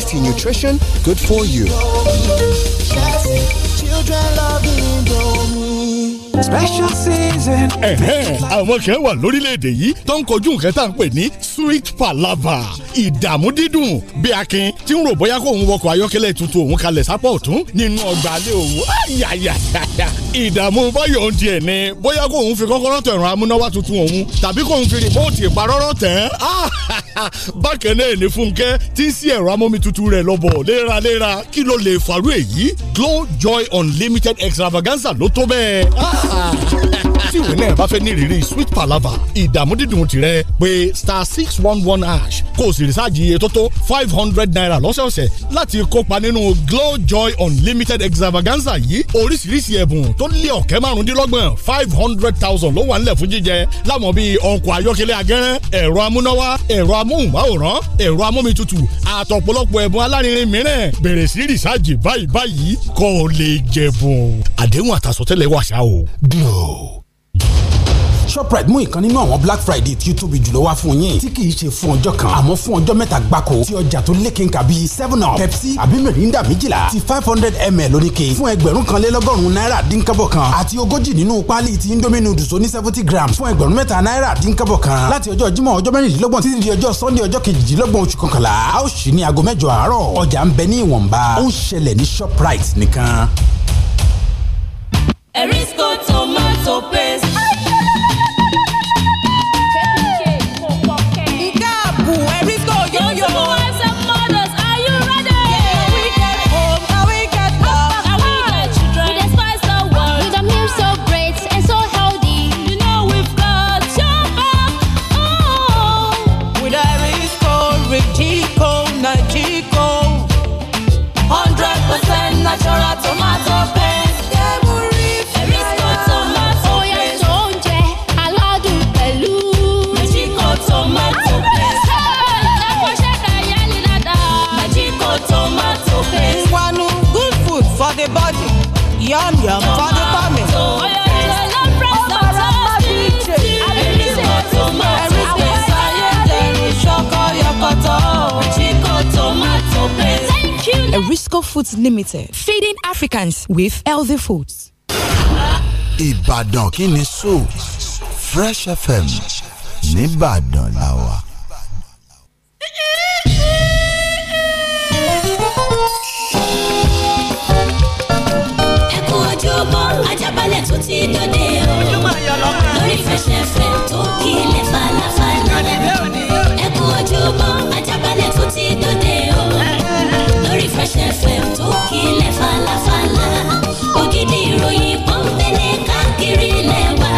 tasty nutrition good for you. special season. ẹ̀hẹ́n àwọn kan wà lórílẹ̀‐èdè yìí tó ń kojú nǹkan tá à ń pè ní sweet palava ìdààmú dídùn bí akin tí ń rò bóyá kó òun wọkọ̀ ayọ́kẹ́lẹ́ tuntun òun kalẹ̀ sápọ̀ ọ̀tún nínú ọgbà alẹ́ òun ìdààmú báyọ̀ ń di ẹ̀ ni bóyá kó òun fi kọ́kọ́rọ́ tẹ̀ ẹ̀rọ amúnáwá tuntun òun tàbí kó òun fi rìmọ́ọ̀tì ìparọ́rọ́ tẹ̀ ẹ́ bákan náà ní fúnkẹ́ tí ń sí ẹ̀rọ amómi tuntun rẹ̀ lọ́bọ̀ léraléra kí ló lè fàrú èyí Glow Joy Unlimited Extravaganza ló tó bẹ́ẹ̀. Ah. tí ìwé náà bá fẹ́ ní ìrírí sweet palava ìdààmú dídùn tirẹ̀ pé star six one one ash kò sì rìsáàjì iye tó tó five hundred naira lọ́sọ̀ọ̀sẹ̀ láti kópa nínú glow joy unlimited extravaganza yìí oríṣiríṣi ẹ̀bùn tó lé ọ̀kẹ́ márùndínlọ́gbọ̀n five hundred thousand ló wà nílẹ̀ fún jíjẹ láwọn bíi ọkọ̀ ayọ́kẹ́lẹ́ agẹ́rẹ́ ẹ̀rọ amúnáwá ẹ̀rọ amóhùnmáwòrán ẹ̀rọ amómitutù àtọ̀pọ̀lọpọ̀ ẹ̀bùn alárinrin mìíràn bẹ̀rẹ̀ sí rìsáàjì báyìí báyìí kó o lè jẹ̀bùn àdéhùn àtàsọ̀tẹ́lẹ̀ wàṣà o shoprite mú ìkan nínú àwọn black friday tí ó tóbi jùlọ wá fún yín tí kìí ṣe fún ọjọ́ kan àmọ́ fún ọjọ́ mẹ́ta gbáko tí ọjà tó lékenkà bíi seven up pepsi àbí mirinda méjìlá ti five hundred ml oníke fún ẹgbẹ̀rún kan lé lọ́gọ́rùn-ún náírà dín kọ́bọ̀ kan àti ogójì nínú páálí ti indomie noodles oní seventy grams fún ẹgbẹ̀rún mẹ́ta náírà dín kọ́bọ̀ kan láti ọjọ́ jímọ̀ ọjọ́ mẹ́rìndínlọ́gbọ̀n Ti di ọjọ́ sunday ọjọ́ kejìdínlọ́gbọ̀n oṣù kọkànlá a ó ṣí ní aago shoprite nìkan. tomato paste yam yam for Erisco Foods Limited, feeding Africans with healthy foods. Ìbàdàn kí ni so Fresh FM nìbàdàn làwà. tún ti dòde o lórí fẹsẹ̀fẹ̀ tó kílẹ̀ falafala ẹ kú ojúmọ́ ajábalẹ̀ ti dòde o lórí fẹsẹ̀fẹ̀ tó kílẹ̀ falafala ògidì ìròyìn pọ́npẹ́lẹ́ káàkiri lẹ́wà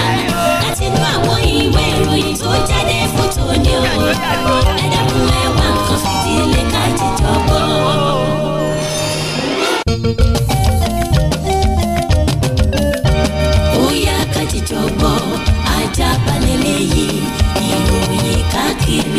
látinú àwọn ìwé ìròyìn tó jáde fún tòní o.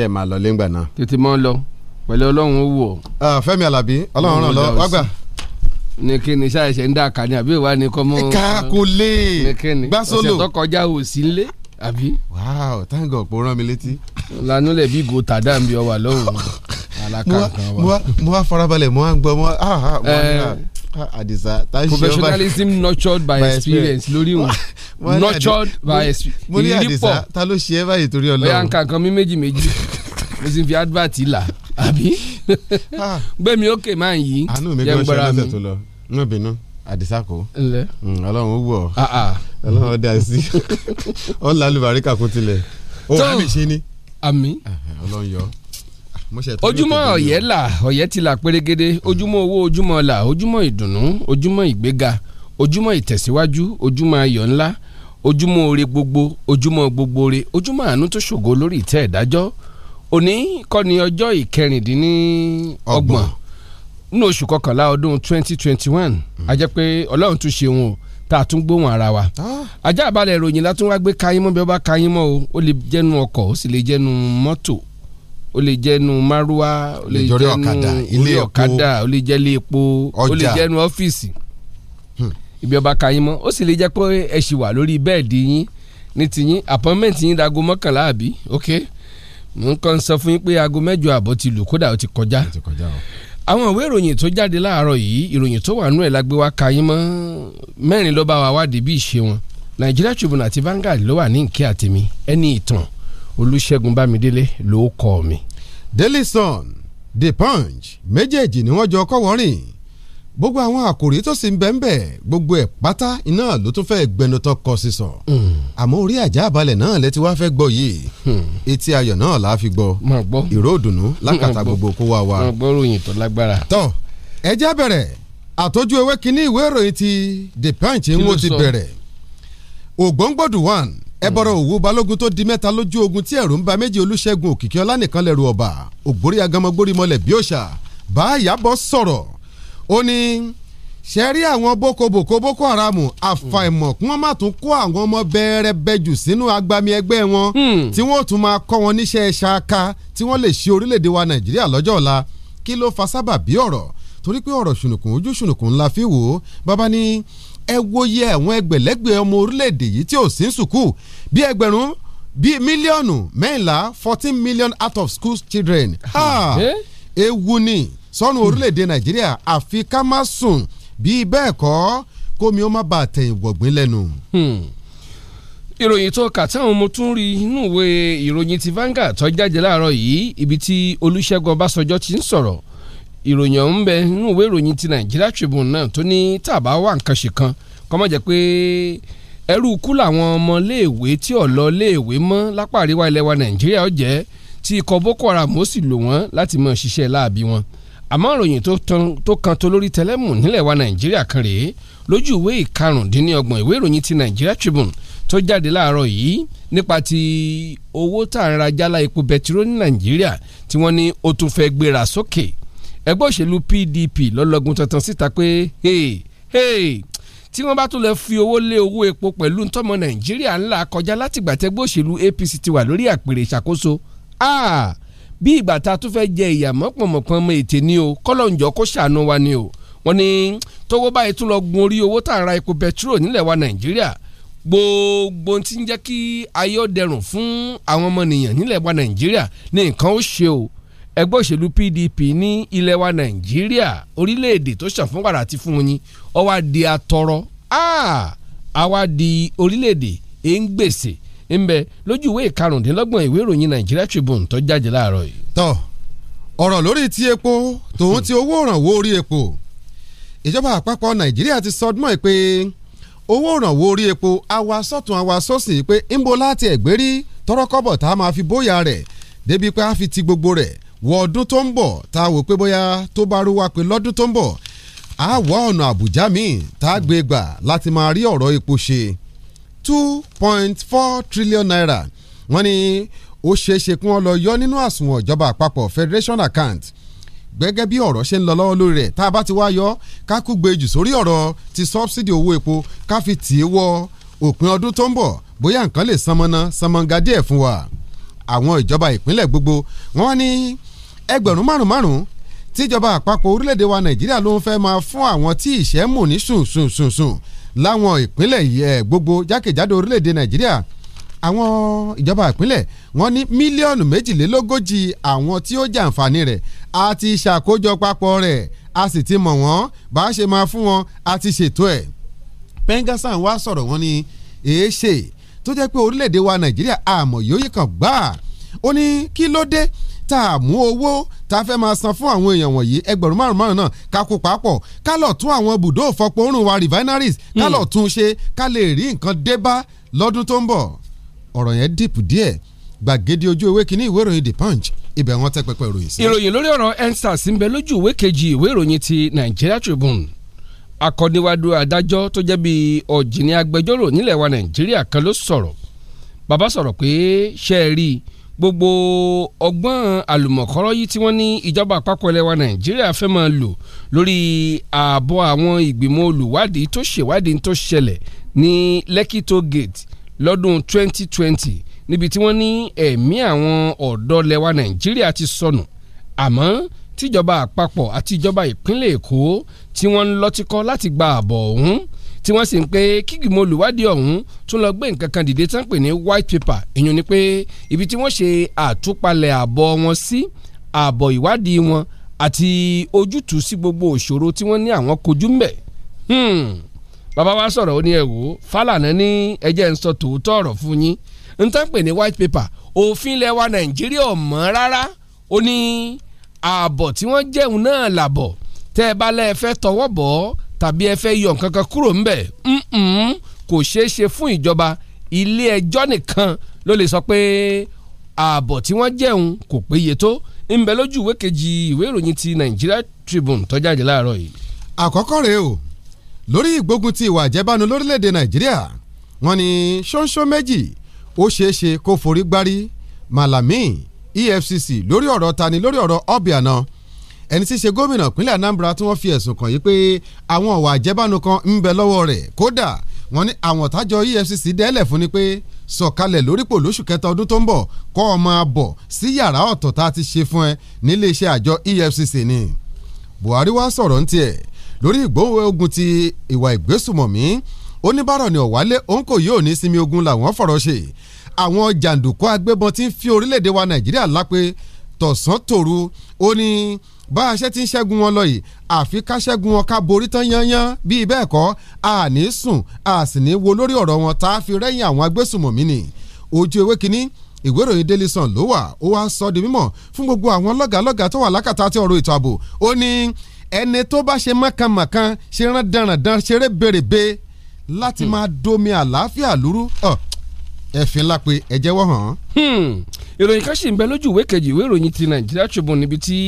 jẹ́ máa lọ lẹ́ngbà náà. tètè máa lọ pẹ̀lú ọlọ́run ó wù ọ́. fẹ́mi alábí ọlọ́run ràn lọ wágbà. ní kí ni ṣáìṣẹ́ ń dà ká àbí ìwà ni kọ́ mọ́. ẹ̀ka kò lè gbá sólò ọ̀sẹ̀ tó kọjá ò sí lé àbí. wow thank God pò rán mi létí. lanu lẹ bí gòtà dàbí ọwà lọ́wọ́ alaka kan wa. mo wá farabalẹ̀ mo wá gbọ́ mo wá. Ah, ah, àdìsá tá a ṣe ọba professionalism nurtured by experience lórí wọn nurtured by experience mo ní àdìsá ta ló ṣe é báyìí torí Ọlọ́run bóyá nǹkan kan mi méjì méjì mo sì fi advert là àbí ah. gbẹmí òkè máa ń yí jẹun gbọra mi àánú mi gan ṣe lọ́sẹ̀ tó lọ náà bínú àdìsá kò mm, Ọlọ́run ó wù ọ́ ah, ah. Ọlọ́run ó dá sí ọ lálùbáríkà kó tilẹ̀ ó wà mí ṣe ni àmín Ọlọ́run yọ ojúmọ́ ọ̀yẹ́ là ọ̀yẹ́ ti là pérégede ojúmọ́ owó ojúmọ́ ọlà ojúmọ́ ìdùnnú ojúmọ́ ìgbéga ojúmọ́ ìtẹ̀síwájú ojúmọ́ ayọ̀ ńlá ojúmọ́ oore gbogbo ojúmọ́ gbogbo oore ojúmọ́ àánú tó ṣògo lórí ìtẹ́ ìdájọ́ òní kọ́ni ọjọ́ ìkẹrìndínlọ́gbọ̀n nínú oṣù kọkànlá ọdún twenty twenty one hmm. a jẹ́ pé ọlọ́run tún ṣe wọn o tá a tún gbóhùn ara wa ah. ajá àbálẹ̀ ìròyìn látún wá gbé kayín mọ́ bí ó bá kayín mọ́ o ó lè jẹ́nu ọkọ̀ ó sì lè jẹ́nu mọ́tò ó lè jẹ́nu márúwá ó lè jẹ́nu ilé ọ̀kadà ó lè jẹ́ ilé epo ó lè jẹ́nu ọ́fíìsì hmm. ibi ọba ka yín mọ́ ó sì lè jẹ́ pé ẹ ṣì wà lórí bẹ́ẹ̀dì yín ní tiyín appointment yín dago mọ́kànlá àbí ok mo ń kàn sọ fún yín pé aago mẹ́jọ àbọ̀ ti lù kódà ó ti kọjá àwọn ìwé ìròyìn tó jáde láàárọ̀ yìí ìròyìn tó wà nú ẹ̀ la gbé wá ka yín mọ́ ló bá wa wádìí bí ìṣe wọn Nigeria Tribune àti Vanguard ló wà ní ìkẹ́ àtẹ̀mí ẹni ìtàn olùṣègùn bámidélé ló kọ mi. daily sun the punch méjèèjì ni wọ́n jọ kọ́wọ́ rìn gbogbo àwọn àkòrí tó sì ń bẹ́ńbẹ́ gbogbo ẹ̀ pátá iná ló tún fẹ́ẹ́ gbẹnutọ́ kọ sí sọ. Hmm. àmọ́ orí àjà àbálẹ̀ náà lẹ wá fẹ́ gbọ́ yìí hmm. etí ayọ̀ náà la fi gbọ́ ìró ìdùnnú lákàtà gbogbo kó wá wa. mo gbọ́ ròyìn tó lágbára. tọ́ ẹ bẹ̀rẹ̀ àtọ́jú ewé kínní ìwé ìròyìn ti the punch ń wọ́n ti bẹ̀rẹ̀ ògbóngbòdù one ẹbọrọ òwú balógun tó di mẹ́ta lójú ogun tí ẹ̀rù ń ba méjì olúṣẹ́gun òkìkí ọlá nìkan lẹ́rù ọ̀bà ògbórí agamọgbórí mọ́lẹ̀ bí òòṣà bá yàbọ̀ sọ̀rọ̀ ó ní ṣe rí àwọn bókobòko boko haram àfàìmọ̀ kí wọ́n má tún kó àwọn ọmọ bẹ́ẹ̀rẹ̀ bẹ́jù sínú agbami ẹgbẹ́ wọn hmm. tí wọ́n tún máa kọ́ wọn níṣẹ́ ṣáka tí wọ́n lè ṣe orílẹ̀ wa nàìjíríà lọ́jọ́ ọ̀la kí ló fa sábàbí ọ̀rọ̀ torí pé ọ̀rọ̀ ṣùnùkùn ojú ṣùnùkùn ńlá fi wò ó bàbá ní ẹ wòye àwọn ẹgbẹ̀lẹ́gbẹ̀ ọmọ orílẹ̀-èdè yìí tí ò sí ń sùkúù bí ẹgbẹ̀rún bí mílíọ̀nù mẹ́rìnlá fourteen million out of school children ewu ni sọnù orílẹ̀-èdè nàìjíríà àfi ká má sùn bí bẹ́ẹ̀ kọ́ kómi ó má bàa tẹ̀yìn wọ̀gbìn lẹ́nu. Hmm. ìròyìn tó kà táwọn ọmọ tún rí inú ìwé ìròyìn ti vanga tó jáde láàárọ̀ yìí ibi tí Olúṣẹ́gun Ọbásanjọ́ ti ń sọ̀rọ̀ ìròyìn ọ̀hún bẹ inú ìwé ìròyìn ti Nigeria Tribune náà tó ní tàbá wà nǹkan ṣe kan. kọ́mọ̀ jẹ́ pé ẹrú ikú làwọn ọmọléèwé tí ò lọ léèwé mọ́ lápá àríwá ilẹ̀ wa nàìjíríà ọ̀jẹ́ tí ikọ̀ boko haram ó sì lò wọ́n láti mọ̀ ṣiṣẹ́ láàbí wọn àmọ́ ìròyìn tó kan tó lórí tẹlẹ́mù nílẹ̀ wa nàìjíríà kan rèé lójú ìwé ìkarùndínlọ́gbọ̀n ìwé ìròyìn ti nàìjíríà tribune tó jáde láàárọ̀ yìí nípa ti owó tá ń ra jálá epo bẹtiró ní nàìjíríà tí wọ́n ní ó tún fẹ́ gbéra sókè ẹgbẹ́ òṣèlú pdp lọ́lọ́gun tuntun síta pé hey, hey, tí wọ́n bá tún lè fi owó lé owó epo pẹ̀lú ntọ́mọ nàìjíríà ńlá kọjá látìgbà tẹ́gbẹ́ òṣèlú APC ti wà lórí àpèrè ìṣàkóso bí ìgbà tá a tún fẹ́ jẹ ìyàmọ́ pọ̀mọ̀pọ̀ ọmọ ètè ni o kọ́lọ́njọ́ kó ṣàánú wa ni o wọ́n ní tówó báyìí tún lọ gun orí owó tá a ra epo bẹtiró nílẹ̀ wa nàìjíríà gbogbo ti ń jẹ́ kí ayọ̀ fún àwọn ọmọ nìyàn nílẹ̀ wa nàìjíríà ní nǹkan ó ṣe o ẹgbẹ́ òṣèlú PDP ní ilẹ̀ wa Nàìjíríà orílẹ̀-èdè tó ṣàn fún wàrà àti fún oyin ó wá di atọrọ àwa ah! di orílẹ̀-èdè e ń gbèsè ń bẹ lójú ìwé ìkarùndínlọ́gbọ̀n ìwé ìròyìn Nigeria Tribune tó jáde láàárọ̀ yìí. tọ́ ọ̀rọ̀ lórí ti epo tòun ti owó òrànwó orí epo ìjọba àpapọ̀ Nàìjíríà ti sọ ọdún mọ́ ẹ pé owó òrànwó orí epo awa sọ́tún awa sọ́sì pé ńbo láti ẹ̀gbẹ́rí tọ́rọ́kọ́bọ̀ tá a máa fi bóyá rẹ̀ débi pé a fi ti gbogbo rẹ̀ wọ ọdún tó ń bọ̀ tá a wò pé bóyá tó bá rú wa pé lọ́dún tó ń bọ̀ á wá ọ̀nà àbújá míì tá a gbé gbà láti máa rí ọ̀rọ̀ epo ṣe two point four trillion naira wọ́n ní ó ṣeé ṣe kí wọ́n lọ yọ nínú àsùnwọ̀n ìjọba àpapọ̀ federation account gbẹ́gẹ́ bí ọ̀rọ̀ ṣe ń lọ lọ́wọ́ lórí rẹ̀ tá a bá ti wá yọ ká kú gbèjù sórí ọ̀rọ̀ ti sọ́bsidì owó epo ká fi tì í wọ òpin ọdún tó ń bọ̀ bóyá nǹkan lè sanmọ́ná sanmọ́ngá fún wa àwọn ìjọba ìpínlẹ̀ gbogbo wọ́n ní ẹgbẹ̀rún márùn márùn tíjọba àpapọ̀ orílẹ̀-èdè wa nàìjíríà ló ń fẹ́ máa fún àwọn tí ìṣẹ́ mò ní sùn sùn sùn sùn láwọn ìpínlẹ̀ yẹ gbogbo jákèjádò orílẹ̀-èdè nàìjíríà àwọn ìjọba ìpínlẹ̀ wọ́n ní mílíọ̀nù méjìlélógójì àwọn tí ó jàǹfààní rẹ̀ àti ìṣàkójọpapọ̀ rẹ̀ a sì ti mọ̀ wọ́n bá a ṣe máa fún wọn a ti ṣètò ẹ̀ Pengassan wá sọ̀rọ̀ wọn ni èéṣe tó jẹ́ pé orílẹ̀-èdè wa nàìjíríà àmọ̀ yóò yí kan gbáà ó ní kí ló dé tá a mú owó tá a fẹ́ máa san fún àwọn èèyàn wọ̀nyí ẹgbẹ̀rún márùn márùn náà ká kó papọ̀ ká lọ tún àwọn bùdó ìfọpo oòrùn wa refineries ká hmm. lọ tún ṣe ká lè rí nǹkan dé bá lọ́dún tó ń bọ̀ ọ̀rọ̀ yẹn dìpù díẹ̀ gbàgede ojú ewé kínní ìwé ìròyìn the punch ibẹ̀ wọ́n tẹ́ pẹpẹ ìròyìn sí. ìròyìn lórí ọ̀rọ̀ endsars ń bẹ lójú ìwé kejì ìwé ìròyìn ti Nigeria Tribune akọ́niwájú adájọ́ tó jẹ́ bíi ọ̀jìnì agbẹjọ́rò nílẹ̀ wa Nàìjíríà kan ló sọ̀rọ̀ bàbá sọ̀rọ̀ pé ṣe rí i gbogbo ọgbọ́n àlùmọ̀kọ́rọ́ yìí tí wọ́n ní ìjọba àpapọ̀ ilẹ̀ wa nàìjíríà fẹ́ máa lò lórí ààbọ̀ àwọn ìgbìmọ̀ olùwádìí tó ṣèwádìí tó ṣẹlẹ̀ ní Lekki Toll Gate lọ́dún 2020 níbi tí wọ́n ní ẹ̀mí àwọn ọ̀dọ́ ilẹ̀ wa nàìjíríà ti sọnù àmọ́ tíjọba àpapọ̀ àti ìjọba ìpínlẹ̀ èkó tí wọ́n ń lọ́tìkọ́ láti gba ààbọ̀ ọ̀hún tí wọ́n sì ń pé kígbìmọ̀ olùwádìí ọ̀hún tún lọ gbé nǹkan kan dìde tán pè ní white paper ìyẹn ni pé ibi tí wọ́n ṣe àtúpalẹ̀ àbọ̀ wọn sí àbọ̀ ìwádìí wọn àti ojútùú sí gbogbo òṣòro tí wọ́n ní àwọn kojú mbẹ̀. Hmm. bàbá wa sọ̀rọ̀ ó ní ẹ̀ wò Fálànà ní ẹjẹ́ ń sọ tòótọ́ ọ̀rọ̀ fún yín n tán pè ní white paper òfin ilẹ̀ wa Nàìjíríà ò mọ́ rárá ó ní ààbọ̀ tí wọ́n jẹun náà làbọ̀ tẹ́ ẹ bá lẹ́ẹ̀ fẹ́ tọwọ́ bọ̀ ọ́ tàbí ẹ fẹ́ yọ nǹkan kan kúrò ńbẹ̀ kò ṣeé ṣe fún ìjọba ilé ẹjọ́ nìkan ló lè sọ pé ààbọ̀ tí wọ́n jẹun kò péye tó ńbẹ lójú ìwé kejì ìwé ìròyìn ti Nigeria Tribune tó jáde láàárọ̀ yìí. àkọ́kọ́ rèé o lórí ìgbógun ti ìwà àjẹbánu lórílẹ̀‐èdè Nàìjíríà wọ́n ní ṣóńṣó méjì ó ṣeé ṣe kó forí gbárí Malami EFCC lórí ọ̀rọ̀ tani lórí ọ̀rọ̀ Obiano ẹni tí í ṣe gómìnà ìpínlẹ̀ Anambra tí wọ́n fi ẹ̀sùn kàn yìí pé àwọn ọ̀wà àjẹbánu kan ń bẹ lọ́wọ́ rẹ̀ kódà wọ́n ní àwọn tájọ EFCC dẹ́lẹ̀ fún ni pé sọ̀kalẹ̀ lórípò lóṣù kẹta ọdún tó ń bọ̀ kọ́ ọ máa sí yàrá ọ̀tọ̀ tá a ti ṣe fún ẹ nílé iṣẹ́ àjọ EFCC ni Buhari wá sọ̀rọ̀ ń tiẹ̀ lórí ìgbóhùn ogun ti ìwà ìgbésùmọ̀mí oníbàárọ̀ ni ọ̀wálé òun kò yóò ní sinmi ogun làwọn fọ̀rọ̀ ṣe àwọn jàǹdùkú agbébọn ti ń fi orílẹ̀-èdè wa Nàìjíríà lápé tọ̀sán tòru ó ní bá a ṣe ti ń ṣẹ́gun wọn lọ yìí àfi ká ṣẹ́gun wọn ká borí tán yányán bíi bẹ́ẹ̀ kọ́ a ní sùn a sì ní wo lórí ọ̀rọ̀ wọn tá a fi rẹ́yìn àwọn agbésùmọ̀mí ni ojú ewé kínní ìwé ìròyìn Daily Sun ló wà ó wá sọ di mímọ̀ fún gbogbo àwọn lọ́gàálọ́gàá tó wà lákàtà tí ọ̀rọ̀ ètò ààbò ó ní ẹni tó bá ṣe mọ̀kànmọ̀kàn ṣe rán dandan ṣeré bèrèbè láti hmm. máa domi àlàáfíà lúrú ẹ̀fín lápè ẹ̀jẹ̀ wọ̀ hàn. Hmm. ìròyìn kan sì ń bẹ lójú ìwé kejì ìwé ìròyìn ti Nigeria Tribune níbi tí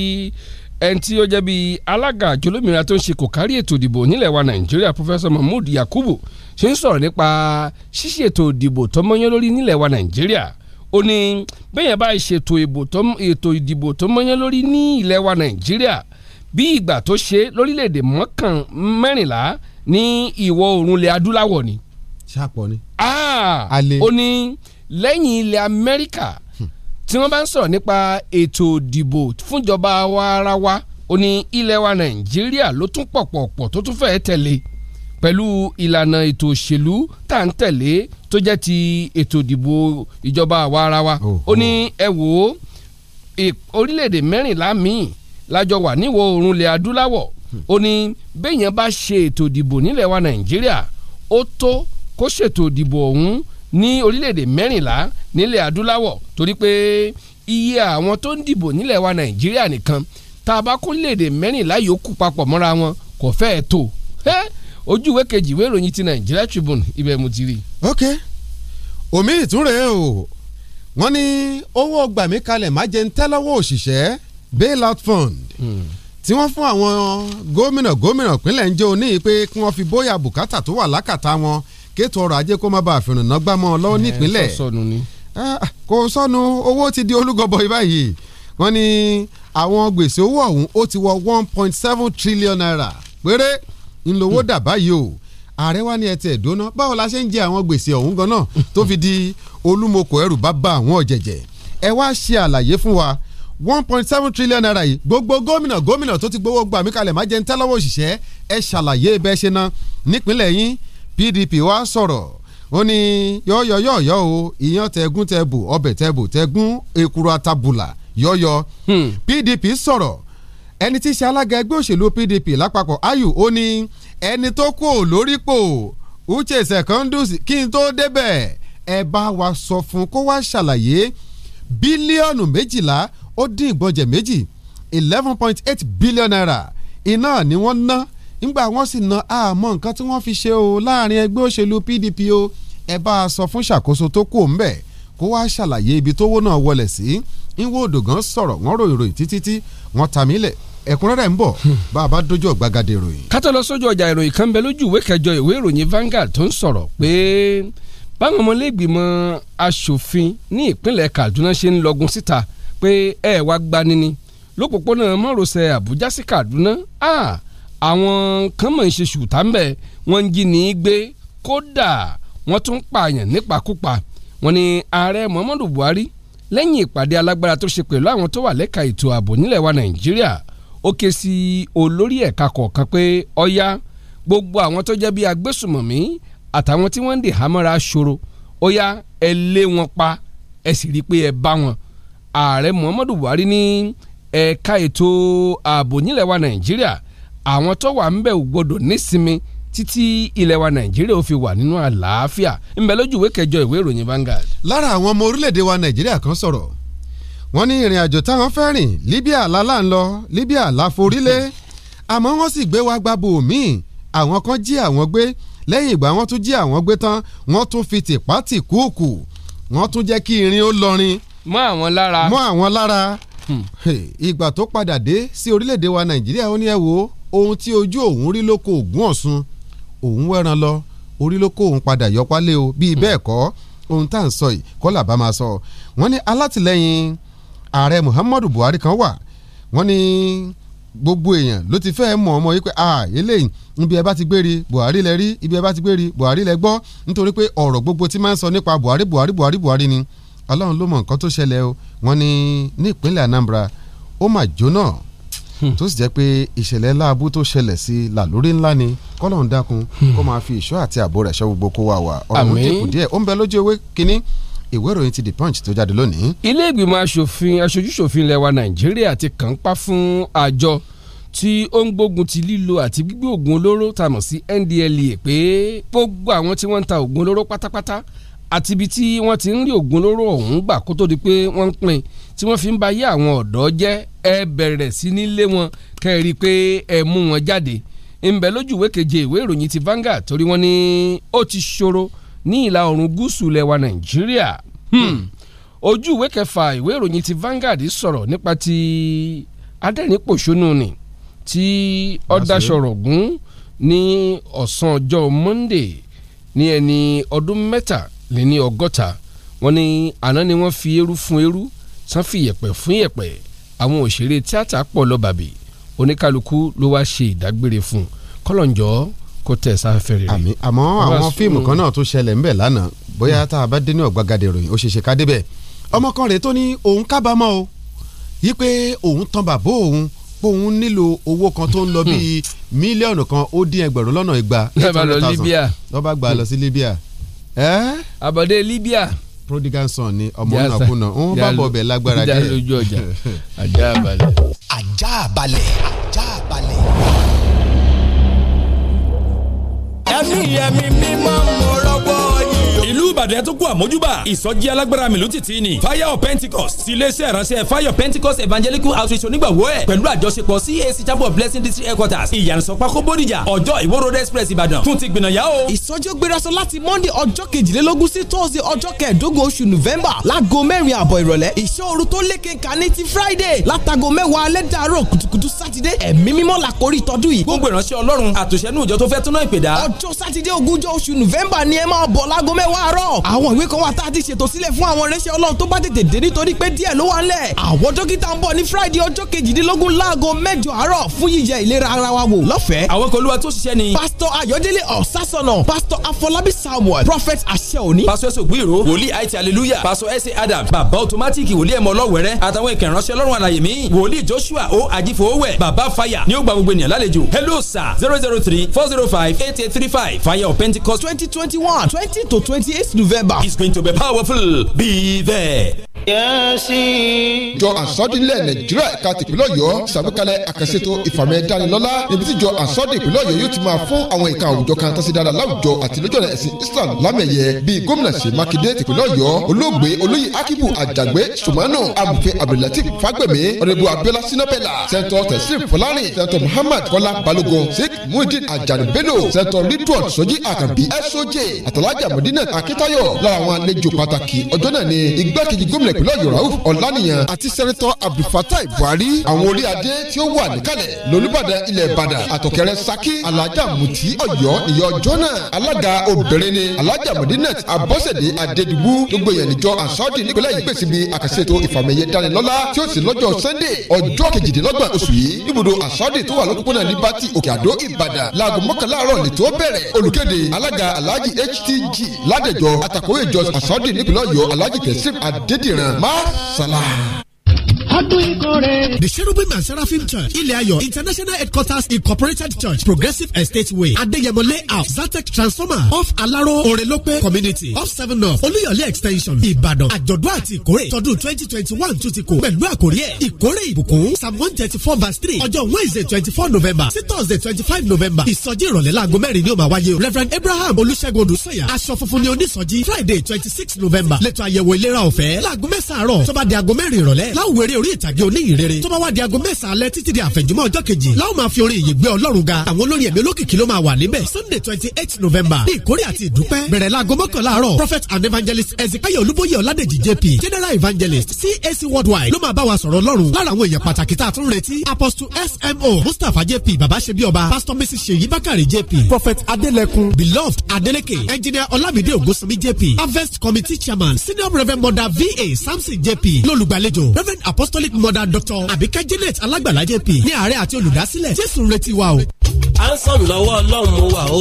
ẹni tí ó jẹ́ bí alága àjọ olómìnira tó ń ṣe kò ètò ìdìbò nílẹ̀ wa nàìjíríà Professor Mahmood Yakubu ṣe ń sọ̀rọ̀ nípa ṣíṣe ètò ìdìbò tó mọ́yán lórí nílẹ̀ wa nàìjíríà ó ní bẹ́yẹn bá ṣètò ètò ìdìbò tó mọ́yán lórí ní ilẹ̀ wa nàìjíríà bí ìgbà tó ṣe lórílẹ̀‐èdè mọ́kàn mẹ́rìnlá ní ìwọ̀ oòrùn ilẹ̀ adúláwọ̀ ni. ṣàpọ̀ ni. ó ní lẹ́yìn ilẹ̀ amẹ́ríkà tí wọ́n bá ń sọ̀rọ̀ nípa ètò ìdìbò fúnjọba warawa ó ní ilẹ̀ wa nàìjíríà ló tún pọ̀pọ̀pọ̀ tó tún fẹ́ẹ́ tẹ̀lé pẹ̀lú ìlànà ètò òṣèlú tá à ń tẹ̀lé tó jẹ́ ti ètò ìdìbò ìjọba warawa oh, ó oh. ní ẹ wò ó e, orílẹ̀-èdè mẹ́rìnlá míì lájọ wà níwọ̀ oòrùn ilẹ̀ adúláwọ̀ hmm. ó ní béèyàn bá ṣe ètò ìdìbò nílẹ̀ wa nàìjíríà ó tó kó ṣètò ìdìbò ọ̀hún ní orílẹ̀-èdè mẹ́rìnlá nílẹ̀ adúláwọ̀ torí pé iye àwọn tó ń dìbò nílẹ̀ wa nàìjíríà nìkan tá a bá kó orílẹ̀-èdè mẹ́rìnlá yòókù papọ̀ mọ́ra wọn kò fẹ́ẹ̀ tó ojú ìwé kejì ìwé ìròyìn ti Nigeria Tribune ibẹ̀ mo ti rí. ok omi ìtúnrẹ̀ o wọ́n ní owó gbàmí kalẹ̀ má jẹ́ ń tẹ́ lọ́wọ́ òṣìṣẹ́ bailout fund hmm. tí wọ́n fún àwọn gómìnà gómìnà pínlẹ̀ ń jẹ́ òní pé kí wọ́n fi bóyá bùkátà tó wà lákàtà wọn kéètò ọrọ̀ ajé kó má bàa fìrìn náà gbámọ́ lọ́wọ́ nípínlẹ̀ ah, ah, kò sọnù owó ti di olúgọbọ báyìí wọ́n ní àwọn gbèsè owó ọ̀hún ó ti wọ one point seven trillion naira péré ńlọwọ́ hmm. dà báyìí o ààrẹ wa ní ẹtì ẹ̀dọ́nà báwo la ṣe ń jẹ àwọn gbèsè ọ̀hún gan náà tó fi di olúmọkọ ẹrù bá bá àwọn ọ̀jẹ̀jẹ̀ ẹ wá ṣe àlàyé fún wa one point seven trillion naira yìí gbogbo gómìnà gómìnà tó ti gbowó gbà mí kalẹ̀ má jẹ́ ń tẹ́lọ́wọ́ òṣìṣẹ́ ẹ ṣàlàyé bẹ́ẹ̀ ṣe ná nípínlẹ̀ yín PDP wá sọ̀rọ̀ ó ní yọ́yọ́yọ́yọ́ o ìyàn tẹ̀gún tẹ̀bù ọbẹ̀ tẹ̀bù tẹ̀gún èkúrò àtàbùlà yọ́yọ́ hmm. PDP sọ̀rọ̀ ẹni tí í ṣe alága ẹgbẹ́ òṣèlú PDP lápapọ̀ ayù ó ní ẹni tó kù lórípò Uche Secondus kí n tó débẹ̀ ẹ bá wa sọ fún kó wá ṣàlàyé bílíọ̀nù méjìlá ó dín ìgbọ̀njẹ̀ méjì eleven point eight billion naira iná ni wọ́n ná nígbà wọ́n sì na àmọ́ nǹkan tí wọ́n fi ṣe o láàrin ẹgbẹ́ òṣèlú PDP o ẹ bá a sọ fún ṣàkóso tó kù ń bẹ̀ kó wá ṣàlàyé ibi tówó náà wọlé sí ìwọ òdògán sọ̀rọ̀ wọ́n ròyìn ròyìn títí tí wọ́n ta mí lẹ̀ ẹ̀kúnrẹ́rẹ́ ń bọ̀ hmm. bá a bá dójú ọ̀gbagadé ìròyìn. kátó lọ sójú ọjà ìròyìn kan bẹ lójú ìwé kẹjọ ìwé ìròyìn Vanguard tó ń sọ̀rọ̀ pé báwọn ọmọlẹ́gbìmọ̀ asòfin ní ìpínlẹ̀ Kaduna ṣe ń lọgun síta pé ẹ wá gbaní ni lópòpónà márosẹ̀ Àbújá sí Kaduna ah àwọn kan mọ̀ ń ṣe ṣùtá ń bẹ̀ wọ́n ń jí ní í gbé kódà wọ́n tún pààyàn nípakúpa wọ́n ní ààrẹ Muhammadu Buhari lẹ́yìn ìpàdé alágbára tó ṣe pẹ̀lú àwọn tó wà lẹ́ka ètò ààbò nílẹ̀ wa Nàìjíríà ó ké sí olórí ẹ̀ka kọ̀ọ̀kan pé ọ̀ya gbogbo àwọn tó jẹ́ bí agbésùmọ̀mí àtàwọn tí wọ́n ń dè hámọ́ra ṣòro ọ̀ya ẹ lé wọn pa ẹ sì rí pé ẹ bá wọn ààrẹ Muhammadu Buhari ní ẹ̀ka ètò ààbò nílẹ̀ wa Nàìjíríà àwọn tó wà ńbẹ̀ ò gbọdọ̀ nísinmi títí ilẹ̀ wa nàìjíríà ó fi wà nínú àlàáfíà ńbẹ lójú ìwé kẹjọ ìwé ìròyìn Vanguard. lára àwọn ọmọ orílẹ̀-èdè wa nàìjíríà kan sọ̀rọ̀ wọ́n ní ìrìn àjò táwọn fẹ́ rìn Libya lálá ń lọ Libya láforílẹ̀ àmọ́ wọ́n sì gbé wa gba bòmíì àwọn kan jí àwọn gbé lẹ́yìn ìgbà wọ́n tún jí àwọn gbé tán wọ́n tún fi tìpá tì kúùkù wọ́n tún jẹ́ kí irin ó lọrin. mọ́ àwọn lára. mọ́ àwọn lára. Hmm. ìgbà tó padà dé sí orílẹ̀-èdè wa nàìjíríà ó ní ẹ wo ohun tí ojú òun rí lóko ògùn ọ̀sun òun wẹ́ran lọ orí lóko òun padà yọpálẹ̀ o bíi bẹ́ẹ̀ kọ́ ohun tá à ń sọ yìí kọ́ làbá máa sọ wọ́n ní alátìlẹ́yìn ààrẹ Muhammadu Buhari kan wà wọ́n ní gbogbo èèyàn ló ti fẹ́ mọ̀ ọmọ yìí pé ah eléyìí ibi ẹ bá ti gbérí Buhari lẹ rí ibi ẹ bá ti gbérí Buhari lẹ gbọ́ nítorí pé ọ̀rọ̀ gbogbo ti máa ń sọ nípa Buhari Buhari Buhari Buhari ni Ọlọ́run ló mọ̀ nǹkan tó ṣẹlẹ̀ o wọ́n ní ní ìpínlẹ̀ Anambra ó mà jóná Hmm. tó sì jẹ́ pé ìṣẹ̀lẹ̀ láàbù tó ṣẹlẹ̀ sí làlórí ńlá ni kọ́lọ́hún dákun hmm. kó máa fi ìṣọ́ àti ààbò rẹ̀ ṣọ́ gbogbo kó wà wà ọ̀rọ̀ mú dínkù díẹ̀ ó ń bẹ lójú ewé kínní ìwé ìròyìn ti the punch tó jáde lónìí. ilé ìgbìmọ̀ asòfin aṣojúṣòfin ilẹ̀ wa nàìjíríà ti kàn ń pa fún àjọ tí ó ń gbógun ti lílo àti gbígbé oògùn olóró tá mọ̀ sí NDLEA pé gbogbo àwọn tí wọ́n ń ta oògùn olóró pátápátá àti ibi tí wọ́n ti ń rí oògùn olóró ọ̀hún gbà kó tó di pé wọ́n ń pín tí wọ́n fi ń ba yé àwọn ọ̀dọ́ jẹ́ ẹ bẹ̀rẹ̀ sí ní lé wọn kẹ́ ẹ rí i pé ẹ mú wọn jáde ńbẹ lójú ìwé keje ìwé ìròyìn ti Vanguard torí wọ́n ni ó ti ṣòro ní ìlà oòrùn gúúsù lẹwa Nàìjíríà hmm. ojú ìwé kẹfà ìwé ìròyìn ti Vanguard sọ̀rọ̀ nípa ti adẹ́rìnpòṣónú ni tí ọ̀dàṣọ̀rọ̀gún ní ọ̀sán ọjọ́ Monday ní ẹni ọdún mẹ́tàléní ọgọ́ta wọ́n ní àná ni wọ́n fi eérú fún eérú tán fi yẹ̀pẹ̀ fún yẹ̀pẹ̀ àwọn òṣèré tíátà pọ̀ lọ bàbí oníkálukú ló wá ṣe ìdágbére fún kọ́lọ̀njọ́ kó tẹ̀ sáfẹ́ rere. àmì àmọ́ àwọn fíìmù kan náà tó ṣẹlẹ̀ ńbẹ̀ lánàá bóyá hmm. tá a bá dé ní ọ̀gbagadè ìròyìn ó ṣeéṣe ká débẹ̀ ọmọ kan rèé tó ní òun kábàámọ̀ o yí pé òun tan bàbá òun póun nílò owó kan tó ń lọ bíi hmm. mílíọ̀nù kan ó dín ẹgbẹ̀rún lọ́nà igba. lọ́ba lọ Libya lọ́ba gbà lọ sí Libya. Eh? àbọ̀dé Libya prodigal son ni ọmọ náà kùnà ń bá bọ̀ bẹ̀ lágbára díẹ̀. ajá lójú ọjà ajá balẹ̀. ajá balẹ̀ ajá balẹ̀. ẹ̀mí ẹ̀mí mímọ́ mo rọ́gbọ́ yìí. ìlú Ìbàdàn ẹ̀ tún kú àmójúbà ìsọjí alágbára mi ló ni fire of Pentecost ti iléeṣẹ́ ìránṣẹ́ fire of Pentecost evangelical outreach onígbàwọ́ ẹ̀ pẹ̀lú àjọṣepọ̀ CAC chapel of blessing district headquarters ìyànsọ́pàkó bódìjà ọjọ́ ìwó road express Ìbàdàn tún ti gbìnàyà o. ìsọjí ó gbéraṣọ láti Monday ọjọ́ kejìlélógún sí Tuesday ọjọ́ kẹẹ̀ẹ́dógún oṣù November láago mẹ́rin àbọ̀ ìrọ̀lẹ́ ìṣòro tó lékenkà ní ti Friday látago mẹ́wàá alẹ́ dàárọ̀ kùtùkùtù sátidé ẹ̀mí mímọ́ làkórí tọdún yìí. gbogbo ìránṣẹ́ Ọlọ́run àtòṣẹ́nu ìjọ tó fẹ́ túná ìpèdá. ọjọ́ November ni ẹ máa bọ̀ pọ̀ àwọn ìwé kan wà tá a ti ṣètò sílẹ̀ fún àwọn irinṣẹ́ ọlọ́run tó bá tètè dé nítorí pé díẹ̀ ló wà ńlẹ̀ àwọn dókítà ń bọ̀ ní friday ọjọ́ kejìdínlógún láago mẹ́jọ àárọ̀ fún yíyẹ ìlera ara wa wò lọ́fẹ̀ẹ́ àwọn kan olúwa tó ṣiṣẹ́ ni. pásítọ̀ ayọ̀délé ọ̀sásọ̀nà pásítọ̀ afọlábí samuel prophet àṣẹòní. pásítọ̀ ẹ̀sọ̀ gbìrò wòlíì àìtí aleluya pásítọ̀ ẹ̀sẹ̀ November. It's going to be powerful. Be there. jọ àsọdílẹ̀ nàìjíríà ẹ̀ka tìpínlẹ̀ ọ̀yọ́ ṣàgbékalẹ̀ àkànṣètò ìfàmẹ́dánilọ́lá níbi tí jọ àsọdí ìpínlẹ̀ ọ̀yọ́ yóò ti máa fún àwọn ìka àwùjọ kan tọ́sí dáadáa láwùjọ àti lójú ọ̀nà ẹ̀sìn islam lámẹ̀yẹ bíi gómìnà ṣèyí mákindé tìpínlẹ̀ ọ̀yọ́ olóògbé olóyè akibu àjàgbé sùmánù amòfin abdulateef fagbemi ọ̀rẹ́bù abiola sinapela sẹ́ńtọ̀ tẹ̀sí fọlárin sẹ́ńtọ̀ muhammad kọ́lá balógun sheikh muhyiddin ajani bello sẹ́ńtọ̀ ridwan sọ́jí àkànbí soj àtàlájà mọ̀dínà akíntayọ̀ lára àwọn àlejò pàtàkì ọjọ́ náà ni igbákejì gómìnà gómìnà ìpínlẹ̀ ọ̀yọ́ rauf ọ̀lànìyàn àti sẹ́rẹ́tọ̀ abdulfatai buhari àwọn orí adé tí ó wà níkàlẹ̀ lolúbàdàn ilẹ̀ ìbàdàn àtọ̀kẹrẹ saki alájà mutí ọ̀yọ́ ìyọ́ jọ́nà alága obìnrin ni alájà mudinat abọ́sẹ̀dé adédìbú gbogbo èèyàn níjọ àṣọ́dì nípínlẹ̀ yìí pèsè bí àkàṣe ètò ìfàmìyẹ dánilọ́lá tí ó sì lọ́jọ́ sunday ọjọ́ kejìdínlọ́gbọ̀n oṣù yìí ibùdó àṣọ́dì tó wà lọ́kùnkùn náà ní bátì òkè àdó ìbàdàn láago mọ́kànlá àárọ̀ nìtó bẹ̀rẹ̀ olùkéde alága alhaji htg ládẹjọ àtàkóyèjọ àṣọ́dì nípínlẹ̀ ọ̀yọ́ Masala. ọdún ìkórè. The Cherubim and Seraphim Church, Ilé Ayọ̀ International Headquarters Incorporated Church, Progressive Estate Way, Adéyẹmọ Layout, Zatec Transformer, Off Alaro Orelope Community, Off Seven North, Olúyọ̀lé Extension, Ìbàdàn, àjọ̀dún àti ìkórè tọdún twenty twenty one tún ti kò pẹ̀lú àkórí ẹ̀ ìkórè ìbùkún Psalm one thirty four verse three ọjọ́ Wednesday twenty four November sí Thursday twenty five November ìsọjí ìrọ̀lẹ́ láago mẹ́rin ni ó máa wáyé o Reverend Abraham Olúṣẹ́gun Odùsọ̀yà aṣọ funfun ni onísọjí Friday twenty six November lẹ́tọ̀ àyẹ̀wò ìlera ọ̀fẹ́ láago mẹ́sàn-án àárọ̀ tó bá di aago mẹ́rin ìrọ̀lẹ́ láwùwẹ̀rẹ̀ orí ìtàgé oníyìnrere tó bá wá di aago mẹ́sàn-án alẹ́ títí di àfẹ̀jùmọ́ ọjọ́ kejì láwọn máa fi orin ìyè gbé ọlọ́run ga àwọn olórin ẹ̀mí olókìkí ló máa wà níbẹ̀ sunday twenty eight november ní ìkórè àti ìdúpẹ́ bẹ̀rẹ̀ láago mọ́kànlá àárọ̀ prophet and evangelist ezekiel olúbóyè ọ̀ládèjì jp general evangelist cac worldwide ló máa bá wa sọ̀rọ̀ ọlọ́run lára àwọn èèyàn pàtàkì tá a tún retí apostle smo mustapha jp baba ṣebi pastor mrs seyi bakari jp prophet adelekun beloved adeleke engineer olamide ogunsanmi jp harvest committee chairman senior reverend mother va samson jp lólùgbàlejò reverend apostle apostolic mother doctor àbíkẹ́ janet alágbàlá jp ní ààrẹ àti olùdásílẹ̀ jésù ń retí wa o à ń sọ̀rọ̀ lọ́wọ́ ọlọ́run mo wà o.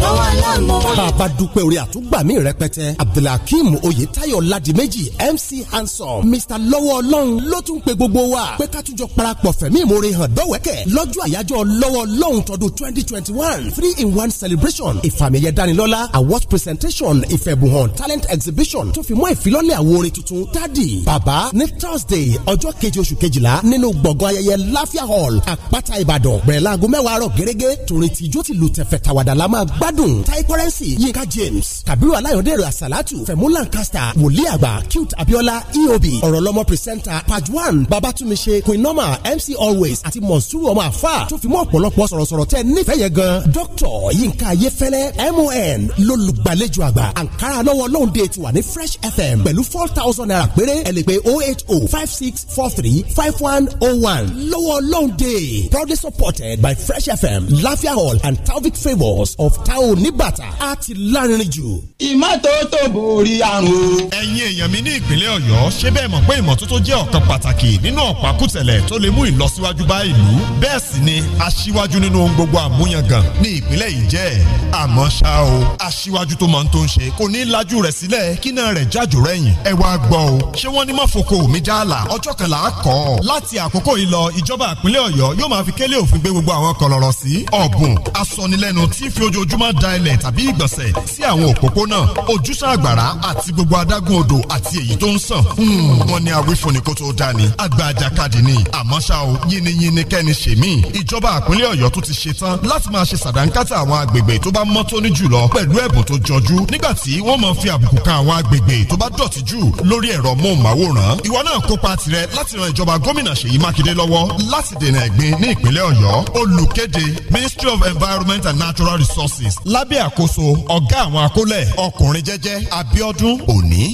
lọ́wọ́ ọlọ́run mo wà. bàbá dúpẹ́ orí àtúgbàmí rẹpẹtẹ abdulhakeem oyetayo ladimeji mc handsome mr lọ́wọ́ ọlọ́run ló tún pe gbogbo wa pé ká tún jọ parapọ̀ fẹ̀mí ìmoore hàn dọ́wẹ́kẹ̀ lọ́jọ́ àyájọ́ lọ́wọ́ ọlọ́run tọdún twenty twenty one three in one celebration ìfàmìyẹ danilọ́lá awards presentation ìfẹ̀bùhàn talent exhibition tó fi mọ́ ìfilọ́lẹ̀ àwo orin tuntun tádì bàbá ní thursday ọjọ́ ọjọ́ keje oṣù kejìlá nínú gbọ̀ngàn ayẹyẹ láfíà hall àpáta ìbàdàn bẹ̀rẹ̀ láago mẹ́wàá àárọ̀ gẹ́gẹ́ torin tìjó ti lu tẹ̀fẹ̀ tàwàdà la máa gbádùn tai yinka james kabiru alayọ̀dẹ̀rẹ̀ asalatu fẹ̀mú lancaster wòlíì àgbà cute abiola eob ọ̀rọ̀ lọ́mọ pírísẹ́ńtà pajwan babatunmise queen norma mc always àti monsuru ọmọ àfà tó fi mọ́ ọ̀pọ̀lọpọ̀ sọ̀rọ̀sọ̀rọ̀ tẹ́ nífẹ̀ẹ́ yẹn gan dr yinka ayefẹ́lẹ́ mon lolùgbàlejò àgbà ankara lọ́wọ́ lóhùn dé ti wà fresh fm pẹ̀lú four thousand naira péré ẹ lè pè oh oh five six four three five one oh one Lower Long day proudly supported by Fresh FM lafia hall and Talvik favours of tao nibata a ti lárinrin jù. ìmọ́tótó borí àrùn. ẹ̀yin èèyàn mi ní ìpínlẹ̀ Ọ̀yọ́ ṣé bẹ́ẹ̀ mọ̀ pé ìmọ́tótó jẹ́ ọ̀kan pàtàkì nínú ọ̀pá kùtẹ̀lẹ̀ tó lè mú ìlọsíwájú bá ìlú bẹ́ẹ̀ sì ni aṣíwájú nínú ohun gbogbo àmúyangàn ní ìpínlẹ̀ yìí jẹ́ àmọ́ ṣá o aṣíwájú tó máa ń tó ń ṣe kò ní lajú rẹ̀ sílẹ̀ kí náà rẹ̀ jájò rẹ̀yìn là á kọ́. láti àkókò yìí lọ ìjọba ìpínlẹ̀ ọ̀yọ́ yóò máa fi kélé òfin gbé gbogbo àwọn kọ̀lọ̀rọ̀ sí ọ̀bùn asọnilẹ́nu tí fi ojoojúmọ́ da ilẹ̀ tàbí ìgbọ̀nsẹ̀ sí àwọn òpópónà ojúṣàn àgbàrá àti gbogbo adágún odò àti èyí tó ń sàn. Hmm, wọ́n ní awífúnni kó tó dá ni àgbà àjàkadì ni àmọ́ ṣá o yínníyínní kẹ́ni ṣèmí ìjọba ìpínlẹ̀ ọ̀yọ́ tó ti ṣe tán láti máa ṣe sàdánkátà àwọn agbègbè tó bá mọ́ tóní jùlọ pẹ̀lú ẹ̀bùn tó jọjú nígbà tí wọ́n máa fi àbùkù kan àwọn láti ran ìjọba gómìnà Ṣèyí Mákindé lọ́wọ́ láti dènà ẹ̀gbin ní ìpínlẹ̀ Ọ̀yọ́ olùkéde Ministry of Environment and Natural Resources lábẹ́ àkóso ọ̀gá àwọn akólẹ̀ ọkùnrin jẹ́jẹ́ Abíọ́dún Òní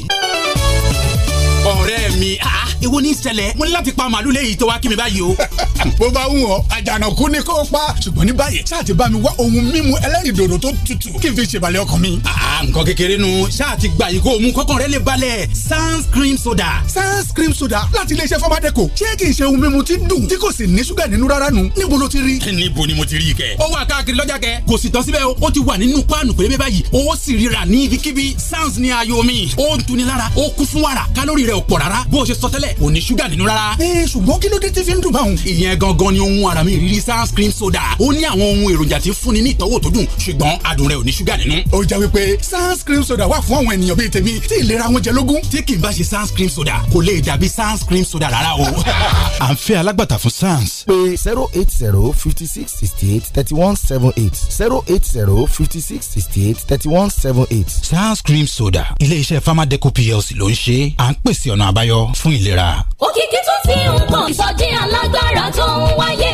ọ̀rẹ́ mi èwo ah, ah, ní ṣẹlẹ̀ mo ní láti pa màálù léyìí tó wá kí mi báyìí o. bó bá wù ọ́ àjànàkú ni kò pa ṣùgbọ́n ní báyìí ṣáà ti bá mi wá ohun mímu ẹlẹ́rìndòdò tó tutù kí n fi ṣèbalẹ̀ ọkàn mi. Ah, nǹkan kékeré nu ṣáà ti gbà yìí kó o mú kọ́kàn rẹ lè balẹ̀ sans cream soda. sans cream soda láti iléeṣẹ́ fọ́mádẹ́kọ̀ ṣé kì í ṣe ohun mímu tí dùn tí kò sì ní ṣúgà nínú rárá nu níbo ló ti rí. níbo ni mo ti rí kẹ. ó wà káàkiri lọ́jà kẹ kò sì tán síbẹ̀ o ó ti wà nínú páànù pẹ̀lẹ́ báyìí ó sì ríra ní ibikíbi sans ní ayọ̀ mi ó ń tuni lára ó kún fún wàrà kálórì rẹ ò rárá bó o ṣe sọ tẹ́lẹ̀ kò ní ṣúgà nínú rárá. ee ṣùgbọ́n kí ló dé tí fi ń dùn báwọn. ìyẹn gangan ni ohun ara mi ìrírí sans cream soda ó ní àwọn ohun èròjà tí fúnni ní ìtọ́wò tó dùn ṣùgbọ́n adùn rẹ̀ ò ní ṣúgà nínú. ó jẹ́ wípé sans cream soda wà fún àwọn ènìyàn bíi tèmi tí ìlera wọn jẹ lógún. tí kì í bá ṣe sans cream soda kò lè dàbí sans cream soda rárá o. à ń fẹ́ alágbàtà fún sans. pé zero eight zero fifty six sixty eight thirty one seven eight zero eight zero fifty six sixty eight thirty one seven eight. sans cream soda ilé iṣẹ́ pharmadeco plc ló ń ṣe à ń pèsè àti ọ̀nà àbáyọ fún ìlera. òkìkí tún ti ń pọ̀ ìsọjí alágbára tó ń wáyé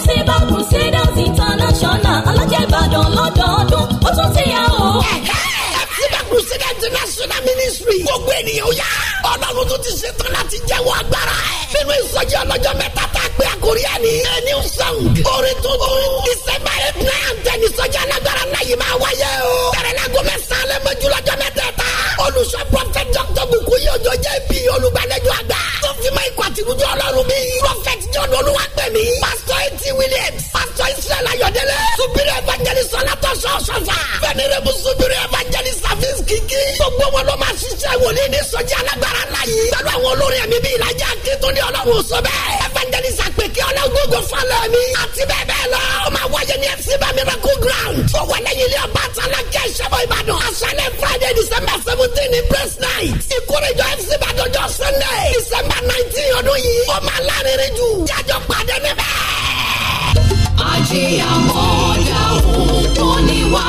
fc bank crusaders international alájẹ̀bàdàn lọ́dọọdún ó tún ti yà ó. fc bank crusaders international ministry gbogbo ènìyàn yá Ọlọ́run tún ti ṣe tán láti jẹ́wọ́ agbára ẹ̀. Nínú ìsọjí ọlọ́jọ́ mẹ́ta tá a pè àkórí ẹ̀ ní. A new song. Orin tuntun. Ìsẹ́mbà April àǹtẹ̀ ní sọjí alágbára náà yìí máa wáyé o. Bẹ̀rẹ̀ láago mẹ́sàn-án lẹ́ mọ́jú lọ́jọ́ mẹ́tẹ̀ẹ̀ta. Olùṣọ́ Prọfẹ̀t Dr. Bukku Yọjọ jẹ́ bí olùgbàlejò àgbà. Tó fi máa ikọ̀ àtìlújọ Ọlọ́run bí. Prọfẹ̀t John Olúwapẹ̀mí. Pásítọ̀ Etí Williams. Pásítọ̀ Israel Ayọ̀délé. Supiri Evangelist Ọlátọ̀ṣọ́ Ṣọ́fà. Bẹ́ẹ̀ni Rebu Supiri Evangelist Savis Kiki. Gbogbo wọn ló máa ṣiṣẹ́ wòlíì ní sọjí alágbára agbára la yìí. pẹ̀lú àwọn olórin ẹ̀mí bíi ìlàjà akíntun ní ọlọ́run sọ bẹ́ẹ̀. evangelist àpèké ọlọ́gbọ̀gbọ̀ falẹ̀ mi. àti bẹ́ẹ̀ bẹ́ẹ̀ lọ. ó máa wáyé ní fc bamiraku ground. tó wà lẹ́yìn ilé ọba àtàlà kẹ́ ìṣẹ́bọ̀ ìbàdàn. aṣálẹ̀ friday december seventeen ní praise night. ìkórèjọ fc bàdànjọ sunday december nineteen ọdún yìí. ó máa lárinrin jù. jájọ pàdé níbẹ̀. ajíyàmọ̀ ọ̀dà wa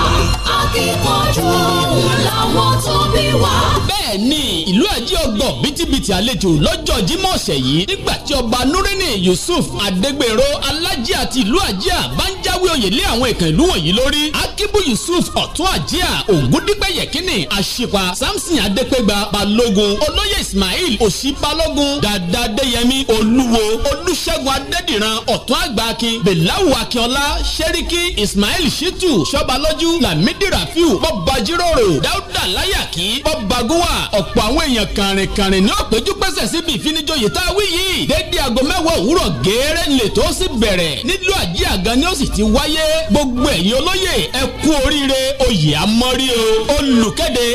akíkanjú òun làwọn tó bí wa. bẹ́ẹ̀ ni ìlú àjí ọgbọ̀n bìtìbìtì àlejò lọ́jọ́ jímọ̀ ọ̀sẹ̀ yìí nígbà tí ọba nurini yusuf adegbero alájí àti ìlú àjíà bá ń jáwé oyè lé àwọn ìkàn ìlú wọ̀nyí lórí akíbu yusuf ọ̀tún àjíà ògúndígbẹ̀yẹ̀ kínní àṣìpa samson adépégbà balógun olóyè ismail òṣìbalógun dàdà adéyẹmí olúwo olúṣẹ́gun adédìran ọ̀tún àgbà akin belawu akínọlá sẹ́ríkì ismail shitu ṣọ́balọ́ afọ́jú Lámídì Rafiu bọ́ba jíròrò Dáúdà Láyàkí bọ́ba gúwà ọ̀pọ̀ àwọn èèyàn kàrìnkàrìn ní òpéjú pẹ́sẹ̀ síbi ìfinijoyè tá a wí yìí dédé aago mẹ́wàá òwúrọ̀ géèrè ni lètò sì bẹ̀rẹ̀ nílùú àjí àgàn ni ó sì ti wáyé gbogbo ẹ̀yin olóyè ẹ kú oríire oyè amọ́rí o olùkéde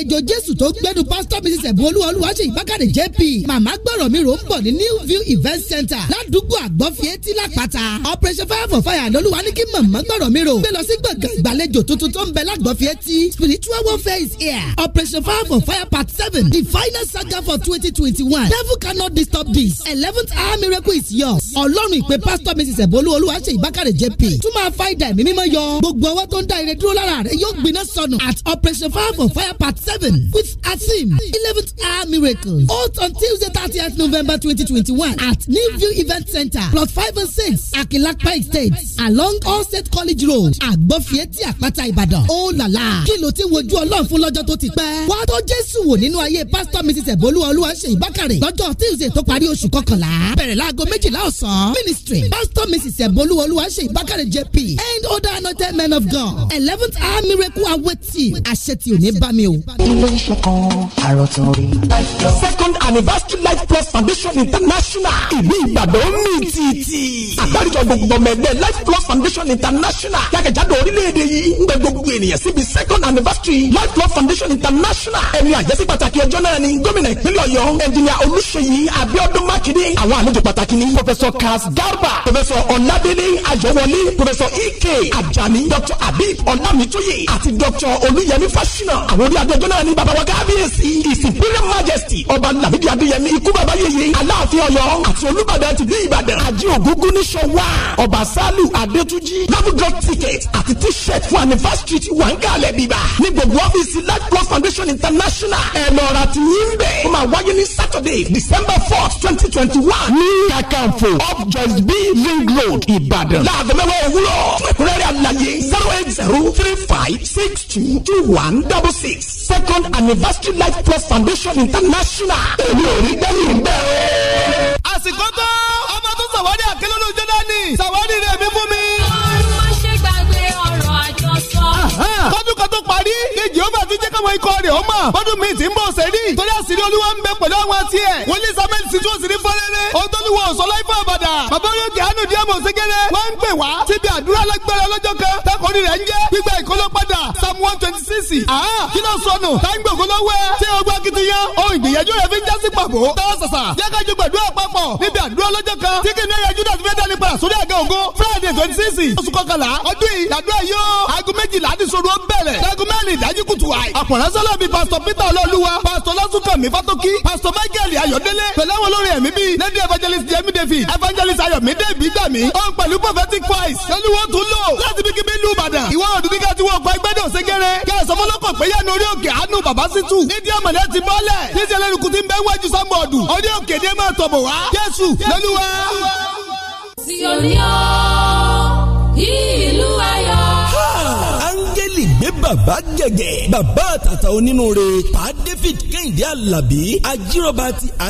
àlejò jésù tó gbẹ́nu pásítọ̀ mrs ẹ̀bùn olúwa ṣe ìbákàdé jp màmá gbọ́rọ̀ mi rò ń bọ̀ ní new view event center ládùúgbò àgbọ̀fìẹ́tì lápáta operation fire for fire lọ́lúwa ní kí màmá gbọ́rọ̀ mi rò gbé lọ sí gbọ̀ngàn ìgbàlejò tuntun tó ń bẹ lágbọ̀fìẹ́tì spiritual warfare is here operation fire for fire part seven the final saga for twenty twenty one devil cannot disturb this eleventh hour miracle is yours ọlọ́run ìpè pásítọ̀ mrs ẹ̀bọ́lú olúwa ṣe ìbákàrẹ̀ jp tún máa fa ìdá ẹ̀mí mímọ́ yọ gbogbo ọwọ́ tó ń da ire dúró lára rẹ̀ yóò gbiná sọnù at operation fire for fire part seven with asim eleventh hour miracle hold on tuesday thirtieth november twenty twenty one at new view event center plot five and six akilapa estate along all state college road àgbọ̀fìẹ́ tí àpáta ìbàdàn ó la kí ló ti wojú ọlọ́run fún lọ́jọ́ tó ti pẹ́ wá tó jésù wò nínú ayé pásítọ̀ mrs ẹ̀bọ́lú olúwa ṣe ìbákàrẹ̀ lọ́jọ́ tuesday tó parí oṣù kọkànlá bẹ̀rẹ̀ láago méjìlá ọ̀s mẹ́sàn ministry pastor mrs ẹ̀bọ́lúwọlúwa ṣe ìbákàrẹ̀ jp and other anointed men of god eleventh hour miracle awaits you àṣẹ tí ò ní bá mi o. ilé iṣẹ́ kan àròtún rí. second anniversary life plus foundation international ìlú ìbàdàn ní títì àgbáríjọ gbogbo mẹ́gbẹ́ life plus foundation international jákèjádò orílẹ̀-èdè yìí ń gbẹ gbogbo ènìyàn síbi second anniversary life plus foundation international ẹni àjẹsí pàtàkì ọjọ́ náà ni gómìnà ìpínlẹ̀ ọ̀yọ́ ẹnjìnìà olùṣeyí abiodun makinde àwọn àlejò pàtàkì ni pọfẹsọ Dr. Garba, Professor Ọ̀nàdélé Ayọ̀wọlé, Professor Ike Ajani, Doctor Abib Ọ̀nàmítúyè àti Dr. Olúyẹmí Fáṣínà. Àwọn orí adájọ́ náà ní bàbá wa kábíyèsí. His Imperial Majesty Ọba Nàbídì Adéyẹmí ikú bàbá yèyé Aláàfin Ọ̀yọ́ àti Olúbàdàn ti ní Ìbàdàn. Àjí ògúngún ní Ṣọwá. Ọba Sálù Adétúnjì. Labudrop ticket àti t-shirt fún anniversary ti wà ń kalẹ̀ bíbá. Ní gbogbo ọ́fíìsì Life Plus Foundation International. Ẹ lọ ra ti yín bẹ̀. Ó máa wáyé ní Saturday December fourth twenty twenty one. Ní Kakanfo up just be ring road ìbàdàn. láago mẹ́wàá òwúrọ̀ fún ẹ̀kúnrẹ́rẹ́ àlàyé zero eight zero three five six two two one double six second anniversary life plus foundation international. èmi ò rí dẹ́rù bẹ́ẹ̀. àsìkò tó ọmọ tó sàwárí àkélólú jẹ́dání sàwárí rẹ̀ mi fún mi. ọmọ ṣe gbàgbé ọ̀rọ̀ àjọsọ. kọ́dún tó parí ni jehova káwọn ikọ̀ rẹ̀ ọmọ bọ́dún mi ti ń bọ̀ sẹ́rí torí àṣírí olúwa ń bẹ pẹ̀lú àwọn tiẹ̀ wòlíì samuel sì tún òsìrí fọ́lẹ́rẹ́ òtọ́lùwọ̀ òsọlá ifá àbàdà bàbá olóògì àánú díẹ̀ mọ̀ ṣẹ́gẹ́rẹ́ wọ́n ń pè wá síbi àdúrà lágbára ọlọ́jọ́ kan takọ̀rí rẹ̀ ń jẹ́ gbígbà ìkóló padà psalm one twenty six ah kí ló sọnù táǹgbò kó lọ́wọ́ ẹ tí ọgbà kìtìyàn ohun ìgbìyànjú rẹ̀ fi ń jásí pàbó tọ́wọ́ sàṣà jákàjú gbàdúrà papọ̀ níbi àdúrà ọlọ́jọ́ kan tí ìfọkànránṣẹ́ lẹ́bi pásítọ̀ peter olóluwa pásítọ̀ lọ́sùnkànmí fatoki pásítọ̀ michael ayọ̀délé pẹ̀lú àwọn olórin ẹ̀mí bíi lady evangelist jẹ́mi david evangelist ayọ̀mídé ìbídàmí òun pẹ̀lú prophetic voice pẹ̀lú wọn tún lò láti bí kíbi ìlú ìbàdàn ìwọ òdùdí ká ti wọ ọgbà ẹgbẹ́dẹ̀ òsèkèrè kẹsàn fọlọ́kọ̀ pé yẹnu orí òkè àánú bàbá sítù nídìí ọmọdé ti bọ́lẹ̀ ní bàbá gẹ̀gẹ̀ bàbá onínúure pa David Kẹ́hìndé Àlàbí ajíròba ti à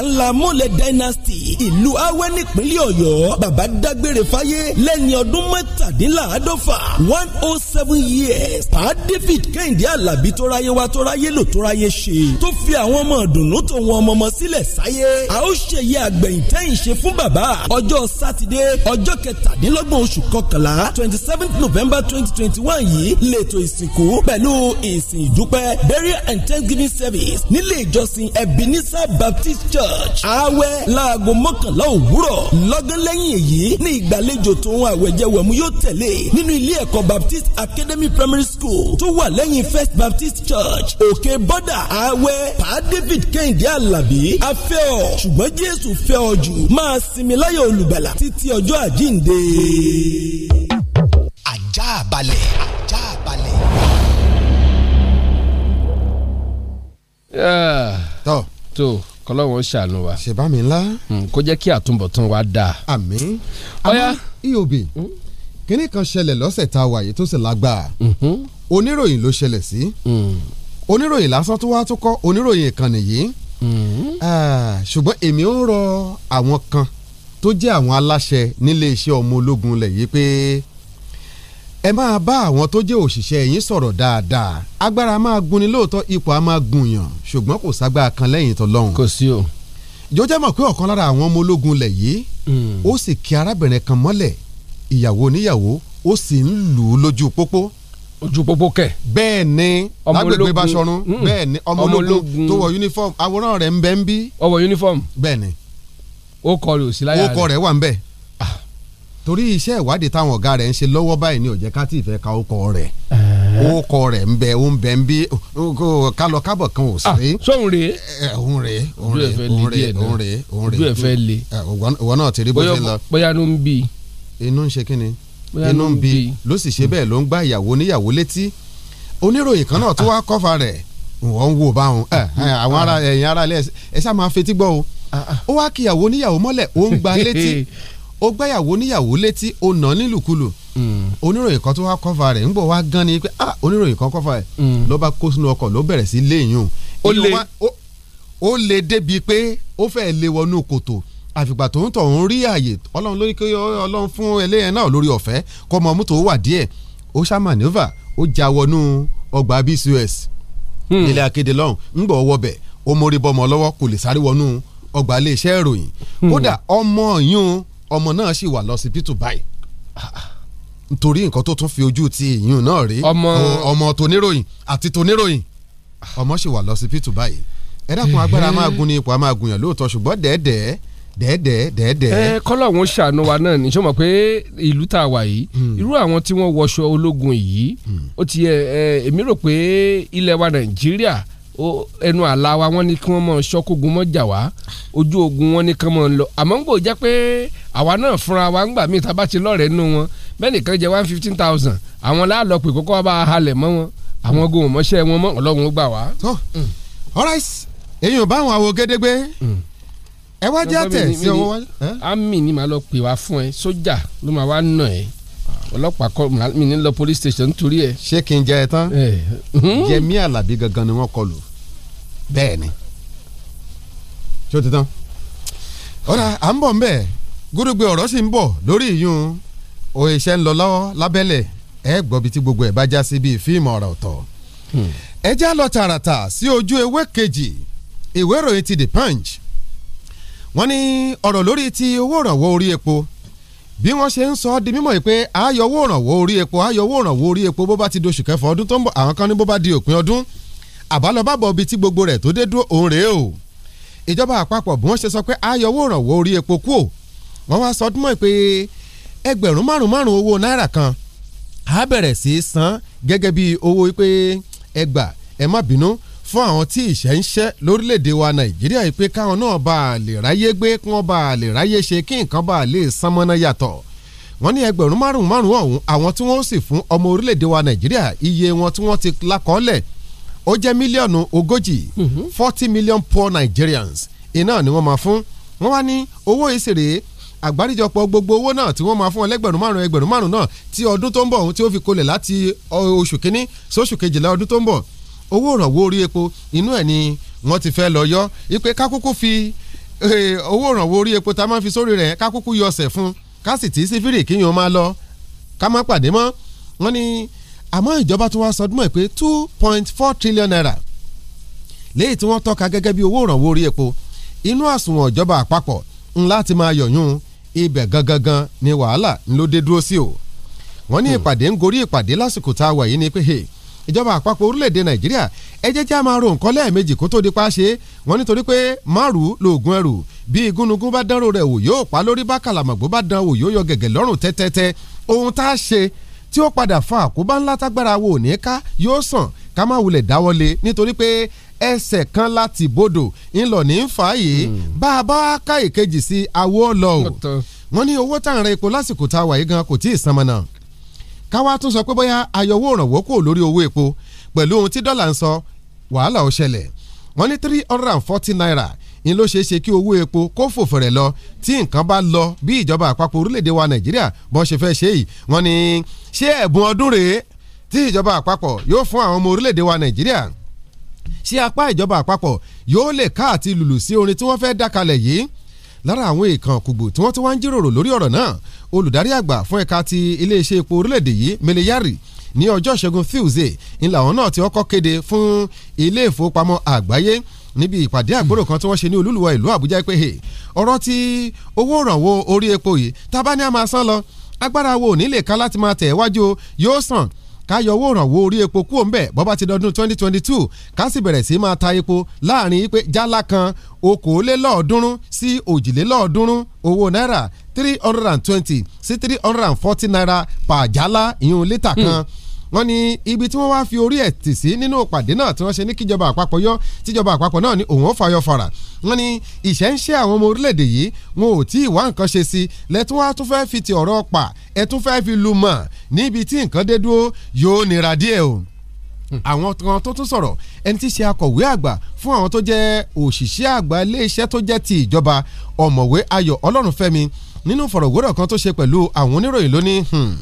dynasty ìlú awẹ́ nípínlẹ̀ Ọ̀yọ́ bàbá dágbére fáyé lẹ́ni ọdún mẹ́tàdínláàádọ́fà one oh seven years pa David Kẹ́hìndé Àlàbí tó ráyé wá tó ráyé ṣe tó fi àwọn ọmọ ìdùnnú tó wọn ọmọ ọmọ sílẹ̀ sáyé a ó ṣèyí àgbẹ̀yìntẹ́yìn ṣe fún bàbá ọjọ́ sátidé ọjọ́ kẹtàdínlọ́gbọ̀n oṣù kọkànlá twenty seventh November twenty twenty one yìí lẹ́tọ̀ ìsìnkú pẹ̀lú pẹ̀lú ìsìn ìdúpẹ́ burial and thanksgiving service nílé ìjọsìn Ebenezer Baptist Church àwẹ̀ láago mọ́kànlá òwúrọ̀ lọ́gán lẹ́yìn èyí ní ìgbàlejò tòun àwẹ̀jẹwẹ̀mú yóò tẹ̀lé nínú ilé ẹ̀kọ́ Baptist Academy Primary School tó wà lẹ́yìn First Baptist Church òkè bọ́dà àwẹ̀ pa David Kẹ́hìndé Àlàbí afẹ́ ọ ṣùgbọ́n Jésù fẹ́ ọ jù máa sinmi láyọ̀ olùgbàlà títí ọjọ́ àjíǹde. ajá balẹ̀ ajá balẹ̀. tọ́ tó kọlọ́wọ́n ṣàánú wa. ṣèbámi ńlá. Hmm, kó jẹ́ kí àtúbọ̀tán wa dáa. àmín. ọ̀ya iob kínní kan ṣẹlẹ̀ lọ́sẹ̀ tá a wà yìí tó sì lágbàá mm-hmm. oníròyìn ló ṣẹlẹ̀ sí hmm. oníròyìn lásán tó wá tó kọ́ oníròyìn ìkànnì yìí hmm. ah, ṣùgbọ́n èmi ń rọ àwọn kan tó jẹ́ àwọn aláṣẹ nílé ọmọ ológun lẹ̀ yìí pé ẹ máa bá àwọn tó jẹ́ òṣìṣẹ́ yín sọ̀rọ̀ dáadáa agbára máa gunni lóòótọ́ ipò á máa gùnyàn ṣùgbọ́n kò ságbá kan lẹ́yìn tó lọ́hùn. kò sí o. jọjọ́ mọ̀ pé ọ̀kan lára àwọn ọmọ ológun lẹ̀ yìí hmm. ó sì kí arábìnrin kan mọ́lẹ̀ ìyàwó oníyàwó ó sì ń lù ú lójú pópó. ojú pópó kẹ. bẹ́ẹ̀ ni lágbègbè Baṣọ̀run bẹ́ẹ̀ ni ọmọ hmm. ológun tó wọ uniform àwòrán rẹ̀ ń bẹ ń bí. ó uniform. bẹ́ẹ̀ ni. ó kọ rẹ̀ òsì láyà rẹ̀. ó kọ rẹ̀ wà ń bẹ́ẹ̀ torí iṣẹ́ ìwádìí táwọn ọ̀gá rẹ̀ ń ṣe lọ́wọ́ báyìí ni ó jẹ́ ká tí ì fẹ́ ka ọkọ rẹ̀ ọkọ rẹ̀ ń bẹ ó ń bẹ ń bí kálọ kábọ̀ kan ò sí. Ah, sóhun rè é òun rè é òun rè é òun rè é òun rè é òun rè é ojú ẹ̀ fẹ́ le ìwọ náà ti rí bó ṣe lọ. bóyá inú ń bí i. inú ń ṣe kí ni inú ń bí i ló sì ṣe bẹ́ẹ̀ ló ń gbá ìyàwó oníyàwó létí oníròyìn kan náà tó wá kọ́fà rẹ̀ wọ́n ń wò báwọn àwọn ará ẹ̀yìn ará ẹ̀ ẹ̀ sá máa fetí gbọ́ o ah, ah. ó wá kíyàwó oníyàwó mọ́lẹ̀ ó ń gba létí ó gbáyàwó níyàwó létí ó nà án nílùkulù hmm. oníròyìn kan tó wá kọ́fà rẹ̀ ń wá gan ni pé ah oníròyìn kan kọ́fà rẹ̀ hmm. ló bá kó sínú ọkọ̀ ló bẹ̀rẹ̀ sí léyìn o ó lè débi pé ó fẹ́ lè wọnú kòtò àfìgbà tó ń tọ̀ ń rí àyè ọlọ́run lórí kí ọlọ́run fún eléyẹn náà lórí ọ̀fẹ́ kọ́ ọmọ mú tó wà díẹ̀ ó ṣá maneuver ó já wọnú ọgbà bcus hmm. ilé akéde lọ́hùn ń gbọ́ wọbẹ̀ ó mórí bọ́mọ lọ́wọ́ kò lè sáré wọnú ọgbà iléeṣẹ́ ìròyìn kódà ọmọ yún ọmọ náà sì wà lọ́sibítù báyìí nítorí nǹkan tó tún fi ojú ti ìyún náà rí ọmọ toníròyìn àti toníròyìn ọmọ sì wà lọ́sibítù báyìí ẹ dákun agbára máa gun ni ipò a máa gun yàn lóòótọ́ ṣùgbọ́n dẹ́ẹ̀dẹ́ẹ́ dẹ́ẹ̀dẹ́ dẹ́ẹ̀dẹ́. ẹ kọ́lọ̀ wọn ṣàánú wa náà níṣọ́ mọ̀ pé ìlú tá a wà yìí hmm. irú àwọn tí wọ́n wọṣọ ológun yìí hmm. ó ti ẹ èmi rò pé ilẹ̀ wa nàìjíríà ẹnu àlá wa wọ́n kí wọ́n mọ̀ ṣọ́kógun mọ́ wá ojú ogun wọ́n ní kí wọ́n mọ̀ lọ àmọ́ ń gbò jẹ́ pé àwa náà fúnra wa ńgbà míì tá a bá ti lọ́rẹ̀ẹ́ nínú wọn bẹ́ẹ̀nìkan jẹ́ one fifteen thousand àwọn láàlọ́ pé kókó wa bá a halẹ̀ mọ́ wọn àwọn ogun òmọ́ṣẹ́ wọn mọ́ ọlọ́run ó gbà wá. tó alright èyí ò bá àwọn àwo gédégbé hmm. ẹ wá jẹ́ àtẹ̀ sí ọwọ́ wá. àmì ni màá lọ pè wá fún ẹ sójà ló máa wá nà ẹ ọlọ́pàá kọ mi ní lọ police station nítorí ẹ. ṣé kí n jẹ ẹ tán Yẹmí Àlàbí gangan ni wọ́n kọlù bẹ́ẹ̀ ni ṣó ti tán ọ̀rà à ń bọ̀ ń bẹ́ẹ̀ gúdúgbẹ ọ̀rọ̀ sì ń bọ̀ lórí ìyún òye iṣẹ́ ń lọ lọ́wọ́ lábẹ́lẹ̀ ẹ gbọ́ bí tí gbogbo ẹ̀ bá já sí bíi fíìmù ọ̀rọ̀ ọ̀tọ̀ hmm. ẹ já lọ tààràtà sí ojú ewé kejì ìwé ìròyìn ti The Punch wọ́n ní ọ̀rọ̀ lórí ti owó ìrànwọ́ orí epo bí wọ́n ṣe ń sọ ọ́ di mímọ̀ yìí pé ayọ̀wó ìrànwọ́ orí epo ayọ̀wó ìrànwọ́ orí epo bó bá ti doṣù kẹfà ọdún tó ń bọ̀ àwọn kan ní bó bá di òpin ọdún àbálọ́bàbọ̀ bíi tí gbogbo rẹ̀ tó dé dúró òun rèé o ìjọba àpapọ̀ bí wọ́n ṣe sọ pé ayọ̀wó ìrànwọ́ orí epo kú wọ́n wá sọ ọdún mọ́ pé ẹgbẹ̀rún márùn márùn owó náírà kan á bẹ̀rẹ̀ sí í san gẹ́gẹ́ bí owó pé ẹgbà ẹ má bínú fún àwọn tí ìṣẹ́ ń ṣẹ́ lórílẹ̀‐èdè wa nàìjíríà yìí pé káwọn náà bá a lè ráyé gbé kí wọ́n bá a lè ráyé ṣe kí nǹkan bá a lè san mọ́ná yàtọ̀ wọ́n ní ẹgbẹ̀rún márùn márùn ọ̀hún àwọn tí wọ́n sì fún ọmọ orílẹ̀‐èdè wa nàìjíríà iye wọn tí wọ́n ti lakọ́lẹ̀ ó jẹ́ mílíọ̀nù ogójì mhm. forty million poor Nigerians iná ni wọ́n máa fún wọ́n wá ní owó ìṣèré àgbáríjọpọ̀ gbogbo owó náà tí wọ́n máa fún ọ lẹ́gbẹ̀rún márùn ẹgbẹ̀rún márùn náà tí ọdún tó ń bọ̀ ohun tí ó fi kolẹ̀ láti oṣù kínní sóṣù kejìlá ọdún tó ń bọ̀ owó ìrànwọ́ orí epo inú ẹ̀ ni wọ́n ti fẹ́ lọ yọ ipe kákúkú fi eh, owó ìrànwọ́ orí epo tá a máa fi sórí rẹ̀ kákúkú yọ ọ̀sẹ̀ fún ká tí sífìrì kí yẹn máa lọ ká má pàdé mọ́ wọ́n ní àmọ́ ìjọba tó wá sọdúnmọ́ pé two point four trillion naira léyìí tí wọ́n tọ́ka gẹ́gẹ́ bí owó ìrànwọ́ orí epo inú àsùnwọ̀n ìjọba àpapọ̀ ńlá ti máa yọ̀yún ibẹ̀ gangan ni wàhálà ló dé dúró sí o wọ́n ní hmm. ìpàdé ń gorí ìpàdé lásìkò tá a wà yìí ni pé ìjọba àpapọ̀ orílẹ̀-èdè nàìjíríà ẹ jẹ́ kí a máa ro nǹkan lẹ́ẹ̀mejì kó tó di pa ṣe wọ́n nítorí pé márùn lóògùn ẹrù bí igúnnugún bá dánrò rẹ̀ wò yóò pa lórí bá kàlàmọ̀gbó bá dán wò yóò yọ gẹ̀gẹ̀ lọ́rùn tẹ́tẹ́tẹ́ ohun tá a ṣe tí ó padà fa àkóbá ńlá tágbára wo ò ní ká yóò sàn ká má wulẹ̀ dáwọ́lé nítorí pé ẹsẹ̀ kan láti bodò ńlọ ní fàáyé hmm. bá a bá ká ìkejì sí awó lọ o wọ́n ní owó tá à ń ra epo lásìkò tá a wà yìí gan kò tí ì san mọ́nà káwá tún sọ pé bóyá ayọ̀wó òrànwọ́ kò lórí owó epo pẹ̀lú ohun tí dọ́là ń sọ wàhálà ó ṣẹlẹ̀ wọ́n ní three hundred and forty naira ni ló ṣeé ṣe kí owó epo kó fòfòrè lọ tí nǹkan bá lọ bí ìjọba àpapọ̀ orílẹ̀-èdè wa nàìjíríà bọ́n ṣe fẹ́ ṣe yìí wọ́n ní ṣé ẹ̀bùn ọdún rèé tí ìjọba àpapọ̀ yóò fún àwọn ọmọ orílẹ̀-èdè wa nàìjíríà ṣé apá ìjọba àpapọ̀ yóò lè ká àti lùlù sí orin tí wọ́n fẹ́ dákalẹ̀ yìí lára àwọn èèkàn kùgbù tí wọ́n ti wá ń jíròrò lórí ọ̀rọ̀ náà olùdarí àgbà fún ẹ̀ka ti iléeṣẹ́ epo orílẹ̀-èdè yìí Meleyari ní ọjọ́ ìṣẹ́gun Tuesday ńlá àwọn náà ti kọ́kọ́ kéde fún ilé ìfowópamọ́ àgbáyé níbi ìpàdé àgbòrò kan tí wọ́n ṣe ní olúluwọ ìlú Àbújá pé ọ̀rọ̀ ti owó ìrànwọ́ orí epo yìí tá máa san lọ agbára wo ò ní lè ká láti máa tẹ̀ wájú yóò sàn káyọ owó ìrànwọ́ orí epo kúrò ńbẹ̀ bọ́bá ti dọdún twenty twenty two ká sì bẹ̀rẹ̀ sí máa ta epo láàrin pé jálá kan okòólélọ́ọ̀ọ́dúnrún sí òjìlélọ́ọ̀ọ́dúnrún owó náírà three hundred and twenty sí three hundred and forty naira pàjálá ìyún lítà kan. Hmm wọ́n ní ibi tí wọ́n wá fi orí ẹ̀ tì sí nínú ìpàdé náà tí wọ́n ṣe ní kíjọba àpapọ̀ yọ tíjọba àpapọ̀ náà ní òun ó fàyọ fara wọ́n ní ìṣẹ́ ń ṣe àwọn ọmọ orílẹ̀-èdè yìí wọn ò tí ì wá nǹkan ṣe sí lẹ́tún wá tún fẹ́ẹ́ fi ti ọ̀rọ̀ pa ẹ̀ tún fẹ́ẹ́ fi lu mọ̀ níbi tí nǹkan dé dúró yóò nira díẹ̀ o àwọn kan tó tún sọ̀rọ̀ ẹni tí ṣe akọ̀wé àgbà fún àwọn tó jẹ́ òṣìṣẹ́ àgbà iléeṣẹ́ tó jẹ́ ti ìjọba ọ̀mọ̀wé ayọ̀ ọlọ́runfẹ́mi nínú fọ̀rọ̀wérọ̀ kan tó ṣe pẹ̀lú àwọn oníròyìn lónìí hmm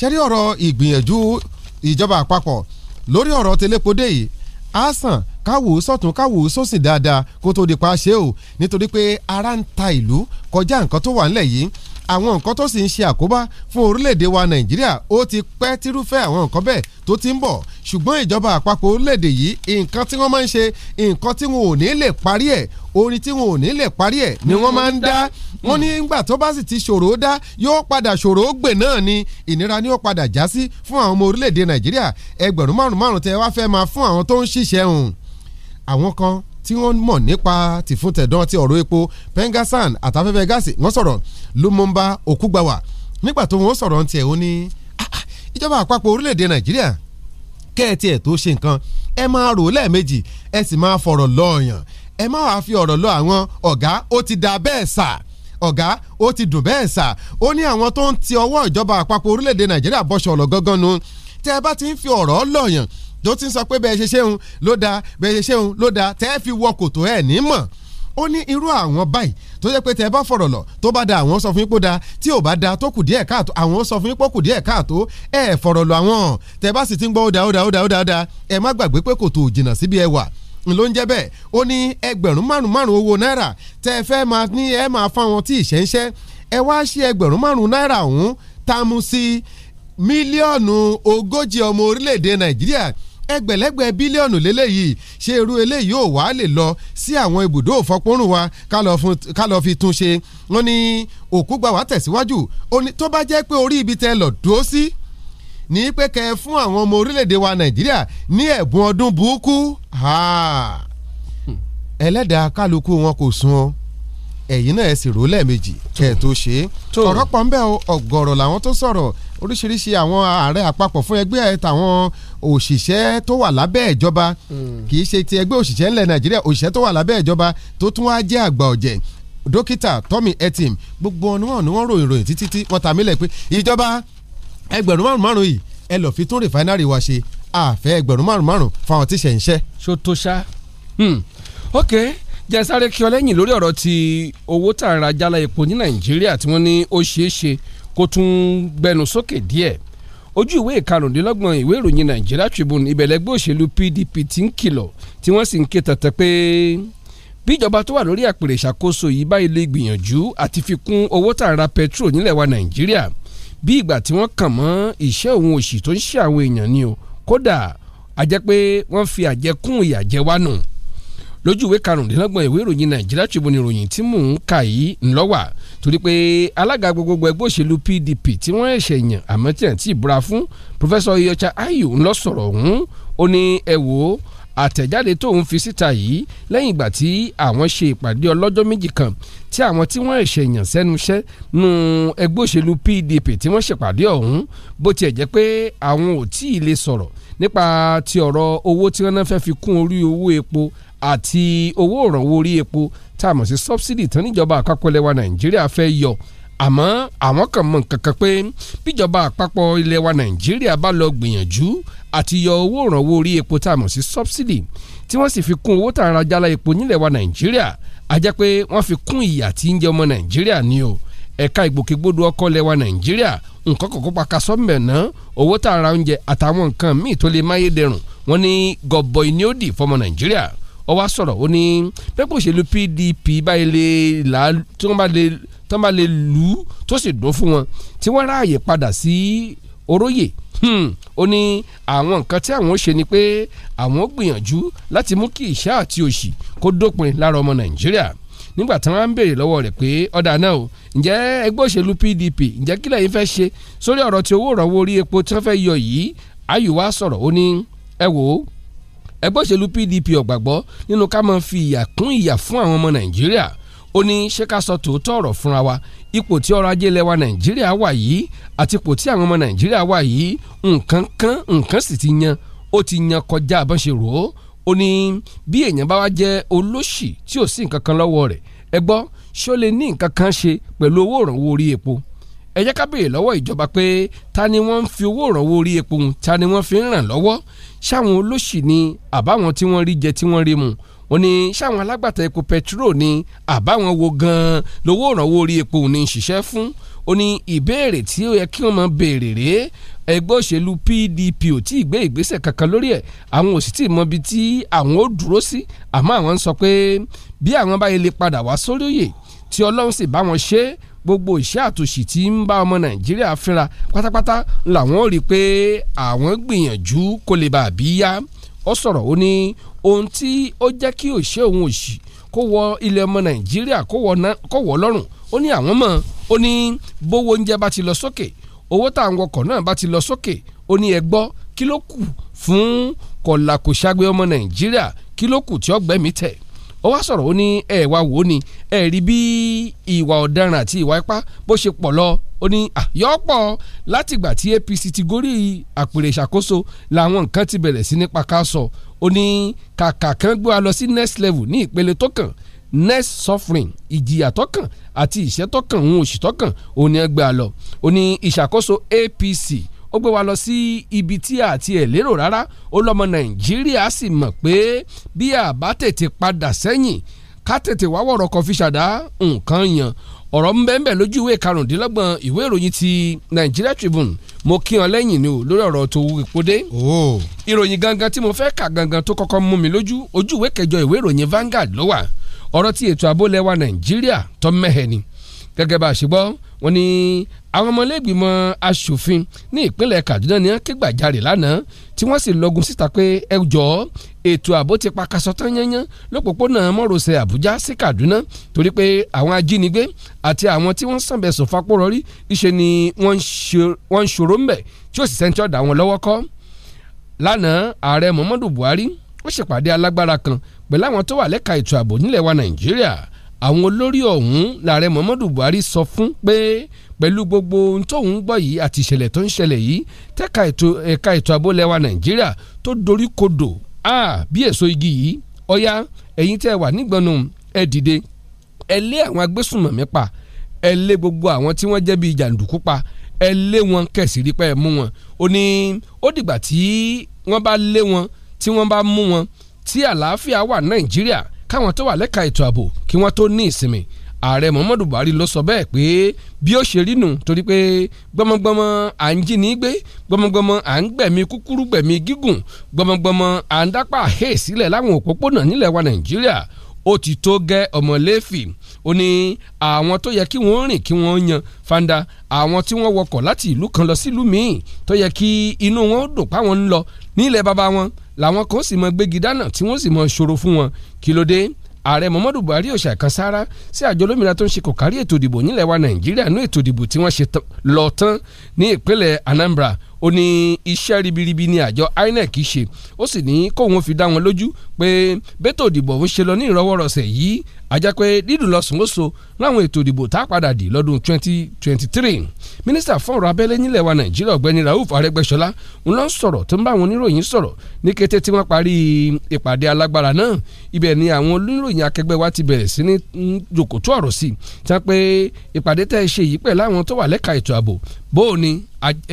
ṣẹ́rí ọ̀rọ̀ ìgbìyànjú ìjọba àpapọ̀ lórí ọ̀rọ̀ tẹlẹ́pọ̀dé yìí á sàn káwò sọ̀tún káwò sósì dáadáa kó tó di pa ṣe o nítorí pé ara ń ta ìlú kọjá nǹkan tó wà ńlẹ̀ yìí àwọn nǹkan tó sì ń ṣe àkóbá fún orílẹ̀-èdè wa nàìjíríà ó ti pẹ́ tírúfẹ́ àwọn nǹkan bẹ́ẹ̀ tó ti ń bọ̀ ṣùgbọ́n ìjọba àpapọ̀ orílẹ̀-èdè yìí nǹkan tí wọ́n máa ń ṣe nǹkan tí wọn ò ní lè parí ẹ̀ orin tí wọn ò ní lè parí ẹ̀ ni wọ́n máa ń dá wọ́n ní ìgbà tó bá sì ti ṣòro dá yóò padà ṣòro gbè náà ni ìnira ni ó padà já sí fún àwọn ọmọ orílẹ̀-èdè nàìjíríà ẹgbẹ̀rún márùn-márùn tẹ wá fẹ́ máa fún àwọn tó ń ṣiṣẹ́ hùn àwọn kan tí wọ́n mọ̀ nípa tìfúntẹ̀dán ti ọ̀rọ̀ epo pengasan àtafẹ́fẹ́ gáàsì wọ́n sọ̀rọ̀ Lumumba Okugbawa nígbà tó wọ́n sọ̀rọ̀ ń tiẹ̀ ó ní ah, ah, ìjọba àpapọ̀ orílẹ̀-èdè Nàìjíríà kẹ́ẹ̀tì ẹ̀ tó ṣe nǹkan ẹ máa rò lẹ́ẹ̀mejì ẹ sì máa fọ̀rọ̀ lọ́ọ̀yàn ẹ má wàá fi ọ̀rọ̀ lọ àwọn ọ̀gá ó ti da bẹ́ẹ̀ sà ọ̀gá ó ti dùn bẹ́ẹ̀ sà ó ní àwọn tó ń ti ọwọ́ ìjọba àpapọ̀ orílẹ̀-èdè Nàìjíríà bọ́ṣọ̀ ọ̀lọ́ gangan nu tẹ́ ẹ bá ti ń fi ọ̀rọ̀ lọ́ọ̀yàn tó ti ń sọ pé bẹ́ẹ̀ ṣe ṣéun ló da bẹ́ẹ̀ ṣe ṣéun ló da tẹ́ fi wọ kòtò ẹ̀ ní mọ̀ ó ní irú àwọn báyìí tó jẹ́ pé tẹ́ bá fọ̀rọ̀ lọ tó bá da àwọn sọ fún yín pé da tí ò bá da tó kù díẹ̀ káàtó àwọn sọ fún yín pé ó kù díẹ̀ káàtó ẹ̀ fọ̀rọ̀ lọ àwọn tẹ́ bá sì ti ń gbọ́ ó da ó da ó da ó da ó da ẹ má gbàgbé pé kòtò jìnnà síbi ẹ wà ló ń jẹ́ bẹ́ẹ̀ ó ní ẹgbẹ̀rún márùn márùn owó náírà tẹ́ fẹ́ máa ní ẹ máa fáwọn tí ìṣẹ́ńṣẹ́ ẹ wá ṣe ẹgbẹ̀rún márùn náírà ọ̀hún tamu sí mílíọ̀nù ogójì ọmọ orílẹ̀-èdè Nàìjíríà ẹgbẹ̀lẹ́gbẹ̀ bílíọ̀nù lélẹ́yìí ṣé irú eléyìí ò wá lè lọ sí àwọn ibùdó òfọpọ́rùn wa ká lọ́ọ́ fi tún ṣe wọ́n ní òkú gbà wá tẹ̀síwájú tó bá jẹ́ pé orí ibi tẹ́ lọ dúró sí ní pé kẹ́ ẹ fún àwọn ọmọ orílẹ̀-èdè wa nàìjíríà ní ẹ̀bùn ọdún burúkú ẹlẹ́dàá kálukú wọn kò sun o ẹ̀yin náà ẹ sì rò lẹ́ẹ̀mejì kẹ́ ẹ tó ṣe é ọ̀rọ̀ pọ̀ ń bẹ ọ̀gọ̀rọ̀ làwọn tó sọ̀rọ̀ oríṣiríṣi àwọn ààrẹ àpapọ̀ fún ẹgbẹ́ ẹ̀ tàwọn òṣìṣẹ́ tó wà lábẹ́ ìjọba hmm. kì í ṣe ti ẹgbẹ́ òṣìṣẹ́ ńlẹ̀ nàìjíríà òṣìṣẹ́ tó wà lábẹ́ ìjọba tó tún wá jẹ́ àgbà ọ̀jẹ̀ dókítà Tommy Etim gbogbo ọ̀nù wọn ni wọ́n ròyìn ròyìn títí tí wọ́n tàmílẹ̀ pé ìjọba ẹgbẹ̀rún márùn márùn yìí ẹ lọ́ọ́ fi tún rìfáínárì wa ṣe àfẹ́ ẹgbẹ̀rún márùn márùn fáwọn tíṣẹ̀ ń ṣẹ́. ṣòtò ṣá hmm. ok jẹ́ sáré kí ọ lẹ́yìn lórí ọ̀rọ̀ ti owó tààrà jálá epo ní nàìjíríà tí wọ́n ní ó ṣeé ṣe kó tún gbẹnu sókè díẹ̀ ojú ìwé ìkarùndínlọ́gbọ̀n ìwé ìròyìn Nigeria Tribune ìbẹ̀lẹ́gbẹ́ òṣèlú PDP ti ń kìlọ̀ tí wọ́n sì ń ké tẹ̀tẹ̀ pé bíjọba tó wà lórí àpèrè ìṣàkóso yìí bá ilé gbìyànjú àti fi kún owó tá ra petrol nílẹ̀ wa Nàìjíríà bí ìgbà tí wọ́n kàn mọ́ ìṣẹ́ òun òṣì tó ń ṣe àwọn èèyàn ni o kódà a wọ́n fi àjẹkún ìyàjẹ lójú ìwé karùndínlọ́gbọ̀n ìwé ìròyìn nàìjíríà tribune ìròyìn tí mò ń kà yìí ńlọ́wà torí pé alága gbogbogbò ẹgbẹ́ òṣèlú pdp tí wọ́n ẹ̀ṣẹ̀ yàn àmọ́ tí àǹtí ìbúra fún pòfẹ́sọ iyeocha ayu ńlọ sọ̀rọ̀ ọ̀hún ó ní ẹ wò ó àtẹ̀jáde tó ń fi síta yìí lẹ́yìn ìgbà tí àwọn ṣe ìpàdé ọlọ́jọ́ méjì kan tí àwọn tí wọ́n ẹ̀ṣẹ̀ yàn sẹ́nu iṣẹ́ nu ẹgbẹ́ òṣèlú pdp tí wọ́n ṣèpàdé ọ̀hún bó tiẹ̀ jẹ́ pé àwọn ò tí ì lè sọ̀rọ̀ nípa ti ọ̀rọ̀ owó tí wọ́n náà fẹ́ fi kún orí owó epo àti owó òrànwó orí epo tá a mọ̀ sí subsidy tán níjọba àpapọ̀ ilẹ̀ wa nàìjíríà fẹ́ yọ àmọ́ àwọn kan mọ̀ kankan pé bíjọba àpapọ̀ ilẹ̀ wa nàìjíríà bá lọ gbìyànjú àti yọ owó òrànwó orí epo tá a mọ̀ sí subsidy tí wọ́n sì fi kún owó tá a ra jálá epo nílẹ̀ wa nàìjíríà a jẹ́ pé wọ́n fi kún ìyà tí ń jẹ ọmọ nàìjíríà ni o ẹ̀ka ìgbòkègbodò ọkọ̀ lẹ̀ wa nàìjíríà nǹkan kọ̀ọ̀kan pàkà sọ́mbẹ̀ náà owó tá a ra oúnjẹ àtàwọn nǹkan míì tó lè máyédẹrùn wọ́n ní gọ̀bọ̀ ìní fọmọ nàìjíríà ó wá sọ̀rọ̀ ó ní pẹ́pọ̀ òṣèlú PDP báyìí lè là á tí wọ́n bá lè tán bá lè lù ú tó sì dùn fún wọn tí wọ́n ráàyè padà sí oróyè hmm. ó ní àwọn nǹkan tí àwọn ó ṣe ni pé àwọn ó gbìyànjú láti mú kí ìṣẹ́ àti òṣì kó dópin lára ọmọ Nàìjíríà nígbà tí wọ́n ń béèrè lọ́wọ́ rẹ̀ pé ọ̀dà náà o ǹjẹ́ ẹgbẹ́ òṣèlú PDP ǹjẹ́ kílẹ̀ yìí fẹ́ ṣe sórí ọ̀rọ̀ tí owó ìrànwọ́ orí epo tí wọ́n fẹ́ yọ yìí ayùwá sọ̀rọ̀ ó ní ẹ wò ó ẹgbẹ́ òṣèlú PDP ọ̀gbàgbọ́ nínú ká máa fi ìyà kún ìyà fún àwọn ọmọ Nàìjíríà ó ní ṣé ká sọ tòótọ́ ọ̀rọ̀ fúnra wa ipò tí ọrọ̀ ajé ilẹ̀ wa Nàìjíríà wà yìí àti ipò tí àwọn ọmọ Nàìjíríà wà yìí nǹkan kan nǹkan sì ti yan ó ti yan kọjá àbọ̀n rò ó ó ní bí èèyàn bá wá jẹ́ olóṣì tí ò sí nǹkan kan lọ́wọ́ rẹ̀ ẹ ṣó lè ní nǹkan kan ṣe pẹ̀lú owó òrànwó orí epo ẹ jẹ́ ká béèrè lọ́wọ́ ìjọba pé ta ni wọ́n ń fi owó ìrànwọ́ orí epo hun ta ni wọ́n fi ń ràn lọ́wọ́ ṣáwọn olóṣì ni àbáwọn tí wọ́n rí jẹ tí wọ́n rí mu ó ní ṣáwọn alágbàtà epo pẹtiró ni àbáwọn wo gan-an lówó ìrànwọ́ orí epo hun ni ń ṣiṣẹ́ fún ó ní ìbéèrè tí ó yẹ kí wọ́n máa béèrè rèé ẹgbẹ́ òṣèlú PDP ò tí ì gbé ìgbésẹ̀ kankan lórí ẹ̀ àwọn ò sì tí ì mọ ibi tí àwọn ó dúró sí àmọ́ àwọn ń sọ pé bí àwọn bá yẹ lè padà wá sórí òye tí Ọlọ́run sì bá wọn ṣe é gbogbo ìṣẹ́ àtòṣì tí ń bá ọmọ nàìjíríà fínra pátápátá làwọn rí i pé àwọn gbìyànjú kó lè bá a bí yá ó sọ̀rọ̀ ó ní ohun tí ó jẹ́ kí òṣìṣẹ́ òun òṣì kó wọ ilẹ̀ ọmọ nàìjíríà kó wọ lọ́rùn ó ní àwọn mọ̀ ó ní bówó oúnjẹ bá ti lọ sókè owó tá à ń wọkọ̀ náà bá ti lọ sókè ó ní ẹ kí ló kù fún kọ̀làkùṣàgbé ọmọ nàìjíríà kí ló kù tí ọgbẹ́mi tẹ̀ ó wá sọ̀rọ̀ ó ní ẹ̀ wá wò ó ni ẹ̀ rí bí ìwà ọ̀daràn àti ìwà ipá bó ṣe pọ̀ lọ ó ní àyọ́pọ̀ látìgbà tí APC ti gorí àpèrè ìṣàkóso làwọn nǹkan ti bẹ̀rẹ̀ sí nípa ká sọ ó ní kàkà kan gbé wa lọ sí next level ní ìpele tó kàn next suffering ìjìyà tó kàn àti ìṣẹ́ tó kàn òun òṣì tó kàn òun ni ẹ gbé a lọ ó ní ìṣàkóso APC ó gbé wa lọ sí ibi tí a ti ẹ̀ lérò rárá ó lọ́mọ nàìjíríà sì mọ̀ pé bí a bá tètè padà sẹ́yìn ká tètè wá wọ̀rọ̀ kan fi ṣàdá nǹkan yan ọ̀rọ̀ ń bẹ́ẹ̀ bẹ́ẹ̀ lójú ìwé karùndínlọ́gbọ̀n ìwé ìròyìn ti Nigeria Tribune mo kí ọ lẹ́yìn ni o lórí ọ̀rọ̀ tó ìpòdé. ìròyìn gangan tí mo fẹ́ kà gangan tó kọ́kọ́ mú mi lójú ojú ìwé kẹjọ ìwé ìròyìn Vanguard ló wà ọ̀rọ̀ ti ètò ààbò Nàìjíríà tó mẹ́hẹ̀ ni gẹ́gẹ́ bá a ṣe gbọ́ wọ́n ni àwọn ọmọlẹ́gbìmọ̀ asòfin ní ìpínlẹ̀ Kaduna ní kégbàjarè lánàá tí wọ́n sì lọ́gun síta pé ẹ jọ ètò ààbò ti pakasọ tán yányán lópòpónà mọ́rọ̀sẹ̀ Àbújá sí Kaduna torí pé àwọn ajínigbé àti àwọn tí wọ́n sànbẹ̀ sòfapò rọrí iṣẹ́ ni wọ́n ń ṣòro ńbẹ̀ tí ó sì sẹ́ńtì ọ̀dà wọn lọ́wọ́ kọ́ lánàá ààrẹ Muhammadu Buhari ó ṣèpàdé alágbára kan pẹ̀lú àwọn tó wà lẹ́ka ètò ààbò nílẹ̀ wa Nàìjíríà àwọn olórí ọ̀hún lààrẹ Muhammadu Buhari sọ fún pé pẹ̀lú gbogbo ohun tóun gbọ́ yìí àti ìṣẹ̀lẹ̀ tó ń ṣẹlẹ̀ yìí tẹ́ka ẹ̀ka ètò ààbò lẹ́wà Nàìjíríà tó dorí kodò bí èso igi yìí ọ̀yá ẹ̀yin tẹ́ wà nígbọ̀nù ẹ dìde ẹ lé àwọn agbésùnmọ̀mí pa ẹ lé gbogbo àwọn tí wọ́n jẹ́ bíi jàǹdùkú pa ẹ lé wọn kẹ̀sì rí pé mú wọn ó ní ó dìgbà tí wọ́n bá lé wọn tí wọ́n bá mú wọn tí àlàáfíà wà Nàìjíríà káwọn tó wà lẹ́ka ètò ààbò kí wọ́n tó ní ìsinmi ààrẹ muhammadu buhari ló sọ bẹ́ẹ̀ pé bí ó ṣe rí nù torí pé gbọmọgbọmọ à ń jí ní gbé gbọmọgbọmọ à ń gbẹ̀mí kúkúrú gbẹ̀mí gígùn gbọmọgbọmọ à ń dápà hè sílẹ̀ láwọn òpópónà nílẹ̀ wa nàìjíríà ó ti tó gẹ́ ọmọléèfì ó ní àwọn tó yẹ kí wọ́n rìn kí wọ́n yan fanda àwọn tí wọ́n wọkọ̀ láti ìlú kan lọ sílùú míì tó yẹ kí inú wọn dùn páwọn ń lọ nílẹ̀ baba wọn làwọn kan sì mọ gbégi dáná tí wọ́n sì mọ ṣòro fún wọn kí ló dé ààrẹ muhammadu buhari ò ṣàkánsára sí àjọ olómìnira tó ń ṣe kò kárí ètò ìdìbò nílẹ̀ wa nàìjíríà ní ètò ìdìbò tí wọ́n ṣe lọ tán ní ìpínlẹ̀ anambra ó ní iṣẹ́ ribiribi ni àjọ inec ṣe ó sì ní kóun fi dá wọn lójú pé bẹ́tò ìdìbò ń ṣe lọ ní ìrọwọ́rọsẹ̀ yìí àjẹpẹ́ dídùn lọ́sùn ó so láwọn ètò ìdìbò tá a padà dì lọ́dún 2023 mínísítà fọ́nrọ̀ abẹ́lé nílẹ̀ wa nàìjíríà ọ̀gbẹ́ni rauf arẹ́gbẹ́ṣọlá ń lọ sọ̀rọ̀ tó ń bá àwọn oníròyìn sọ̀rọ̀ ní kété tí wọ́n parí ìpàdé alágbára náà ibẹ̀ ni àwọn oníròyìn akẹgbẹ́ wa ti bẹ̀rẹ̀ sí ní jòkótó ọ̀rọ̀ sí tí wọ́n pe ìpàdé tẹ́ ẹ ṣe yìí pẹ̀lú àwọn tó wà lẹ́ka ètò ààbò bóò ni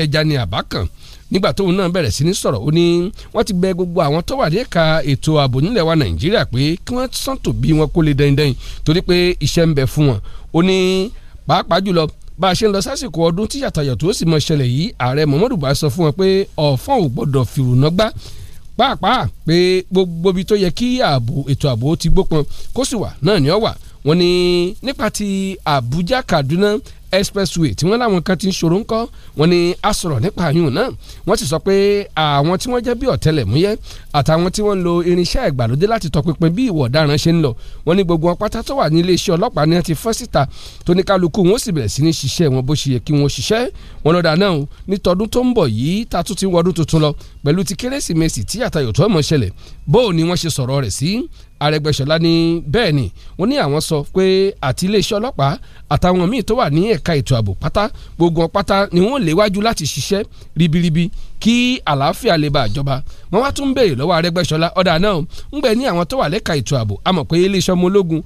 ẹja ni àbá kan nígbà tóun náà bẹ̀rẹ̀ sí ní sọ̀rọ̀ ó ní wọ́n ti bẹ gbogbo àwọn tó wà ní ẹ̀ka ètò ààbò nílẹ̀ wa nàìjíríà pé kí wọ́n sàn tó bí wọn kó lè dandan torí pé iṣẹ́ ń bẹ fún wọn ó ní pàápàá jùlọ bá a ṣe ń lọ sásìkò ọdún tí yàtọ̀yàtọ̀ ó sì mọ ṣẹlẹ̀ yìí ààrẹ muhammadu buhari sọ fún wọn pé ọ̀fọ́n ò gbọ́dọ̀ fìrùnà gbá pàápàá pé gbogbo ibi tó yẹ kí ààbò ètò ààbò ti gbópọn kó sì wà náà ni ó wà wọ́n ní nípa ti Àbújá Kaduna expressway tí wọ́n láwọn kan ti ń ṣòro ńkọ́ wọ́n ní a sọ̀rọ̀ nípa àyùn náà wọ́n sì sọ pé àwọn tí wọ́n jẹ́ bí ọ̀tẹlẹ̀múyẹ́ àtàwọn tí wọ́n ń lo irinṣẹ́ ìgbàlódé láti tọpinpin bí ìwọ̀ ọ̀daràn ṣe ń lọ wọ́n ní gbogbo wọn pátá tó wà ní iléeṣẹ́ ọlọ́pàá ni wọ́n ti fọ́n síta tó ní kálukú wọn ó sì bẹ̀rẹ̀ sí ní ṣiṣẹ́ wọn bó ṣe yẹ kí wọ́n ṣiṣẹ́ wọn lọ́dà náà ní tọdún tó ń bọ̀ yìí ta tún ti wọdún tuntun lọ pẹ̀lú ti kérésìmesì tí àtayọ̀ tó mọ̀ ṣẹlẹ̀ bó o ni wọ́n ṣe sọ̀rọ̀ rẹ̀ sí Arẹ́gbẹ́ṣọlá ní bẹ́ẹ̀ ni wọ́n ní àwọn sọ pé àti iléeṣẹ́ ọlọ́pàá àtàwọn míì tó wà ní ẹ̀ka ètò ààbò pátá gbogbo pátá ni wọ́n léwájú láti ṣiṣẹ́ ribiribi kí àlàáfíà lè bá àjọba wọ́n wá tún béèrè lọ́wọ́ Arẹ́gbẹ́ṣọlá ọ̀dà náà ń gbẹ ní àwọn tó wà lẹ́ka ètò ààbò a mọ̀ pé iléeṣẹ́ ọmọ ológun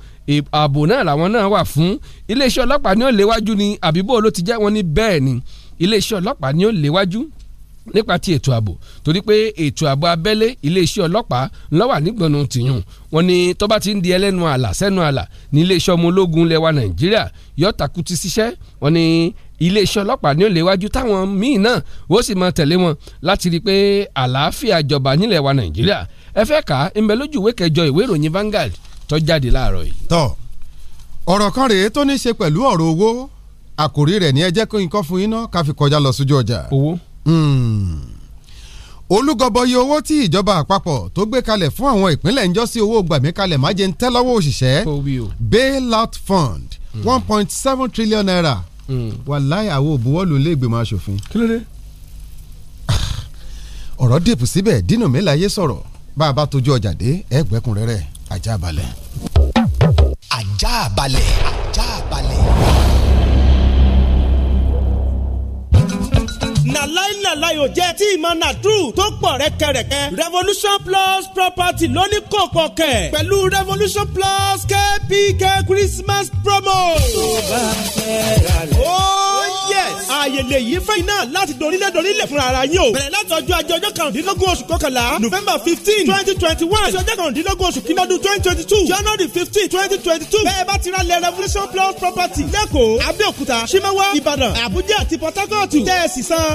ààbò náà làwọn náà wà fún iléeṣẹ́ ọlọ́pàá ni ó léwájú ni àbíbò ló ti jẹ́ wọn ní bẹ́ẹ̀ ni iléeṣẹ́ ọlọ́pàá ni ó léwájú nípa ti ètò ààbò torí pé ètò ààbò abẹ́lé iléeṣẹ́ ọlọ́pàá lọ́wà nígbọ̀nù tìyún wọn ni tó bá ti ń di ẹlẹ́nu àlà sẹ́nu àlà ní iléeṣẹ́ ọmọ ológun lẹwa nàìjíríà yọ takuti síṣẹ́ wọn ni iléeṣẹ́ ọlọ́pàá ní ó léwájú táwọn míì náà ó sì máa tẹ̀lé wọn láti rí i pé àlàáfíà jọba nílẹ̀ wa nàìjíríà ẹ fẹ́ kà á ń bẹ lójú ìwé kẹjọ ìwé ìròyìn Vanguard tó jáde láàárọ̀ yìí. tọ ọ̀rọ̀ kan rèé tó ní í ṣe pẹ̀lú ọ̀rọ̀ owó àkòrí rẹ̀ ní ẹ jẹ́ kí fún yín ná lọ sójú ọjà. owó Hmm. olúgọbọyé owó tí ìjọba àpapọ̀ tó gbé kalẹ̀ fún àwọn ìpínlẹ̀ ń jọ sí owó gbàmíkalẹ̀ májè ń tẹ́ lọ́wọ́ òṣìṣẹ́ bailout fund hmm. one point seven trillion naira hmm. wàláyé àwọn òbúwọ́lù ilé ìgbìmọ̀ asòfin. kí ló dé ọ̀rọ̀ dìbò síbẹ̀ dínà mẹ́láyé sọ̀rọ̀ bá a bá tójú ọjà dé ẹgbẹ́kùnrẹ́rẹ́ ajá balẹ̀. ajá balẹ̀ ajá balẹ̀. na láìláì ò jẹ́ tí ìmọ̀ nàdúrù tó pọ̀ rẹ́kẹrẹ́kẹ́ revolution plus property lóní kòkò kẹ̀ pẹ̀lú revolution plus kpk christmas promo. tó bá fẹ́ ra rẹ̀. ó oh, yes. fẹ́yìn náà láti dorílẹ̀ dorílẹ̀ fúnra ara yín o. bẹ̀rẹ̀ láti ọjọ́ ajé ọjọ́ kàrúndínlógún oṣù kọkànlá november fifteen twenty twenty one ọjọ́ kàrúndínlógún oṣù kìíní twenty twenty two january fifteen twenty twenty two bẹ́ẹ̀ bá ti ra lẹ̀ revolution plus property lẹ́kọ̀ọ́ abẹ́òkúta ṣímẹ́wá ìbàdàn àbújá àti port harcourt tẹ́ ẹ sì san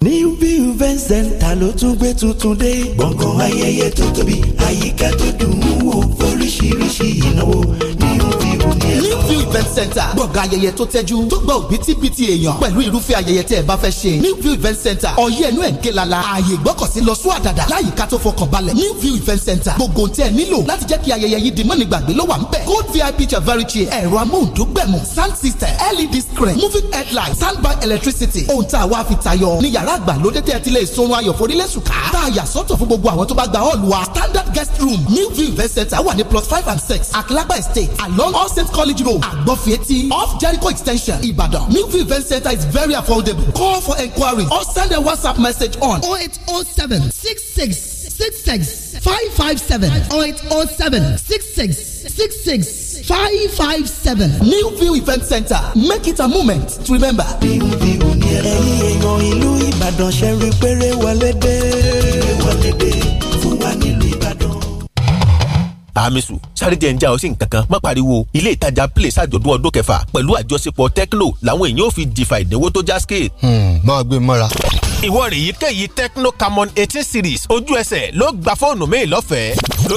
New event center ló tún gbé tuntun dé. gbọ̀ngàn ayẹyẹ tó tóbi àyíká tó dùn ún wò oríṣiríṣi ìnáwó center gbọ̀ngàn ayẹyẹ tó tẹ́jú tó gba òbítíbitì èèyàn pẹ̀lú irúfẹ́ ayẹyẹ tẹ́ ẹ bá fẹ́ ṣe new view event center ọ̀yẹ́ ẹnu ẹ̀ ń ké lala ààyè ìgbọ́kọ̀sí lọ sún àdàdà láyìíká tó fọkàn balẹ̀ new view event center gbogbo tẹ́ ẹ nílò láti jẹ́ kí ayẹyẹ yìí di mọ́ni gbàgbé ló wà ń bẹ̀ gold vip chavari chair ẹ̀rọ amóhùndógbẹ̀mù sound system led screen moving headlight standby electricity ohun tá a wá fi tayọ ní yàrá àgbàlódé tẹ́ ẹ ti lè sunrun ayọ̀ forílẹ̀sùká tá a yà sọ́tọ̀ standard guest room new view event center wà plus five and six àkìlágbà estate along all saint college road àgbọ̀f Fafiyeti off Jericho extension Ibadan. New View Event Center is very affordable. Call for inquiry or send a WhatsApp message on 0807 66 66 557 0807 66 66 557. New View Event Center. Make it a moment to remember. Bíu èèyàn ìlú Ìbàdàn ṣe ń rí péré Wọlé dé fún wa nílùú hamisu sáréjẹ ń já ọ sí nǹkan kan má pariwo ilé ìtajà place àjọ̀dún ọdún kẹfà pẹ̀lú àjọṣepọ̀ tecno làwọn èèyàn ò fi jìfà ìdínwó tó já scale. Hmm, máa gbé e mọ́ra. ìwọ rèé kéyìí tecno camon eighteen series ojú ẹsẹ̀ ló gba fóònù mi lọ́fẹ̀ẹ́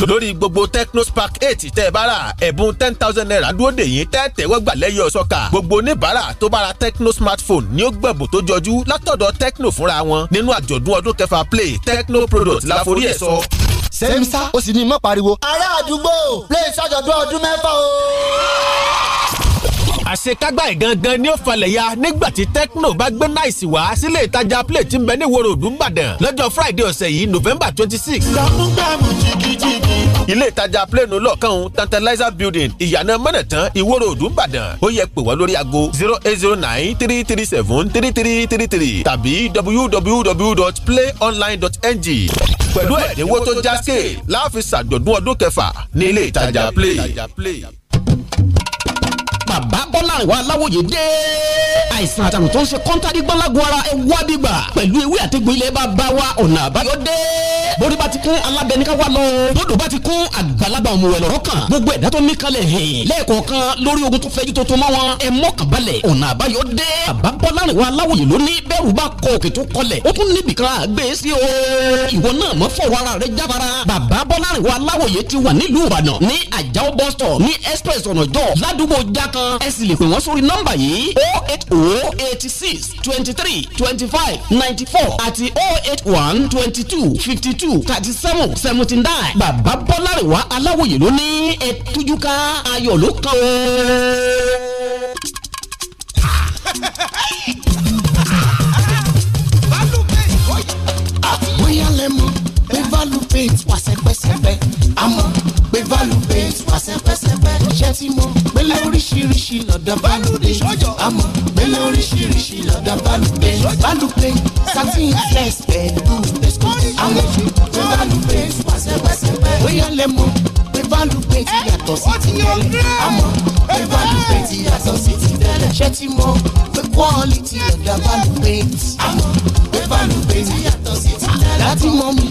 lórí gbogbo tecno spark eight tẹ́ ẹ bá rà ẹ̀bùn ten thousand naira dúró dè yín tẹ́ tẹ́wọ́gbà lẹ́yìn ọ̀ṣọ́ka gbogbo oníbàárà tó bá ra tecno smartphone ni ó gbẹ̀bùn tó jọjú látọ̀dọ̀ tecno fúnra wọn nínú àjọ̀dún ọdún kẹfà play tecno product láforí ẹ̀ sọ sẹ́mísà ó sì ní mọ́ pariwo. ará àdúgbò lè ṣàjọ̀dún ọdún mẹ́fà o àṣekágbá ìgangan ni ó falẹ̀ ya nígbà tí Tecno bá gbé náìsì wá sílé ìtajà play tí ń bẹ ní ìwòrò òdùnbàdàn lọ́jọ́ Friday ọ̀sẹ̀ yìí November twenty six. gbàmúgbàmù jìgìjìgì ilé ìtajà plẹ́ẹ̀nù lọ́ọ̀kan òun tantalizer building ìyànà mọ̀nàtàn ìwó ròdù ìbàdàn ó yẹ pè wá lórí aago zero eight zero nine three three seven three three three three tàbí www.playonline.ng pẹ̀lú ẹ̀dínwó tó jáske láàfin ṣàjọ̀dún ọdún kẹfà ní ilé ìtajà play. bàbá bọ́ alárìnwá aláwòye dé. àìsàn àtàrùn tó ń ṣe kọ́ńtàdì gbọ́lágun ara ẹ wá bí gbà pẹ̀lú ewé àtẹ̀gbọ́ ilẹ̀ bá bá wa ọ̀nà àbáyọ dé. borí bá ti kún alábẹ́níká wa lọ. bódò bá ti kún àgbàlagbà ọ̀mùwẹ̀ lọ́rọ̀ kan. gbogbo ẹ̀dá tó mí kalẹ̀ hẹ̀. lẹ́ẹ̀kọ̀ọ̀kan lórí ogun tó fẹ́jú tó tó mọ́ wọn. ẹ mọ́kànbalẹ̀ ọ̀nà àbáyọ dé. àbábọ́lárìnwá aláwòye lónìí bẹ́ẹ̀rù bá kọ òkè tó aláwòye ti wà express ọ̀nà jọ ládùúgbò jákan pè wọ́n sórí nọ́mbà yìí o oh eight o oh eighty six twenty three twenty five ninety four àti o oh eight one twenty two fifty two thirty seven seventy nine bàbá Bọ́lárẹ̀wá aláwòye ló ní ẹ̀tújúká ayọ̀ ló kàn ó. jẹ́ tí mo gbélé oríṣiríṣi lọ́dọ̀ balùdé àmọ́ gbélé oríṣiríṣi lọ́dọ̀ balùdé balùdé satin flex pẹ̀lú àwọn ìṣèjọba balùdé wàṣẹwàṣẹwẹ bóyá lẹ mọ̀ pé balùdé ti yàtọ̀ sí ti tẹ́lẹ̀ àmọ́ pé balùdé ti yàtọ̀ sí ti tẹ́lẹ̀ ṣé ti mọ̀ pé quality lọ́dọ̀ balùdé àmọ́ pé balùdé ti yàtọ̀ sí ti tẹ́lẹ̀ láti mọ̀ mi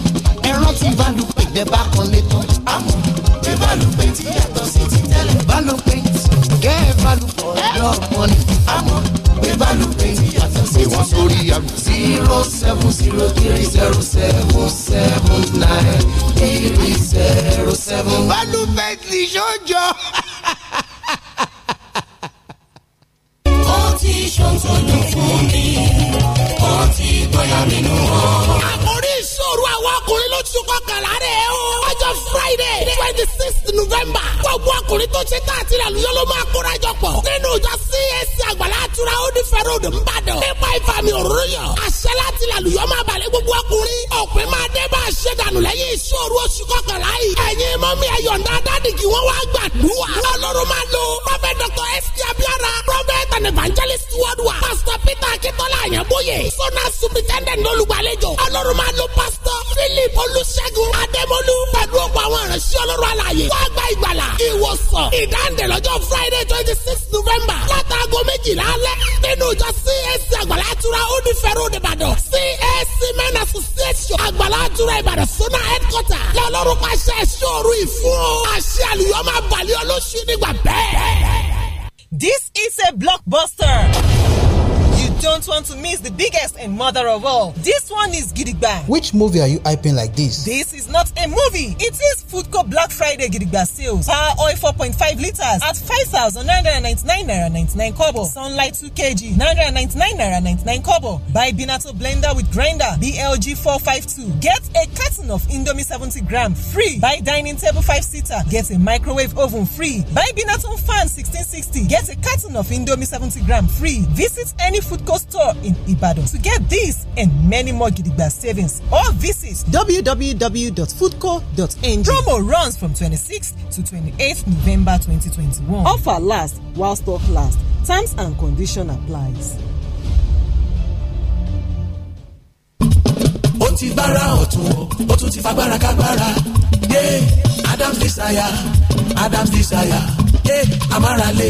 ẹran ti balùdé of money àmọ́ pé value pay yàtọ̀ sí wọn sórí àrùn. zero seven zero three zero seven seven nine three zero seven. value pay ní sọ́jọ́. ó ti ṣòṣòdò fún mi. gbogbo ọkùnrin tó ṣe tá àti ìrànlọ́yọ́ ló máa kóra jọ pọ̀. nínú ìjọ CAC àgbàlá àtura ó ní fẹ́rẹ́ òdò ń bàdàn. nípa ìfàmì òróró yọ. àṣẹ láti ìrànlọ́yọ́ máa balẹ̀ gbogbo ọkùnrin. òpin máa dé bá a ṣe dànù lẹ́yìn ìṣòro oṣù kọkànlá yìí. ẹ̀yin mọ́mí ẹ̀yọ̀ǹda dádìgì wọ́n wá gbàdúrà. ọlọ́run máa lo prọfẹ̀t dr st abiara prọfẹ̀t and evangelist worldwide peter akitola àyànbóye zona superintendent olùgbàlejò ọlọ́run máa lo pásítọ̀ philip olùṣègùn adémọlú pẹ̀lú ọ̀pọ̀ àwọn ìránṣẹ́ ọlọ́run alààyè tó àgbà ìgbàlà ìwòsàn ìdáǹdè lọ́jọ́ friday twenty six november látàgọ méjìlá alẹ́ nínú ìjọ csc àgbàlá àtúrà onífẹ̀rẹ̀ òdìbàdàn csc men association àgbàlá àtúrà ìbàdàn zona headquarter lọ́lọ́run pàṣẹ ìṣòro ìfún This is a blockbuster don't want to miss the biggest and mother of all. This one is Gidigba. Which movie are you hyping like this? This is not a movie. It is Foodco Black Friday Gidigba sales. Power oil 4.5 liters at 5,999 naira 99 kobo. Sunlight 2 kg 999 naira 99 kobo. Buy Binato blender with grinder BLG 452. Get a carton of Indomie 70 gram free. Buy dining table 5 seater. Get a microwave oven free. Buy Binato fan 1660. Get a carton of Indomie 70 gram free. Visit any Foodco Tesco store in Ibadan. To get this and many more Gidigba savings or visit www.foodco.ng. Promo runs from 26th to 28th November 2021. Offer lasts while stock lasts. Terms and condition applies. ó ti gbára ọ̀tún ó tún ti fagbára kágbára yé yeah. Adams Desire Adams Desire yé yeah. amárale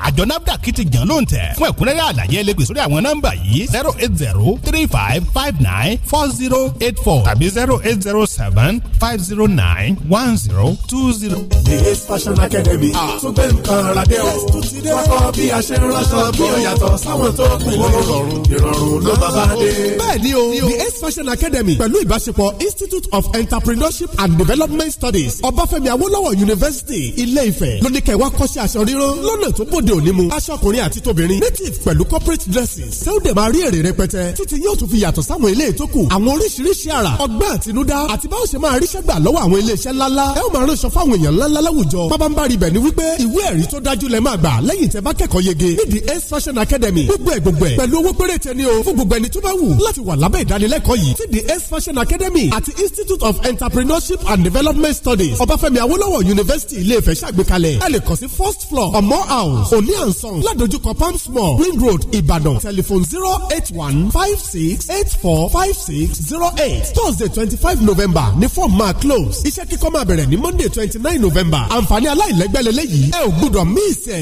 àjọ nafdac ti jàn lóhùn tẹ̀ fún ẹ̀kúnrẹ́rẹ́ àlàyé ẹ sórí àwọn nọ́mbà yìí zero eight zero three five five nine four zero eight four tàbí zero eight zero seven five zero nine one zero two zero. the ace fashion academy ah. tún gbé nǹkan ara dé o wákọ̀ bí a ṣe ń ránṣọ bí ó yàtọ̀ sáwọn tó pè ìrọ̀rùn ìrọ̀rùn ló bá bá dé. bẹ́ẹ̀ ni o the ace fashion academy pẹ̀lú ìbáṣepọ̀ institute of entrepreneurship and development studies ọbáfẹ́mi awólọ́wọ̀ university ilé-ifẹ̀ lóníkẹ́ wa kọ́ṣẹ́ aṣọ rírán lọ́nà tó bòde lóde òní mu aṣọ ọkùnrin àti tóbìnrin native pẹ̀lú corporate dresses sẹ́wọ́dẹ̀ máa rí èrè rẹpẹtẹ títí yóò tún fi yàtọ̀ sáwọn ilé ìtókù àwọn oríṣiríṣi àrà ọgbẹ́ àtinúdá àti báwo ṣe máa ríṣẹ́ gbà lọ́wọ́ àwọn ilé iṣẹ́ ńláńlá ẹ ó máa ránṣọ fáwọn èèyàn ńláńlá láwùjọ pábánbárì bẹ̀ ni wípé ìwé ẹ̀rí tó dájú lẹ máa gbà lẹ́yìn tẹ bá kẹ́kọ̀ọ́ yege ní the ace fashion academy gbogbo the institute of entrepreneurship and development studies ọbáfẹ́mi awólọ́wọ̀ university ilé-ifẹ̀ ṣàgbékalẹ̀ ẹ lè first floor ọmọ house Wòlíì and Sons ládojúkọ Palms Mall Ring Road Ìbàdàn telephone zero eight one five six eight four five six zero eight Thursday twenty five November ní form máa close iṣẹ́ kíkọ́ máa bẹ̀rẹ̀ ní Monday twenty nine November àǹfààní aláìlẹ́gbẹ́lẹ́lẹ́ yìí ẹ ò gbúdọ̀ mí ìsẹ̀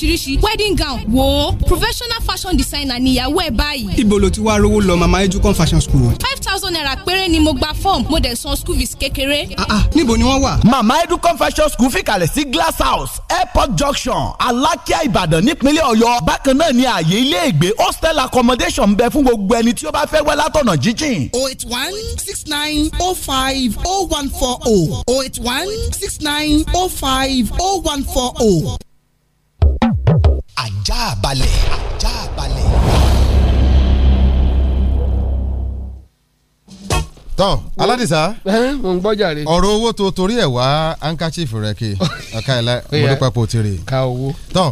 lóríṣiríṣi wedding gown wo professional fashion designer níyàwó ẹ̀ báyìí. ibo ló ti wá rówó lọ mama ejukon fashion school. five thousand naira péré ni mo gba form mo dẹ̀ san school fees kékeré. ah ah níbo ni wọ́n wà. mama ejukon fashion school fìkàlẹ̀ sí glass house airport junction alákíá ìbàdàn nípínlẹ̀ ọ̀yọ́ bákan náà ni ààyè ilé ìgbé hostel accommodation ń bẹ fún gbogbo ẹni tí ó bá fẹ́ wẹ́ látọ̀nà jíjìn. o oh eight one six nine o oh five o oh one four o o eight one six nine o five o one four o ajá balẹ̀. ajá balẹ̀. tán aládìsá mo ń gbọ́ jàre. ọ̀rọ̀ owó tó torí ẹ̀ wá handkerchief rẹ̀ kí ọ̀ka ẹ̀ la mo dúpẹ́ pò tirè. ka owó. tán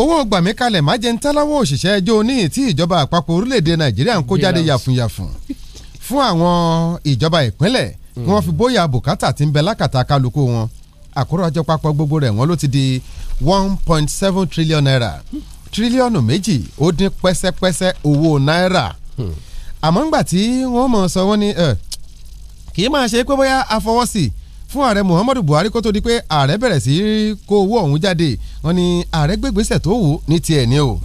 owó gbàmíkalẹ̀ májẹ̀ntàláwọ̀ òṣìṣẹ́ ẹjọ́ oní tí ìjọba àpapọ̀ orílẹ̀-èdè nàìjíríà ń kó jáde yàfùnyàfùn fún àwọn ìjọba ìpínlẹ̀ kí wọ́n fi hmm. bóyá bùkátà tí ń bẹ lákàtà kálukú wọn àkórajọ papọ̀ gbogbo rẹ̀ wọ́n ló ti di one point seven trillion naira tírílíọ̀nù méjì ó dín pẹ́sẹ́pẹ́sẹ́ owó náírà hmm. àmọ́ ńgbà tí wọ́n mọ̀ sọ wọ́n ní kì í máa ṣe pé bóyá afọwọ́sí fún ààrẹ Muhammadu Buhari kó tó di pé ààrẹ bẹ̀rẹ̀ sí kó owó ọ̀hún jáde wọ́n ní ààrẹ gbégbésẹ̀ tó wù ní tiẹ̀ ni o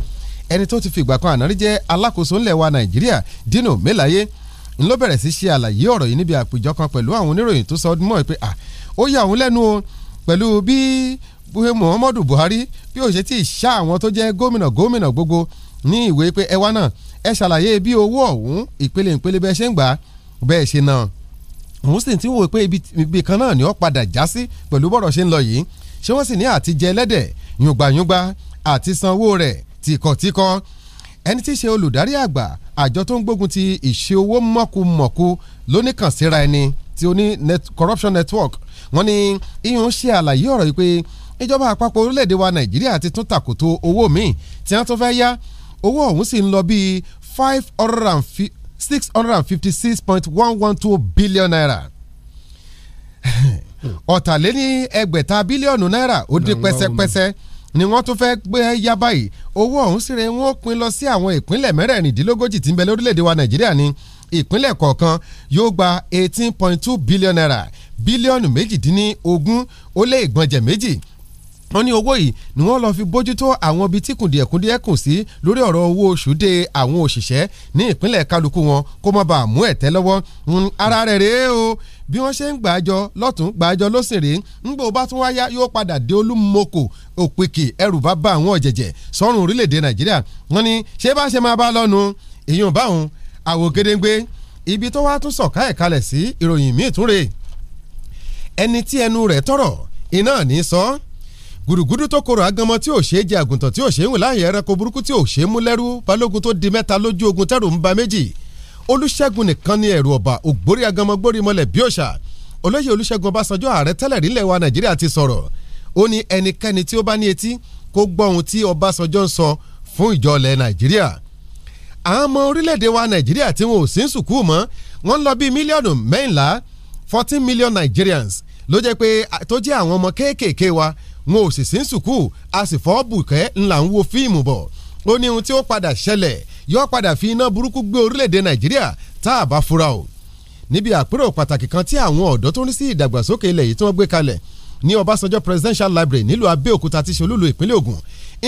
ẹni tó ti fìgbà kan àná rí jẹ́ alákòóso ńlẹ̀ wa Nàìjíríà Dino Melaye ń ló bẹ̀rẹ̀ sí ṣe àlàyé ọ̀rọ̀ yìí níbi àpèjọ kan pẹ̀lú àwọn oníròyìn tó sọ ọdún mọ́ ẹ pé ó yà òun lẹ́nu o pẹ̀lú bí buhe muhammadu buhari bí ó ṣe ti ṣá àwọn tó jẹ́ gómìnà gómìnà gbogbo ní ìwé pé ẹwà náà ẹ ṣàlàyé bí owó ọ̀hún ìpele ìpele bẹ́ẹ̀ ṣe ń gbà bẹ́ẹ̀ ṣe náà òun sì ti ń wò pé ibi kan náà ni ó padà já sí pẹ̀lú bọ́rọ̀ ṣe ń lọ yìí ṣé wọ́n sì ní àti jẹ ẹlẹ́dẹ̀ yùngbàyùngbà àti sanwó rẹ̀ tìkọ̀tìkọ̀ ẹni tí í ṣe olùdarí àgbà àjọ tó ń gbógun ti ìṣe owó mọ̀kùmọ̀kù lóníkànsíra ẹni tí ó ní Corruption Network wọ́n ní iyùn ṣe àlàyé ọ̀rọ̀ yìí pé ìjọba àpapọ̀ orílẹ̀-èdè wa nàìjíríà ti tún tàkòtò owó míì tí wọ́n tún fẹ́ yá owó ọ̀hún sì ń lọ bíi five hundred and six hundred and fifty six point one one two billion naira ọ̀tàléní ẹgbẹ̀ta bílíọ̀nù náírà ó di pẹ́sẹ́pẹ́sẹ́ ni wọ́n tún fẹ́ẹ́ gbé yá báyìí owó ọ̀hún sì rẹ̀ wọ́n pín lọ sí àwọn ìpínlẹ̀ mẹ́rẹ̀ẹ̀rìndínlógójì tí ń bẹ lórílẹ̀‐èdè wa nàìjíríà ni ìpínlẹ̀ kọ̀ọ̀kan yóò gba eighteen point two billion naira bílíọ̀nù méjìdínlógún ó lé ìgbọ̀njẹ̀ méjì wọ́n ní owó yìí ni wọ́n lọ́ọ́ fi bójútó àwọn ibi tí kùndìẹ̀kùndìẹ̀ kù sí lórí ọ̀rọ̀ owó oṣù dé àwọn òṣìṣẹ́ ní ìpínlẹ̀ kálukú wọn kó má bàa mú ẹ̀tẹ́ lọ́wọ́ ara rẹ̀ rèé o bí wọ́n ṣe ń gbàjọ lọ́tún gbàjọ lọ́sìn rèé ńgbò bá tún wáyá yóò padà dé olúmọ̀kò òpèkè ẹrù bá bá àwọn ọ̀jẹ̀jẹ̀ sọ́run orílẹ̀-èdè nàìjíríà wọ́n ní ṣé bá ṣe máa bá lọ́nu èèyàn báwọn àwògedengbe ibi tó wá tún sọ̀ká ẹ̀ kalẹ̀ sí ìròyìn míì tún rèé ẹni tí ẹnu rẹ̀ tọ̀rọ̀ iná ní sọ gùdùgùdù tó korò aganmọ tí ò ṣe é jẹ àgùntàn tí ò ṣe é wìn láàyè ẹranko burúkú tí ò ṣe é mú lẹ́rú balógun tó di mẹ́ta lójú ogun tẹ́rù ń ba méjì olùṣègùn nìkan ni ẹ̀rù ọ̀bà ògbórí aganmọ gbórí mọ́lẹ̀ bí òṣà olóyè olùṣègùn ọbásanjọ́ ààrẹ tẹ́lẹ̀ rílẹ̀ wa nàìjíríà ti sọ̀rọ̀ ó ní ẹnikẹ́ni tí ó bá ní etí kó gbọ́ ohun tí ọbásanjọ́ ń sọ fún ìjọ nàìjíríà àwọn orílẹ̀-èdè wa nàìjíríà tí wọn ò sí ń sùkú mọ́ wọ́n lọ bíi mílíọ̀nù mẹ́ńlá fourteen million Nigerians ló jẹ́ pé tó jẹ́ àwọn ọmọ kéékèèké wa wọn ò sì sí sùkúù a sì fọ́ bùkẹ́ ńlá ń wo fíìmù bọ̀ ó ní ohun tí ó padà ṣẹlẹ̀ yóò padà fi iná burúkú gbé orílẹ̀-èdè nàìjíríà tá a bá fura o níbi àpérò pàtàkì kan tí àwọn ọ̀dọ́ tó ń sí ìdàgbàsókè ilẹ̀ yìí tí wọ́n gbé kalẹ̀ ní ọbásanjọ́ presidential library nílùú abẹ́òkúta tí ṣe olúlu ìpínlẹ̀ ògùn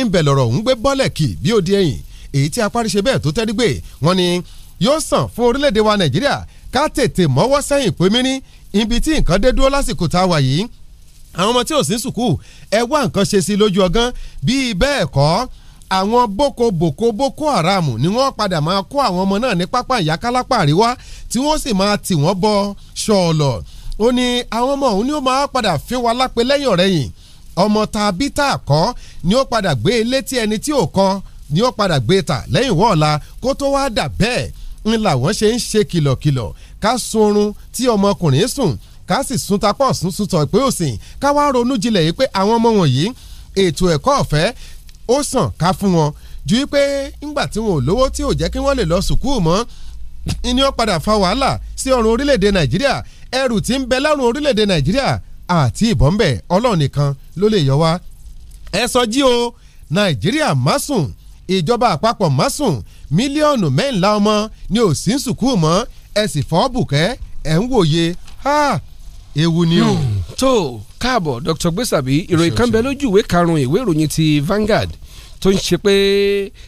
ńbẹ̀ lọ̀rọ̀ ń gbé bọ́lẹ̀ kì bí ó di ẹ̀yìn èyí tí apáríṣe bẹ́ẹ̀ tó tẹ́rí gbé wọn ni yóò sàn fún orílẹ̀-èdè wa nàìjíríà ká tètè mọ́wọ́ sẹ́yìn pé mí ní ibi tí nǹkan dé dúró lásìkò tá yìí àwọn ọmọ tí ò sí sùkúù ẹ wá nǹkan ṣe sí lójú ọgán bíi bẹ́ẹ̀ kọ́ àwọn boko boko boko haram ni wọ́n padà máa kó àwọn ọmọ náà ní pápá ìyákálápá àríwá tí wọ́n sì máa tì wọ́n bọ ṣọ̀ọ̀lọ̀ ó ní àwọn ọmọ òun ni ó máa padà fi wa lápè lẹ́yìn ọ̀rẹ́yìn ọmọ tàbí tà kọ́ ni ó padà gbé ilé e tí ẹni tí ò kọ́ ni ó padà gbé e tà lẹ́yìn wọ́ọ̀la kó tó wá dà bẹ́ẹ̀ ńlá wọ́n ṣe ń ṣe kìlọ̀kìlọ̀ ká sunrun tí ọmọkùnrin sùn ká sì suntapọ̀ sunsuntọ̀ pé òsìn ká wá ronú jinlẹ̀ yìí pé àwọn ọmọ wọ̀nyí ètò ẹ̀kọ́ ọ̀fẹ́ ó sàn ká fún wọn ju wípé ńgbà tí wọn ò lówó tí ò jẹ́ kí wọ́n lè lọ sùkúù mọ́ ni ó padà fa wàhálà sí ọrùn orílẹ̀-èdè nàìjíríà ẹrù tí ń bẹ lárùn orílẹ̀-èdè nàìjíríà àti ìbọn ń ọlọ́run nìkan ló lè yọ wá ẹ sọ jí o nàìjíríà má sùn ìjọba àpapọ̀ má sùn mílíọ̀nù mẹ́ńlá ọmọ ni ò sí ń sùkúù mọ́ ẹ sì fọ́ bùkẹ́ ẹ̀ ń wòye ha ewu ni o. Hmm. tó káàbọ̀ Dr. gbèsàbí ìròyìn kan bẹ lójú ìwé karùn-ún ìwé ìròyìn ti Vanguard tó ń ṣe pé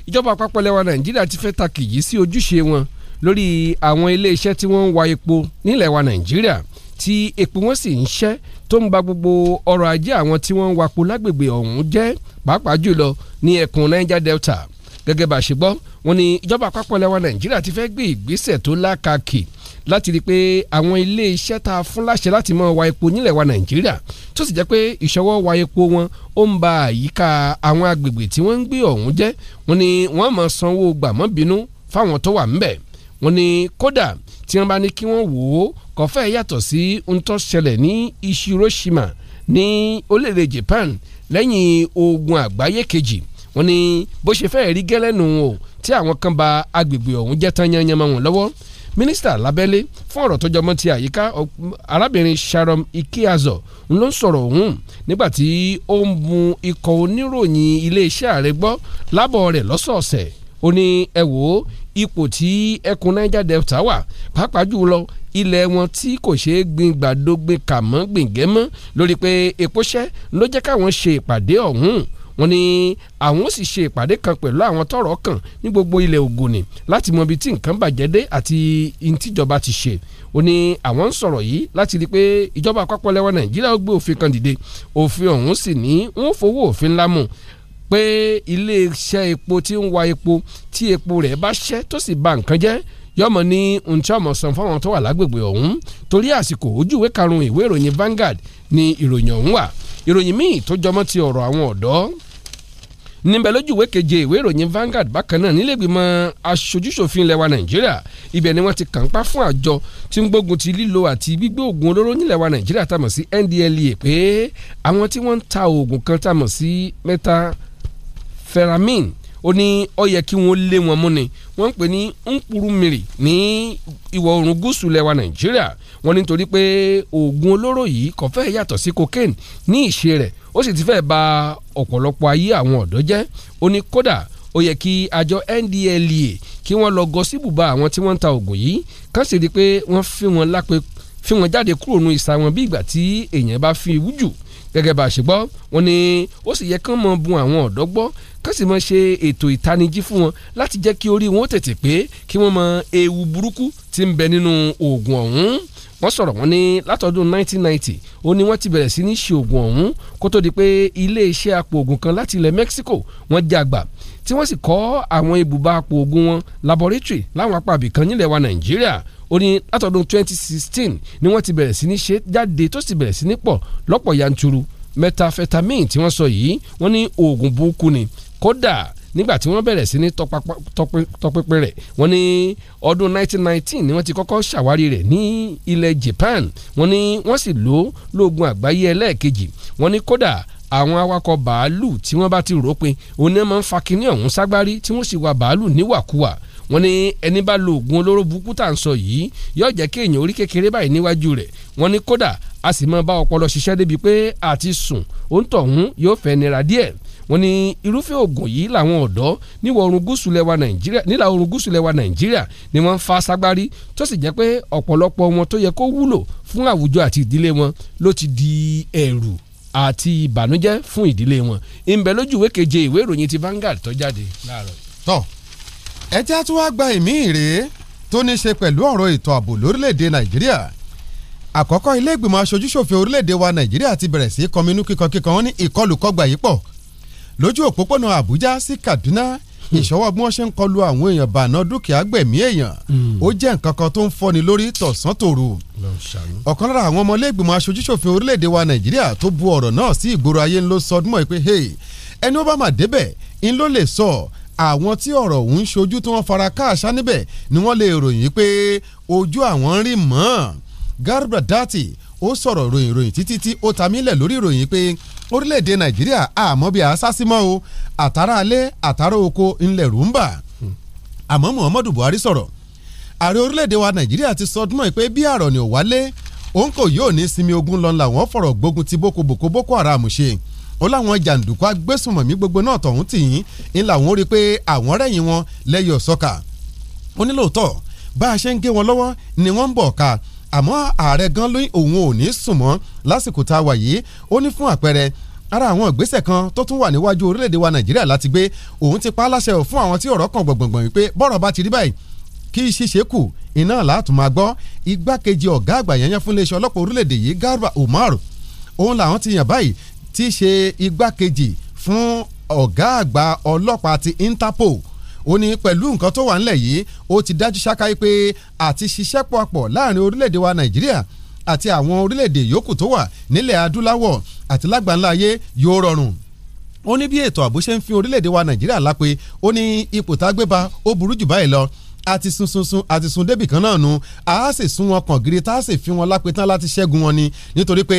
ìjọba àpapọ̀ lẹwa Nàìjíríà ti fẹ́ ta kìyí sí ojúṣe wọn lórí àwọn iléeṣẹ́ tí wọ́n ń wa epo nílẹ̀ wa Nàìjíríà tí epo wọn sì ń ṣẹ́ tó ń ba gbogbo ọrọ̀ ajé àwọn tí wọ́n ń wapo lágbègbè ọ̀hún jẹ́ pàápàá jùlọ ní ẹkùn Niger Delta gẹ́gẹ́ bá a ṣe gbọ́ wọn ni ìjọba àpapọ̀ lẹwa Nàìjíríà ti fẹ́ gbé ìgbésẹ̀ tó lákàkì láti rí i pé àwọn ilé iṣẹ́ tá a fún láṣẹ láti máa wa epo nílẹ̀ wa nàìjíríà tó sì jẹ́ pé ìṣọwọ́ wa epo wọn ó ń ba àyíká àwọn agbègbè tí wọ́n ń gbé ọ̀hún jẹ́ wọ́n ní wọ́n máa sanwó gbàmọ́bínú fáwọn tó wà ńbẹ̀ wọ́n ní kódà tí wọ́n bá ní kí wọ́n wò ó kò yàtọ̀ sí ohun ṣẹlẹ̀ ní Hiroshima ní orílẹ̀ Japan lẹ́yìn ogun àgbáyé kejì wọ́n ní bó ṣe fẹ́ rí gẹ́lẹ́nu o tí àwọn kan ba agbègbè ọ̀hún jẹ́ tán yanyan wọn lọ́wọ́ mínísítà lábẹ́lé fún ọ̀rọ̀ tó jọmọ́ ti àyíká arábìnrin Sharon Ikeazo ń ló ń sọ̀rọ̀ ọ̀hún nígbà tí ó ń bu ikọ̀ oníròyìn iléeṣẹ́ ààrẹ gbọ́ lábọ̀ rẹ̀ lọ́sọ̀ọ̀sẹ̀ ó ní ẹ wò ó ipò tí ẹkùn Niger Delta wà pàápàá jùlọ ilẹ̀ wọn tí kò ṣeé gbin gbàdógbin kàmọ́ gbìngẹ́ lórí pé epo ló jẹ́ káwọn ṣe ìpàdé ọ̀hún wọ́n ní àwọn ó sì ṣe ìpàdé kan pẹ̀lú àwọn tọ́rọ̀ kàn ní gbogbo ilẹ̀ Ògùnì láti mọ ibi tí nǹkan bàjẹ́ dé àti ìtìjọba ti ṣe ó ní àwọn ń sọ̀rọ̀ yìí láti rí i pé ìjọba àpapọ̀ lẹ́wọ̀n Nàìjíríà ó gbé òfin kan dìde òfin ọ̀hún sì ní wọ́n fowó òfin ńlá mú pé iléeṣẹ́ epo tí ń wa epo tí epo rẹ̀ bá ṣẹ́ tó sì ba nǹkan jẹ́ yọmọ ní nchọmọ san fáwọn tó wà lágbègbè ọ̀hún torí àsìkò ojú ìwé ìwé ìròyìn Vanguard ni ìròyìn ọ̀hún wà ìròyìn míì tó jọmọ́ ti ọ̀rọ̀ àwọn ọ̀dọ́ níbẹ̀ lójú ìwé keje ìwé ìròyìn Vanguard bákan náà nílẹ̀gbìmọ̀ aṣojúṣòfin ilẹ̀ wa Nàìjíríà ibẹ̀ ni wọ́n ti kàńpá fún àjọ tí ń gbógun ti lílo àti gbígbé oògùn olóró nílẹ̀ wa Nàìjíríà tá mọ̀ sí NDLEA pé àwọn tí wọ́n ń ta oògùn kan tá mọ̀ sí methamphetamine ó ní ó yẹ kí wọ́n lé wọn mú ni wọ́n ń pè ní Nkurumiri ní ìwọ̀ oòrùn gúúsù lẹwa Nàìjíríà wọ́n nítorí pé oògùn olóró yìí kò fẹ́ yàtọ̀ sí cocaine ní ìṣe rẹ̀ ó sì ti fẹ́ ba ọ̀pọ̀lọpọ̀ ayé àwọn ọ̀dọ́ jẹ́ ó ní kódà ó yẹ kí àjọ NDLEA kí wọ́n lọ gọ sí ibùba àwọn tí wọ́n ń ta oògùn yìí kán sì rí i pé wọ́n fi wọn jáde kúrò nù ìsà wọn bí ìgbà tí èèyàn bá fi wújù gẹ́gẹ́ bá a ṣe gbọ́ wọn ni ó sì yẹ kán mọ bun àwọn ọ̀dọ́ gbọ́ kán sì mọ ṣe ètò ìtanijí fún wọn láti jẹ́ kí orí wọn tètè pé kí wọ́n mọ ewu burúkú tí ń bẹ nínú oògùn ọ̀hún wọ́n sọ̀rọ̀ wọ́n ní látọdún 1990 ó ní wọ́n ti bẹ̀rẹ̀ sí ní ṣe oògùn ọ̀hún kó tó di pé iléeṣẹ́ apòògùn kan láti ilẹ̀ Mexico wọ́n jàgbà tí wọ́n sì kọ́ àwọn ibùba apòògùn wọn laboratory láwọn apá ibìkan nílẹ̀ wa Nàìjíríà ó ní látọdún 2016 ni wọ́n ti bẹ̀rẹ̀ sí ní ṣe jáde tó sì bẹ̀rẹ̀ sí ní pọ̀ lọ́pọ̀ yanturu methamphetamine tí wọ́n sọ yìí wọ́n ní oògùn burúkú ni kódà nígbà tí wọ́n bẹ̀rẹ̀ sí ní tọpinpin rẹ̀ wọ́n ní ọdún 1919 ni wọ́n ti kọ́kọ́ ṣàwárí rẹ̀ ní ilẹ̀ Japan wọ́n ní wọ́n sì lò ó lóògùn àgbáyé ẹlẹ́ẹ̀kejì wọ́n ní kódà àwọn awakọ̀ bàálù tí wọ́n bá ti rò ó pin òun náà máa ń fa kinní ọ̀hún ságbárí tí wọ́n sì wa bàálù níwàkuwà wọ́n ní ẹni bá lo oògùn olóró burúkú tá à ń sọ yìí yóò jẹ́ kí èèyàn orí kékeré báyìí níwájú rẹ̀ wọ́n ní kódà a sì máa bá ọpọlọ ṣiṣẹ́ débi pé àti sùn ó ń tọ̀hún yóò fẹ́ nira díẹ̀ wọ́n ní irúfẹ́ oògùn yìí làwọn ọ̀dọ́ níwọ̀ oòrùn gúúsù lẹwa nàìjíríà nílà oòrùn gúúsù lẹwa nàìjíríà ni wọ́n ń fa sagbárí tó sì jẹ́ pé ọ̀pọ̀lọpọ̀ wọn tó yẹ kó wúlò fún àwùjọ àti ìdílé wọn ló ti di ẹ̀rù àti ìbànújẹ́ fún ìdílé wọn ìbẹ̀ lójú ìwé keje ìwé ìròyìn ti Vanguard tó jáde láàárọ̀. tọ́ ẹjẹ́ tó wá gba ìmí ìrèé tó ní í ṣe pẹ̀lú ọ̀rọ̀ ètò ààbò lórílẹ̀‐èdè nàìjíríà àkọ́kọ́ ilé ìgbìmọ̀ aṣojúṣòfin orílẹ̀‐èdè wa nàìjíríà ti bẹ̀rẹ̀ sí kọminú kíkankíkan wọn ní ìkọlùkọgbà yìí pọ̀ lójú òpópónà àbújá sí kaduna hmm. ìṣọwọ́ bí wọ́n ṣe ń kọlu àwọn èèyàn bàná dúkìá gbẹ̀mí èèyàn hmm. ó jẹ́ nǹkan kan tó ń fọ́ni lórí tọ̀sán tòru ọ̀kan lára àwọn ọmọlé ìgbìmọ̀ aṣojúṣòfin orílẹ̀‐èdè wa nàìjíríà tó bu ọ̀rọ̀ náà sí ìgboro ayé ńlọ sọdúnmọ́ pé ẹni ó bá mà débẹ̀ ńlọ lè sọ àwọn tí ọ̀rọ̀ ọ̀hún ṣojú tí wọ́n fara káàṣá níbẹ̀ ni wọ́n lè ròyìn pé ojú àwọn ń rí mọ́ Garba Datti ó sọ̀rọ̀ ròyìn ròyìn títí tí ó ta mílẹ̀ lórí ìròyìn pé orílẹ̀-èdè Nàìjíríà àmọ́ bíi àṣàṣìmọ́ o àtàrà alẹ́ àtàrà oko ńlẹ̀ rúmbà àmọ́ Muhammadu Buhari sọ̀rọ̀ ààrẹ orílẹ̀-èdè wa Nàìjíríà ti sọdún mọ́ pé bí àrọ̀ ni ò wálé òun kò yóò ní sinmi ogun lọ́nla wọ́n fọ̀rọ̀ gbógun ti boko boko Boko Haram ṣe ó láwọn jàǹdùkú agbésùnmọ̀mí gbogbo náà tọ̀hún tì yín ń làwọn rí i pé àwọn rẹ́yìn wọn lẹ́yìn ọ̀sọ́ka ó ní lóòótọ́ bá a ṣe ń gé wọn lọ́wọ́ ni wọ́n ń bọ̀ ká àmọ́ ààrẹ gan lóyún òun ò ní sùn mọ́ lásìkò tá a wà yìí ó ní fún àpẹẹrẹ ara àwọn ìgbésẹ̀ kan tó tún wà níwájú orílẹ̀-èdè wa nàìjíríà láti gbé òun ti pa á láṣẹ fún àwọn tí ọ̀rọ̀ kan gbọ̀ngbọ̀ngbọ̀n wípé bọ́rọ̀ bá ti rí báyìí kí ṣíṣe kù iná látùn máa gbọ́ igbákejì ọ̀gá àgbà yẹn yẹn fún iléeṣẹ́ ọlọ́pàá orílẹ̀-èdè yìí garba umar òun làwọn ti yàn báyìí tí í ṣe igbákejì fún ọ̀gá àgbà ọlọ́pàá ti Interpol ó ní pẹ̀lú nǹkan tó wà ńlẹ̀ yìí ó ti dájú ṣáká pé àti ṣiṣẹ́ papọ̀ láàrin orílẹ̀-èdè wa Nàìjíríà àti àwọn orílẹ̀-èdè yòókù tó wà nílẹ̀ adúláwọ̀ àti lágbàńlá ayé yóò rọrùn ó ní bí ètò ààbò ṣe ń fi orílẹ̀-èdè wa Nàìjíríà lápè ó ní ipò tágbéba ó burú jù báyìí lọ àti sunsunsun àti sun débì kan náà nu a sì sún wọn kàn gírí tá a sì fi wọn lápè tán láti ṣẹ́gun wọn ni nítorí pé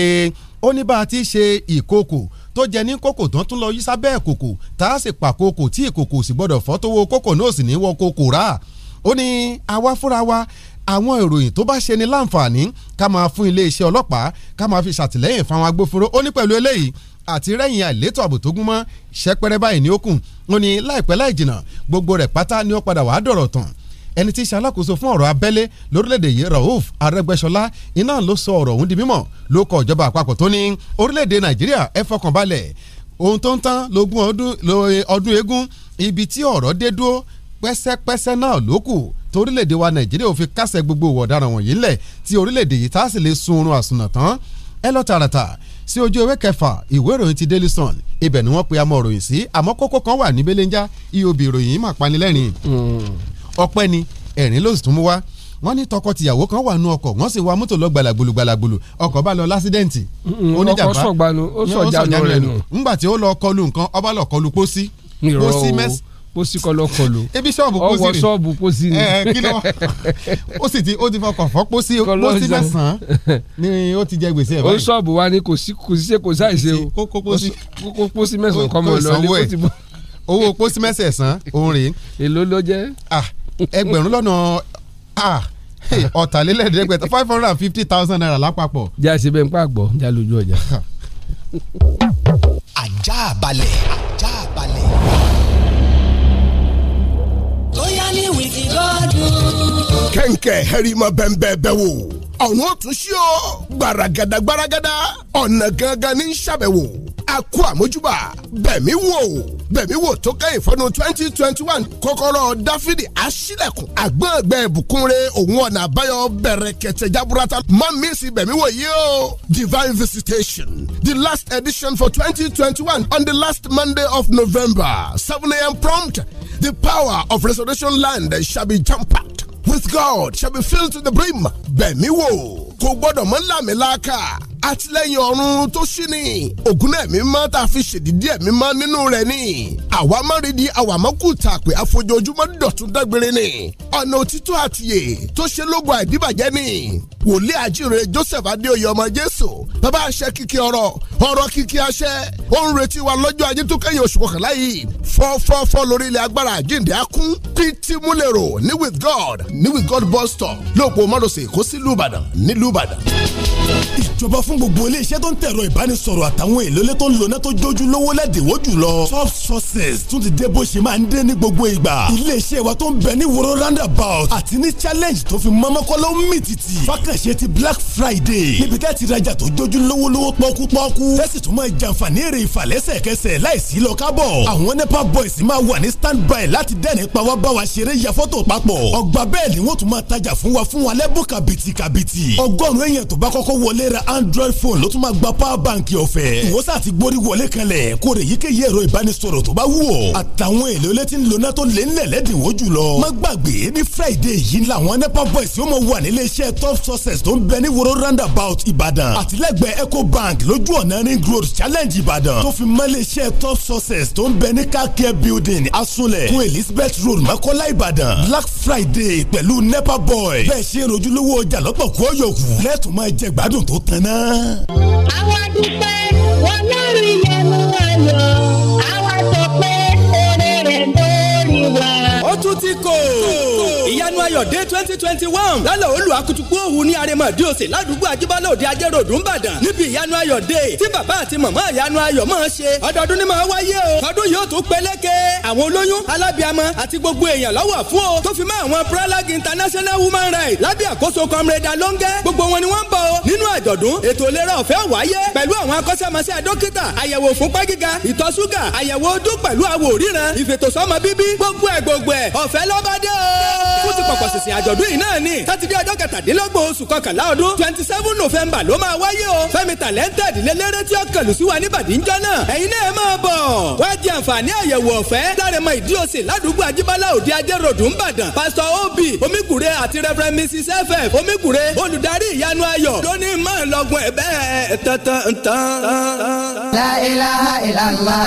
ó ní bá a ti ṣe ìkòkò tó jẹ ní koko, tó ń tún lọ yí sábẹ́ kòkò tá a sì pàkókò tí ìkòkò sì gbọ́dọ̀ fọ́ tó wo kòkò náà sì ní wọ kòkò rà ó ní àwa fúnra wa àwọn ìròyìn tó bá ṣe ni láǹfààní ká máa fún iléeṣẹ́ ọlọ́pàá ká máa fi ṣàtìlẹ́yìn fáwọn agbófinró ó ní pẹ̀lú eléyìí àti rẹ́yìn àìlétò ààbò tó gún mọ́ ṣẹ́pẹ́rẹ́ báyìí ní ó kùn ó ní láìpẹ́ láì jìnnà gbogbo rẹ̀ pátá ni ó padà wàá dọ̀rọ̀ tán ẹni tí í ṣe alákòóso fún ọ̀rọ̀ abẹ́lé lórílẹ̀‐èdè yìí Rauf Arẹ́gbẹ́ṣọlá iná ló sọ ọ̀rọ̀ ọ̀hún di mímọ̀ ló kọ ìjọba àpapọ̀ tó ní orílẹ̀‐èdè Nàìjíríà ẹ fọkàn balẹ̀ ohun tó ń tán lógún ọdún eégún ibi tí ọ̀rọ̀ dé dúró pẹ́sẹ́pẹ́sẹ́ náà ló kù torílẹ̀‐èdè wa Nàìjíríà ò fi kásẹ̀ gbogbo ọ̀daràn sun oorun àsùnà tán ẹ lọ tààràtà sí ojú ewé kẹfà ìwé ìròyìn ti Daily Sun ibẹ̀ ni wọ́n pe amọ̀ sí àmọ́ kókó kan wà níbẹ̀ iye òbí ìròyìn yìí mà panilẹ́rìn. Hmm ọpẹ́ ni ẹ̀rín ló sì tún mú wá wọ́n ní tọkọ-tìyàwó kan wà nú ọkọ̀ wọ́n sì wa mọ́tò lọ gbalagbolo gbalagbolo ọkọ̀ bá lọ lásídẹ̀ǹtì. oníjàmbá ọkọ̀ sọ̀gbanu ó sọ̀jánu rẹ̀ nù. ńgbà tí ó lọ kọlu nǹkan ọba lọ kọlu pósí. pósí mẹ́sì pósí kọ́ kọlu ebi sọ́ọ̀bù pósí ni ọwọ́ sọ́ọ̀bù pósí ni ó sì ti ó ti fọkàn fọ́ pósí pósí mẹ́sàn-án ni ó ti jẹ gbèsè báyìí. ó sọ́ọ̀bù wa ni kò sí kò sí ṣe kò sáìṣe o kókó pósí kókó pósí mẹ́sàn-án kọ́ mọ́ lọ ní kó ti owó pósí mẹ́sàn-án òun rèé. èló ló jẹ́. ah ẹgbẹ̀rún lọ́nà a ah, ọ̀tàlélẹ́ẹ̀ẹ́dẹ́gbẹ̀ta five hundred and fifty thousand naira lápapọ̀. já sí bẹ́ẹ̀ ń pàgbọ́ já lójú ọjà. ajá balẹ̀ ajá balẹ̀. bóyá ní wìkì gọ́dún. hẹ́rì mọ́ bẹ́ẹ̀ bẹ́ẹ̀ bẹ́ẹ̀ wò ọ̀run ó tún ṣí o gbaragada gbaragada ọ̀nà gangan ní sàbẹ̀wò akú àmójúbà bẹ̀mí wò bẹ̀mí wò tó kẹ́yìn fọ́dún twenty twenty one kọ́kọ́rọ́ dáfídì aṣílẹ̀kùn àgbọ̀ngbẹ̀ ìbùkúnre òun ọ̀nà àbáyọ bẹ̀rẹ̀ kẹtẹ jaburata má mi bẹ̀mí wò yìí o divine visitation the last edition for twenty twenty one on the last monday of november seven a.m. prompt the power of resurrection land shall be jam-packed with God shall be filled to the brim. bẹ̀mí wò kò gbọ́dọ̀ mọ́ làmì láàkà àtìlẹ́yìn ọ̀run tó ṣí ni ògùn náà mi máa tá a fi ṣèdídí ẹ̀mí máa nínú rẹ̀ ni àwa má rí di àwa má kú tàpé àfojoojúmọ́ dọ̀tún dágbére ni ọ̀nà òtítọ́ àtìyè tó ṣe lógo àìdíbàjẹ́ ni wòlíì àjíire Joseph Adéoyè ọmọ Jésù bàbá àṣẹ kìkì ọ̀rọ̀ ọ̀rọ̀ kìkì àṣẹ ó ń retí wa lọ́jọ́ ajé tó kẹ́yìn oṣù kọkànlá yìí fọ́fọ́fọ́ lórí ilẹ̀ agbára àjíǹde akún pt múlẹ̀rò ní with God ní with God bus stop lóòpọ̀ márosẹ̀ kó sí lùbàdàn ní lùbàdàn. ìjọba fún fún gbogbo iléeṣẹ́ tó ń tẹ̀rọ ìbánisọ̀rọ̀ àtàwọn èlò ilé tó ń lò náà tó jójú lówó lẹ́dẹ̀wó jùlọ top sources tún ti dé bó ṣe máa ń dé ní gbogbo ìgbà iléeṣẹ́ wa tó ń bẹ ní woro roundabout àti ní challenge tó fi mọ́mọ́kọ́lọ́ mì tìtì fákànṣe ti black friday níbi tẹ́ ti rajà tó jójú lówó lówó pọ́kúpọ́kú tẹ́sí tó máa jàǹfààní èrè ìfàlẹ́sẹ̀kẹsẹ̀ láìsí lọ kábọ̀ àwọn nepa boys máa wà ní standby láti dẹ́ni pa wá bá wa ṣeré ya fọ́tò papọ̀ ọgbà bẹ́ẹ̀ ni wọ́n tún máa tajà fún wa fún wa lẹ́bùn kàbìtì kàbìtì ọgọ́rùn-ún èèyàn tó bá kọ́kọ́ wọlé ra android phone ló tún máa gba power bank ọ̀fẹ́ ìwọ́sà ti gbórí wọlé kanlẹ̀ kó rè yíkéyìí ẹ̀rọ ìbánisọ̀rọ̀ tó bá wù ọ́ àtàwọn èlò ilé tí ń lona tó lé nílẹ̀ lẹ́dínwó jùlọ má gbàgbé ní friday yìí làwọn nepa boys yóò mọ wà nílé iṣẹ́ top success tó ń bẹ ní woro roundabout ìbàdàn àtìlẹ́gbẹ̀ẹ́ eco bank lójú ọ̀nà ring road challenge ìbàdàn tó fi mọ́ ilé iṣẹ́ top success tó ń bẹ ní kákẹ́ building asunlẹ̀ fún elizabeth road mọ́kọ́lá ìbàdàn black friday pẹ̀lú nepa boy bẹ́ẹ̀ ṣe rojúlówó ọjà lọ́pọ̀ kú ọ̀yọ̀kù lẹ́tùn máa jẹ gbádùn tó tán náà àwọn àdúpẹ́ wọn lórí. mayọ̀dé twenty twenty one lálẹ́ olú akutukú òhun ní arẹmọ̀dé òsè ládùúgbò ajíbálẹ̀ òde ajẹ́ròdù ńbàdàn níbi ìyanu ayọ̀dé tí bàbá àti màmá ìyanu ayọ̀ máa ṣe ọdọọdún ni máa wáyé o ọdún yóò tún peléke àwọn olóyún alábìamọ àti gbogbo èèyàn lọ́wọ́ fún o tó fi mọ́ àwọn pralag international women rights lábẹ́ àkóso comrade alonge gbogbo wọn ni wọ́n ń bọ̀ o nínú àjọ̀dún ètò ìlera ọ̀fẹ́ wáyé pẹ̀lú àwọn akọ́ṣẹ́mọṣẹ́ dókítà àyẹ̀wò fúnpá gíga ìtọ̀ ṣúgà àyẹ̀wò ojú pẹ̀lú àwò òríran ìfètòsọ́mọ bíbí gbogbo ẹ̀ gbogbo ẹ̀ ọ̀fẹ́ lọ́bàdé o àkọsísìn àjọ̀dún yìí náà ni sátidé ọjọ́ kẹtàdínlọ́gbọ̀n oṣù kọkànlá ọdún twenty seven november ló máa wáyé o fẹ́mi talented lélẹ́rẹ́ tí ó kẹlù sí wa níbàdí ń jọ́nà ẹ̀yin náà máa bọ̀ wá di àǹfààní àyẹ̀wò ọ̀fẹ́ dárẹ́mọ ìdíyòsè ládùúgbò ajíbálá òde ajéròdù ńbàdàn pásítọ̀ obi omikure àti reverend mrs ff omikure olùdarí ìyanu ayọ̀ lóní máa lọ́gbọ̀n ẹ̀ bẹ́ẹ̀ tán tán. la ilaha illallah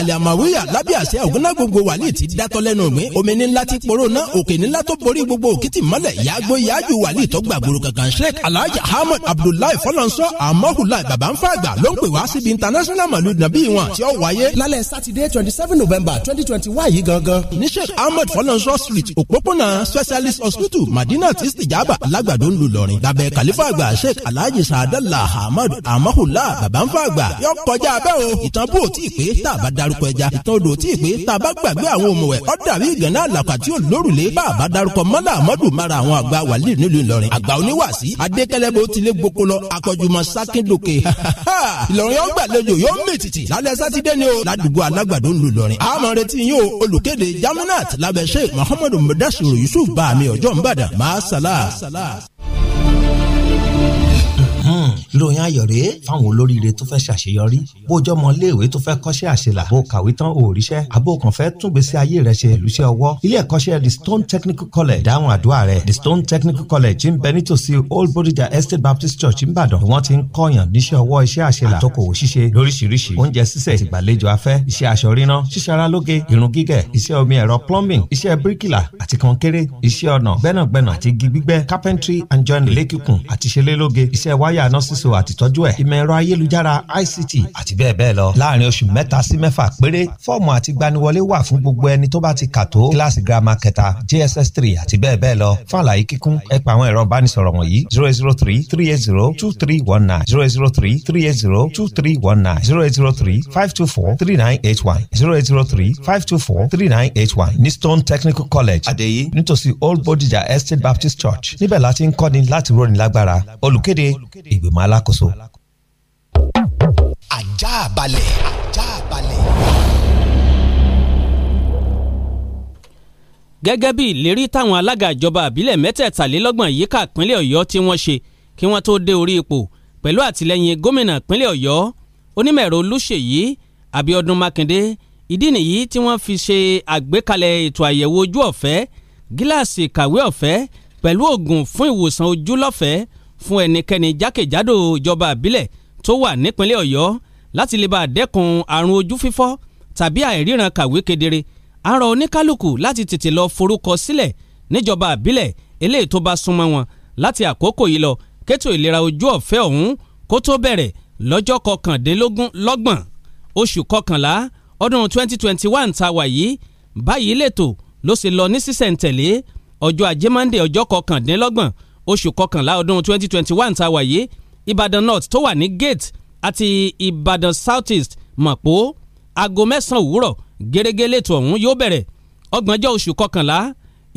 àlìàmàwíyà lábẹ́ àṣẹ ògúnnágbogbo wàlíì ti dátọ́ lẹ́nu mi omi ní ńlá ti poro ná òkè ní ńlá tó borí gbogbo òkìtì mọ́lẹ̀ yàgbó yàjú wàlíì tó gbàgbóró kankan sheik alhaji ahmed abdullahi fọlọ́nsọ amahulai babanfàgbà ló ń pè wá síbi international maulid nabi wọn tí ó wáyé. lálẹ́ sátidé twenty seven november twenty twenty one yìí gangan. ní sheik ahmed fọlọ́nsọ street òpópónà specialist hospital madina tistijaba alágbàdo ń lu lọrin lábẹ́ kàlífà àgbà sheik alhaji sadala ahmed amahulai babanfàgbà yọ kọjá abẹ́ o ìtàn bó ti pé tàbá darúkọ ẹja ìtàn odò tí ì pé tá a bá gbàgbé àwọn òmùwẹ̀ ó dàbí ìgànnà àlàkà tí ó lórùlé bá a bá darúkọ mọ́lá àmọ́dù mara àwọn àgbà wàlí nílùú ìlọrin àgbà oníwàsí adékẹ́lẹ́bó tilẹ̀ gboko lọ akọjúmọ́ sákíndòkè ìlọrin yóò gbàlejò yóò mì tìtì lálẹ́ sátidé ni o ládùúgbò alágbàdo ń lu ìlọrin àmọ́ retí yín o olùkéde jamunat lábẹ́ muhammadu mudasiru yusuf bá mi ọjọ́ ń ìròyìn ayọ̀ rèé fáwọn olóríire tó fẹ́ ṣàṣeyọrí bójọ́ mọ iléèwé tó fẹ́ kọ́ṣẹ́ àṣelà bó kàwé tán ò ríṣẹ́ abókan fẹ́ tún gbèsè ayé rẹ ṣe ìlúṣẹ́ ọwọ́ ilé ẹ̀kọ́ṣẹ́ the stone technical college dáhùn àdúrà rẹ the stone technical college ń bẹ nítòsí old bodija estate baptist church ńbàdàn wọ́n ti ń kọ́yàn níṣẹ́ ọwọ́ iṣẹ́ àṣelà àtọkòwò ṣíṣe lóríṣiríṣi oúnjẹ sísè ìgbàlejò afẹ́ iṣẹ́ aṣọ ríran ṣíṣara lóge irun gígẹ̀ iṣẹ́ omi ẹ̀rọ plumbing iṣẹ́ bíríkìlà àti kọ̀ǹkéré iṣẹ́ ọnà gbẹ́nàgbẹ́nà àti igi carpentry and joinery lékìkùn àti ṣelélóge iṣẹ́ wáyà nọ́ọ̀sì síso àtìtọ́jú ẹ̀ ìmọ̀ ẹ̀rọ ayélujára ICT àti bẹ́ẹ̀ bẹ́ẹ̀ lọ. láàrin oṣù mẹ́ta sí mẹ́fà péré fọ́ọ̀mù àti gbaniwọlé wà fún gbogbo ẹni tó bá ti kà tó kíláàsì girama kẹta JSS three àti bẹ́ẹ̀ bẹ́ẹ̀ lọ. fún àlàyé kíkún ẹ pa àwọn ẹ̀rọ ìbánisọ̀rọ̀ wọ̀nyí zero zero three three eight zero two three one nine zero zero three three eight zero two three one nine zero zero three five two four three nine eight one zero zero three five two four three nine eight one ní Stone Technical College Adeyi nítòsí Old Bodija Estate Baptist Church níbẹ̀ láti ń kọ́ni láti róni lágbára olùkéde ìgbìmọ̀ ìgbìmọ̀ alákòóso. ajá balẹ̀ ajá balẹ̀. gẹ́gẹ́ bí ìlérí táwọn alága ìjọba àbílẹ̀ mẹ́tẹ̀ẹ̀talélọ́gbọ̀n yíká ìpínlẹ̀ ọ̀yọ́ tí wọ́n ṣe kí wọ́n tó dé orí ipò pẹ̀lú àtìlẹ́yìn gómìnà ìpínlẹ̀ ọ̀yọ́ onímọ̀ẹ̀rọ olúṣèyí abíọ́dún mákindé ìdí nìyí tí wọ́n fi ṣe àgbékalẹ̀ ètò àyẹ̀wò ojú ọ̀fẹ́ gíláàsì ìkàwé ọ̀fẹ́ pẹ̀lú oògùn fún ìwòsàn ojú lọ́fẹ̀ẹ́ fún ẹnikẹ́ni jákèjádò ìjọba àbílẹ̀ tó wà nípínlẹ̀ ọ̀yọ́ láti lè bá a dẹ́kun àrùn ojú fífọ́ tàbí àìríran kàwé kedere a rọ oníkálukú láti tètè lọ forúkọ sílẹ̀ níjọba àbílẹ̀ eléyìí tó bá súnmọ́ wọn láti àkókò yìí lọ kétò ìlera ojú ọ̀fẹ́ ọ̀hún kó tó bẹ̀rẹ̀ lọ́jọ́ kọkàndínlógún lọ́gbọ̀n oṣù kọkànlá ọdún 2021 ta wà yìí báyìí lẹ́tọ̀ ló sì lọ ní sísẹ̀ǹtẹ̀lé ọjọ́ ajé monde ọjọ́ kọkàndínlọ́gbọ̀n oṣù kọkànlá ọdún 2021 tá a wà yìí Ìbàdàn North tó wà ní gate àti Ìbàdàn South East Mọ̀pó aago mẹ́sàn-án òwúrọ̀ gẹ́gẹ́ lẹ́tò ọ̀hún yóò bẹ̀rẹ̀ ọgbọ̀njọ́ oṣù kọkànlá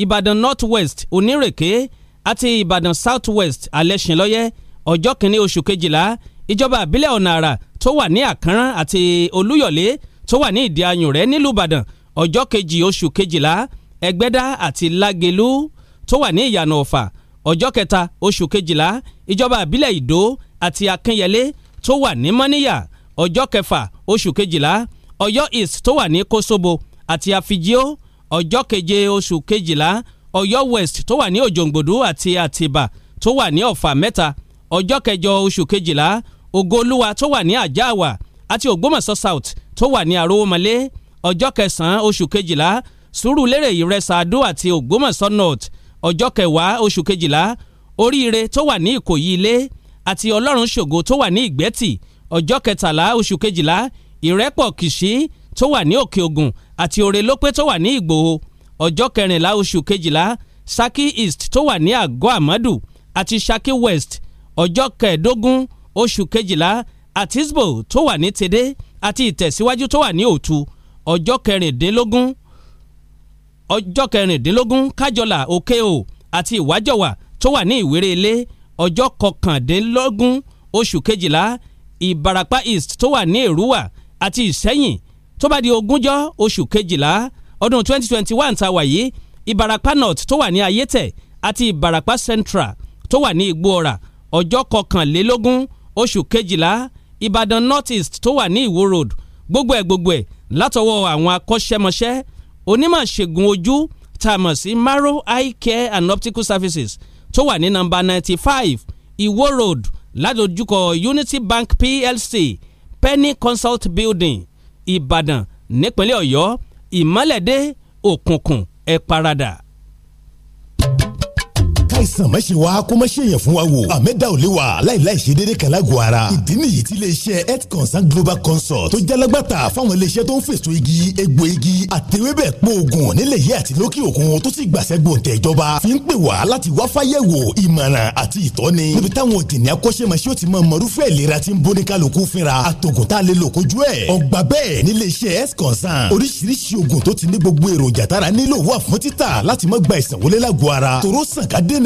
Ìbàdàn North West Onírèké àti Ìbàdàn South West Alẹ́sìnlọ́yẹ́ ọjọ́ kìíní oṣù kejìlá ìjọba àbílẹ̀ ọ̀nà àrà tó wà ní Àkànrán àti Olúyọ̀lé tó wà ní Ìdí Ayùnrẹ́ nílùú Ìbàdàn ọjọ́ kejì oṣù kejìlá Ẹgbẹ́dá àti Lágelú tó wà ní Ìyànà Ọ̀fà ọjọ́ kẹta oṣù kejìlá ìjọba àbílẹ̀ ìdó àti akínyẹlé tó wà ní mọ́níyà ọjọ́ kẹfà oṣù kejìlá ọ̀yọ́ east tó wà ní kosobo àti afijio ọjọ́ keje oṣù kejìlá ọ̀yọ́ west tó wà ní òjòǹgbòdú àti àtìbà tó wà ní ọ̀fà mẹ́ta ọjọ́ kẹjọ oṣù kejìlá ògoolúwa tó wà ní àjáàwá àti ògbómọ̀ṣọ́ south tó wà ní àrówómọlé ọjọ́ kẹsàn-án oṣù kejìlá sùúrùlérè ìrẹsà àdó àti ògbómọ̀ṣọ́ north ọjọ́ kẹwàá oṣù kejìlá oríire tó wà ní ìkòyí ilé àti ọlọ́run ṣògo tó wà ní ìgbẹ́tì ọjọ́ kẹtàlá oṣù kejìlá ìrẹ́pọ̀ kìṣí tó wà ní òkè ògùn àti orelópé tó wà ní ìgbòho ọjọ́ kẹrìnlá oṣù kejìlá saki east tó wà ní àgọ́ àmọ́dù àti saki west ọjọ́ kẹẹ̀ẹ́dógún oṣù kejìlá àtisbo tó wà ní tèdè àti ìtẹ̀síwájú tó wà ní òtu ọjọ́ kẹrìndínlógún ọjọ́ kẹrìndínlógún kájọlà òkè o àti ìwájọwà tó wà ní ìwéré ilé ọjọ́ kọkàndínlógún oṣù kejìlá ìbarapá east tó wà ní èrúwà àti ìṣẹ́yìn tó bá di ogúnjọ́ oṣù kejìlá ọdún 2021 tá wà ìbarapá north tó wà ní ayétẹ̀ àti ìbarapá central tó wà ní ìgbóọ̀rà ọjọ́ kọkànlélógún oṣù kejìlá ìbàdàn north east tó wà ní ìwó road gbogbo ẹ̀ gbogbo ẹ̀ látọwọ́ àwọn akọ́ṣẹ́mọṣẹ́ onímọ̀ ṣègùn ojú tá sí Maro Eye Care and Optical Services tó wà ní nọ́mbà ninety five Iwo Road ládojúkọ Unity Bank PLC Penny Consult Building Ìbàdàn nípínlẹ̀ Ọ̀yọ́ ìmọ̀lẹ́dẹ́ òkùnkùn ẹ̀ parada àìsàn má wa kó má yẹn fún wa wo àmẹ́dá ò lè wa láìláì ṣe déédéé kan lágọ̀ọ́ ara ìdí nìyí tí iléeṣẹ́ health consult global consult tó jalagbàtà fáwọn iléeṣẹ́ tó ń fèsò igi egbò igi àtẹwébẹ̀ pọ̀ oògùn nílẹ̀ yìí àti lókè òkun tó sì gbàṣẹ́ gbòǹtẹ̀ ìjọba fi ń pè wá láti wá fáyẹ̀wò ìmọ̀ràn àti ìtọ́ni níbi táwọn òdìní akọ́ṣẹ́mọṣẹ́ ò ti mọ mọ̀rúfẹ́ ìlera tí ń bóni kálukú fínra àtògùn tá a lè lò kojú ẹ̀ ọgbà bẹ́ẹ̀ nílé health consult oríṣiríṣi oògùn tó ti ní gbogbo èròjà tára nílò wà fún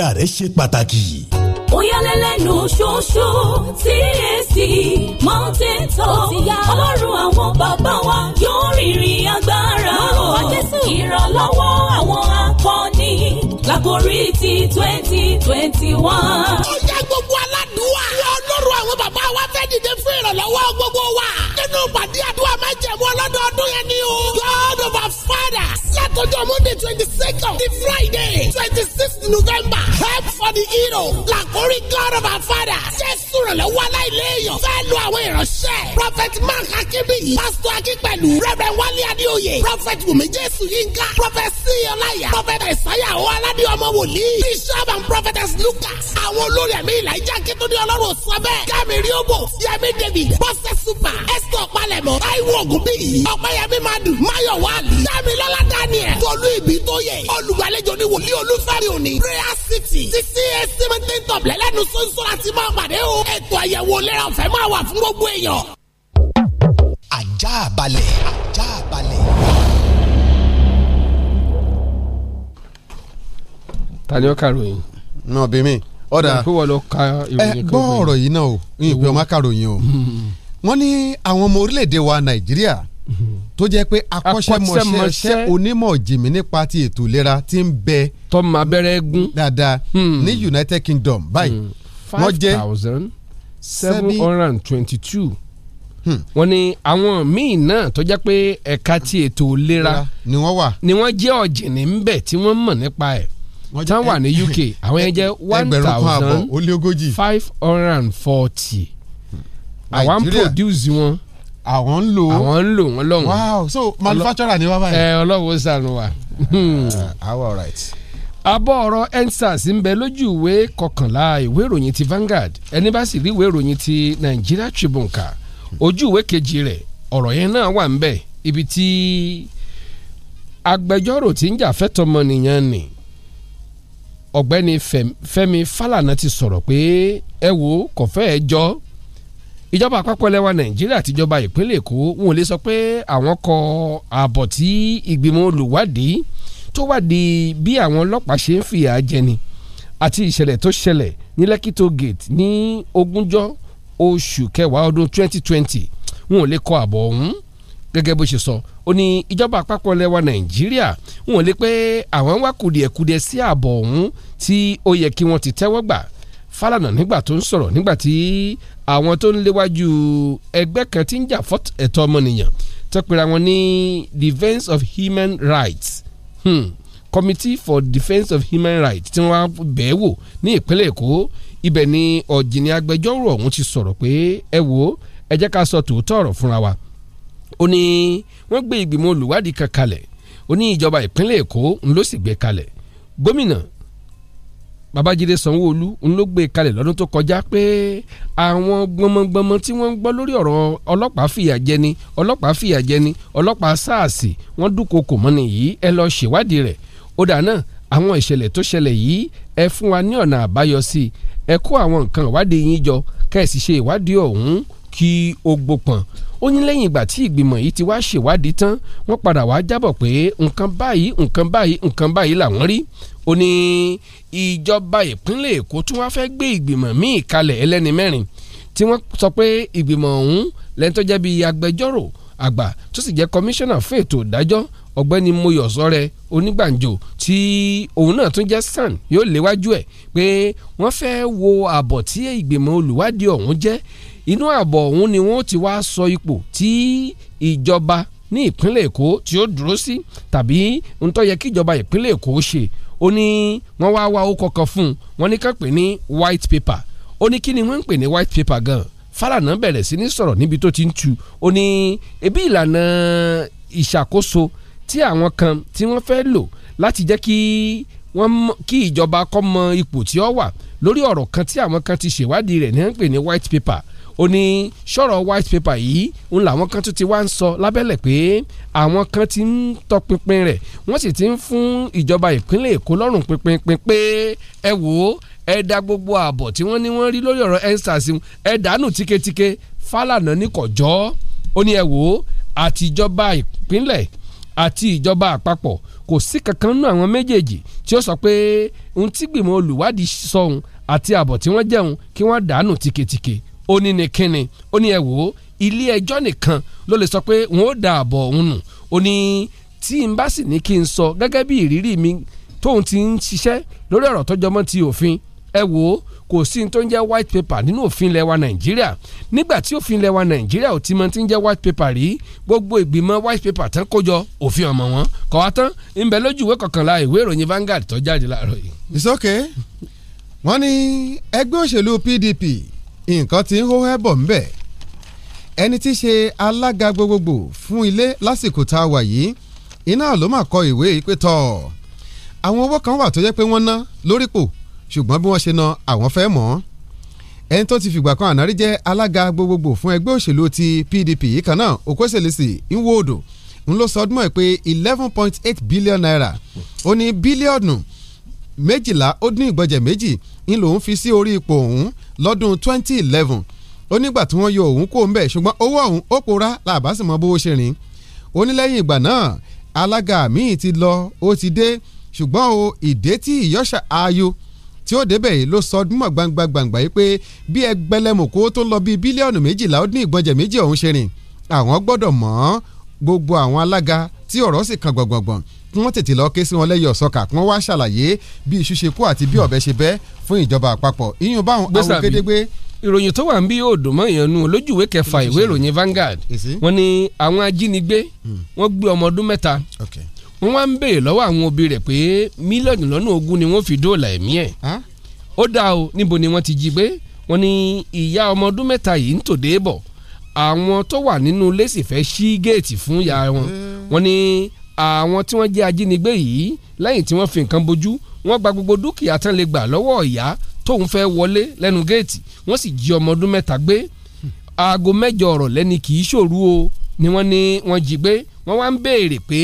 ìlera rẹ ṣe pàtàkì. Oyalelenu ṣoṣo TSC Mountain Top Ọlọ́run àwọn bàbá wa yóò rìnrìn agbára o. Ìrànlọ́wọ́ àwọn akọni lágorí ti twenty twenty one. Ó yá gbogbo aládùúwà. Ọlọ́run àwọn bàbá wa fẹ́ dìde fún ìrànlọ́wọ́ gbogbo wa nínú ìpàdé àdúrà májẹ̀mú ọlọ́dọọdún yẹn ni o. God of our father látọjọ́ Monday twenty second di Friday twenty sixth November help for the hero làkórí God of our father Jésù rẹ̀ lọ́wọ́ aláìléèyàn fẹ́ lo àwọn ìránṣẹ́ Prophet Mark Akínbíyì Pastor Akínpẹ̀lú Reverend Wálé Adéoyè Prophet Wùmí Jésù Yínká Prophet C. Ọláyà Prophet Ẹ̀sáyà Ọ̀ládé ọmọ wòlíì Bishop and Prophetess Lucas àwọn olórí ẹ̀mí ìlà ìjà kí tó ní ọlọ́run sọ bẹ́ẹ̀ Kẹ́mi Ríobò Yẹmi David Bọ́sẹ̀ Super Esther pásítọ̀ palẹ̀mọ́ táìwò ògùn bíyì ọ̀pẹ́yẹmí madu mayo wali dámilọ́lá daniel tolú ibi tó yẹ olùgbàlejò ni wòlíì olúfẹ́mi òní prayer city títí ẹsẹ̀mẹ́tẹ́ tọ̀blẹ̀ lẹ́nu sọ́nsọ́ láti máa pàdé o ètò àyẹ̀wò ìlera ọ̀fẹ́ máa wà fún gbogbo èèyàn. ajá balẹ̀ ajá balẹ̀. tani ó kàròyìn. náà bí mi ọ̀dà ẹ̀gbọ́n ọ̀rọ̀ yìí náà o ìpè ọmọ kàròyìn o. Hmm wọ́n ní àwọn ọmọ orílẹ̀-èdè wa nàìjíríà tó jẹ́ pé akọ́ṣẹ́mọṣẹ́ onímọ̀ jìmí nípa ti ètò ìlera ti ń bẹ tọ́mọ abẹ́rẹ́ gún dáadáa hmm. ní United Kingdom báyìí hmm. wọ́n jẹ́ five thousand seven hundred and twenty-two hmm. wọ́n ní àwọn míì náà tó jẹ́ pé ẹ̀ka ti ètò ìlera ni wọ́n wà ni wọ́n jẹ́ ọ̀jìnì ń bẹ tí wọ́n mọ̀ nípa ẹ̀ tán wà ní UK àwọn yẹn jẹ́ one thousand five hundred and forty àwa ń produce wọn àwọn ń lò àwọn ń lò wọn lọ́wọ́. wow so manufacturer ni wá báyìí. ẹ ọlọ́wọ́ sànù wa. awa uh, alright. abọ́ ọ̀rọ̀ endsars ń bẹ lójú ìwé kọkànlá ìwé ìròyìn ti Vanguard ẹni bá sì rí ìwé ìròyìn ti Nigeria Tribune kà ojú ìwé kejì rẹ̀ ọ̀rọ̀ yẹn náà wà ń bẹ ibi tí agbẹjọ́rò tí ń jà fẹ́tọ̀mọnìyàn ni ọ̀gbẹ́ni Fẹ́mi Fálànà ti sọ̀rọ̀ pé ẹ wo kò ẹ jọ ìjọba àpapọ̀ lẹ́wà nàìjíríà àtijọba ìpínlẹ̀ èkó wọn ò lè sọ pé àwọn kọ àbọ̀ tí ìgbìmọ̀ olùwádìí tó wádìí bí àwọn ọlọ́pàá ṣe ń fìyà jẹni àti ìṣẹ̀lẹ̀ tó ṣẹlẹ̀ ní Lekki Toll Gate ní ogúnjọ́ oṣù kẹwàá ọdún 2020 wọn ò lè kọ àbọ̀ ọ̀hún gẹ́gẹ́ bó ṣe sọ ó ní ìjọba àpapọ̀ lẹ́wà nàìjíríà wọn ò lè pé àwọn wá kùdìẹ̀kudiẹ sí àbọ̀ ọ̀hún tí ó yẹ kí wọ́n ti tẹ́wọ́ gbà Fálànà nígbà tó ń sọ̀rọ̀ nígbà tí àwọn tó ń léwájú ẹgbẹ́ kan tí ń jà fọ́t ẹ̀tọ́ ọmọnìyàn tó pera wọn ní defence of human rights hmm. committee for defence of human rights tí wọ́n bẹ̀ẹ́ wò ní ìpínlẹ̀ èkó ibẹ̀ ni ọ̀jìnì agbẹjọ́rò ọ̀hún ti sọ̀rọ̀ pé ẹ wo ẹ jẹ́ ká sọ tòótọ́ ọ̀rọ̀ fúnra wa ó ní wọ́n gbé ìgbìmọ̀ olùwádìí kan kalẹ̀ ó ní ìjọba ìpínlẹ̀ èkó ń ló sì gbé kalẹ̀ gómìnà babájídé sanwóolu ń ló gbé e kalẹ̀ lọ́dún tó kọjá pé àwọn gbọmọgbọmọ tí wọ́n ń gbọ́ lórí ọ̀rọ̀ ọlọ́pàá fìyà jẹni ọlọ́pàá fìyà jẹni ọlọ́pàá SARS wọ́n dúnkokò mọ́ni yìí ẹ lọ ṣèwádìí rẹ̀ ó dà náà àwọn ìṣẹ̀lẹ̀ tó ṣẹlẹ̀ yìí ẹ fún wa ní ọ̀nà àbáyọ sí ẹ kó àwọn nǹkan ìwádìí yín jọ kẹ́ ẹ̀ sì ṣe ìwádìí ọ̀hún kí ó gbópọn ó ní lẹ́yìn ìgbà tí ìgbìmọ̀ yìí ti wá ṣèwádìí tán wọ́n padà wá jábọ̀ pé nǹkan báyìí nǹkan báyìí nǹkan báyìí làwọn rí ó ní ìjọba ìpínlẹ̀ Èkó tí wọ́n fẹ́ gbé ìgbìmọ̀ míì kalẹ̀ ẹlẹ́ni mẹ́rin tí wọ́n sọ pé ìgbìmọ̀ ọ̀hún lẹ́ni tó jẹ́ bíi agbẹjọ́rò àgbà tó sì jẹ́ kọmíṣánná fún ètò ìdájọ́ ọ̀gbẹ́ni Mọ́yọ̀sọ́rẹ́ onígbàǹjo tí òun náà tún jẹ́ SAN yóò léwájú ẹ̀ pé wọ́n fẹ́ wo àbọ̀ tí ìgbìmọ̀ olùwádìí ọ̀hún jẹ́ inú àbọ̀ ọ̀hún ni wọ́n ti wá sọ ipò tí ìjọba ní ìpínlẹ̀ èkó tí ó dúró sí tàbí ntọ́ yẹ kí ìjọba ìpínlẹ̀ èkó ṣe ó ní wọ́n wá wá okọ̀ kan fún un wọ́n ní ká pè ní white paper ó ní kí ni wọ́n ń pè ní white paper gan Fálànà bẹ̀rẹ̀ sí ní sọ̀rọ̀ níbi tó ti ń tu ó ní ebi ìlànà ìṣàkóso tí àwọn kan tí wọ́n fẹ́ lò láti jẹ́ kí wọ́n kí ìjọba kọ́ mọ ipò tí ó wà lórí ọ̀rọ̀ kan tí àwọn kan ti ṣèwádìí rẹ̀ ní wọ́n ń pè ní white paper ó ní sọ̀rọ̀ white paper yìí ń làwọn kan tún ti wá ń sọ lábẹ́lẹ̀ pé àwọn kan ti ń tọpinpin rẹ̀ wọ́n sì ti ń fún ìjọba ìpínlẹ̀ èkó lọ́rùn pinpin pé ẹ wò ó ẹ dá gbogbo ààbọ̀ tí wọ́n ní wọ́n rí lórí ọ̀rọ̀ endsars ẹ dànù tíketíke Fálànà ní kọjọ́ ó ní ẹ wò ó àtijọba ìpínlẹ̀ àti ìjọba àpapọ̀ kò sí kankan nínú àwọn méjèèjì tí ó sọ pé ohun tí gbìmọ̀ olùwádìí sọ̀hún àti ààbọ̀ tí wọ́n jẹun kí wọ́n dànù tíketíke ó ní ní kínni ó ní ẹ wò ó ilé ẹjọ́ nìkan ló lè sọ pé wọn ó da àbọ̀ òun nù ó ní tí n bá sì ní kí n sọ gẹ́gẹ́ bí ìrírí mi tóun ti ń ṣiṣẹ́ lórí ọ̀rọ̀ tó jọmọ́ ti òfin ẹ wò ó kò sí tó ń jẹ́ white paper nínú òfin lẹwa nàìjíríà nígbà tí òfin lẹwa nàìjíríà ò ti mọ ti ń jẹ́ white paper rí gbogbo ìgbìmọ̀ white paper tán kójọ òfin ọmọ wọn kọ wá tán ń bẹ lójú ìwé kọkànlá ìwé ìròyìn Vanguard tó jáde láàárọ̀ yìí. it's okay wọ́n ní ẹgbẹ́ òṣèlú PDP nǹkan tí ń hó ẹ̀bọ̀ ń bẹ̀ ẹni tí í ṣe alága gbogbogbò fún ilé lásìkò tá a wà yìí iná ló mà kọ ìwé ìpè tọ̀ àwọn owó kan wà tó jẹ́ pé wọ́n ná lórípò ṣùgbọ́n bí wọ́n ṣe na àwọn fẹ́ mọ́ ẹni tó ti fìgbà kan ànárí jẹ́ alága gbogbogbò fún ẹgbẹ́ òṣèlú ti PDP yìí kan náà Okwesiliesi Nwodo ń lọ sọdúnmọ́ ẹ̀ pé eleven point eight billion naira ó ní bílíọ̀nù méjìlá ó dín ìgbọ̀jẹ̀ méjì ń lòun fi sí orí ipò òun lọ́dún 2011 ó nígbà tí wọ́n yọ òun kó ń bẹ̀ ṣùgbọ́n owó ọ̀hún ó pòórá làbá sì mọ bó ṣe rìn ó ní lẹ́yìn ìgbà náà alága míì ti lọ ó ti dé ṣùgbọ́n o ìdé tí ìyọ́ṣà ayo tí ó débẹ̀ yìí ló sọ mọ̀ gbangba gbangba yìí pé bí ẹgbẹ́lẹ́mọ̀kó tó lọ bíi bílíọ̀nù méjìlá ó dín ìgbọ̀jẹ̀ méjì ọ̀hún ṣe rìn àwọn gbọ́dọ̀ mọ̀ gbogbo àwọn alága tí ọ̀rọ̀ sì kan gbọ̀ngbọ̀ngbọ̀n kí wọ́n tètè lọ ké sí wọn lẹ́yìn ọ̀sọ́kà kí wọ́n wá ṣàlàyé bí iṣu ṣe kú àti bí ọ̀bẹ ṣe bẹ́ fún ìjọba àpapọ̀ ìyún báwọn àwọn gédégbé. ìròyìn tó wà ń bí yóò dùn ìyẹn nu olójúwé kẹfà ìwé ìròyìn Vanguard wọ́n ní àwọn ajínigbé hmm. wọ́n gbé ọmọ ọdún mẹ́ta wọ́n wá ń béèrè lọ́wọ́ àwọn òbí rẹ̀ pé mílíọ̀nù lọ́nà ogún ni wọ́n fi dóòlà ẹ̀mí ẹ̀ ó dá o níbo ni wọ́n ti jí gbé wọ́n ní ìyá ọmọ ọdún mẹ́ta yìí ń tòde bọ̀ àwọn tó wà nínú ilé sì ṣí géètì fún ìyá wọn eh. wọ́n ní àwọn tí wọ́n jẹ́ ajínigbé yìí lẹ́yìn tí wọ́n fi nǹkan bojú wọ́n gba gbogbo dúkìá tán lè gbà lọ́wọ́ ìyá tóun fẹ́ wọlé lẹ́nu géètì wọ́n sì jí ọmọ ọdún mẹ́ta gbé aago mẹ́jọ ọ̀rọ̀ lẹ́ni kì í ṣòru o ni wọ́n ní wọ́n jí gbé wọ́n wá ń béèrè pé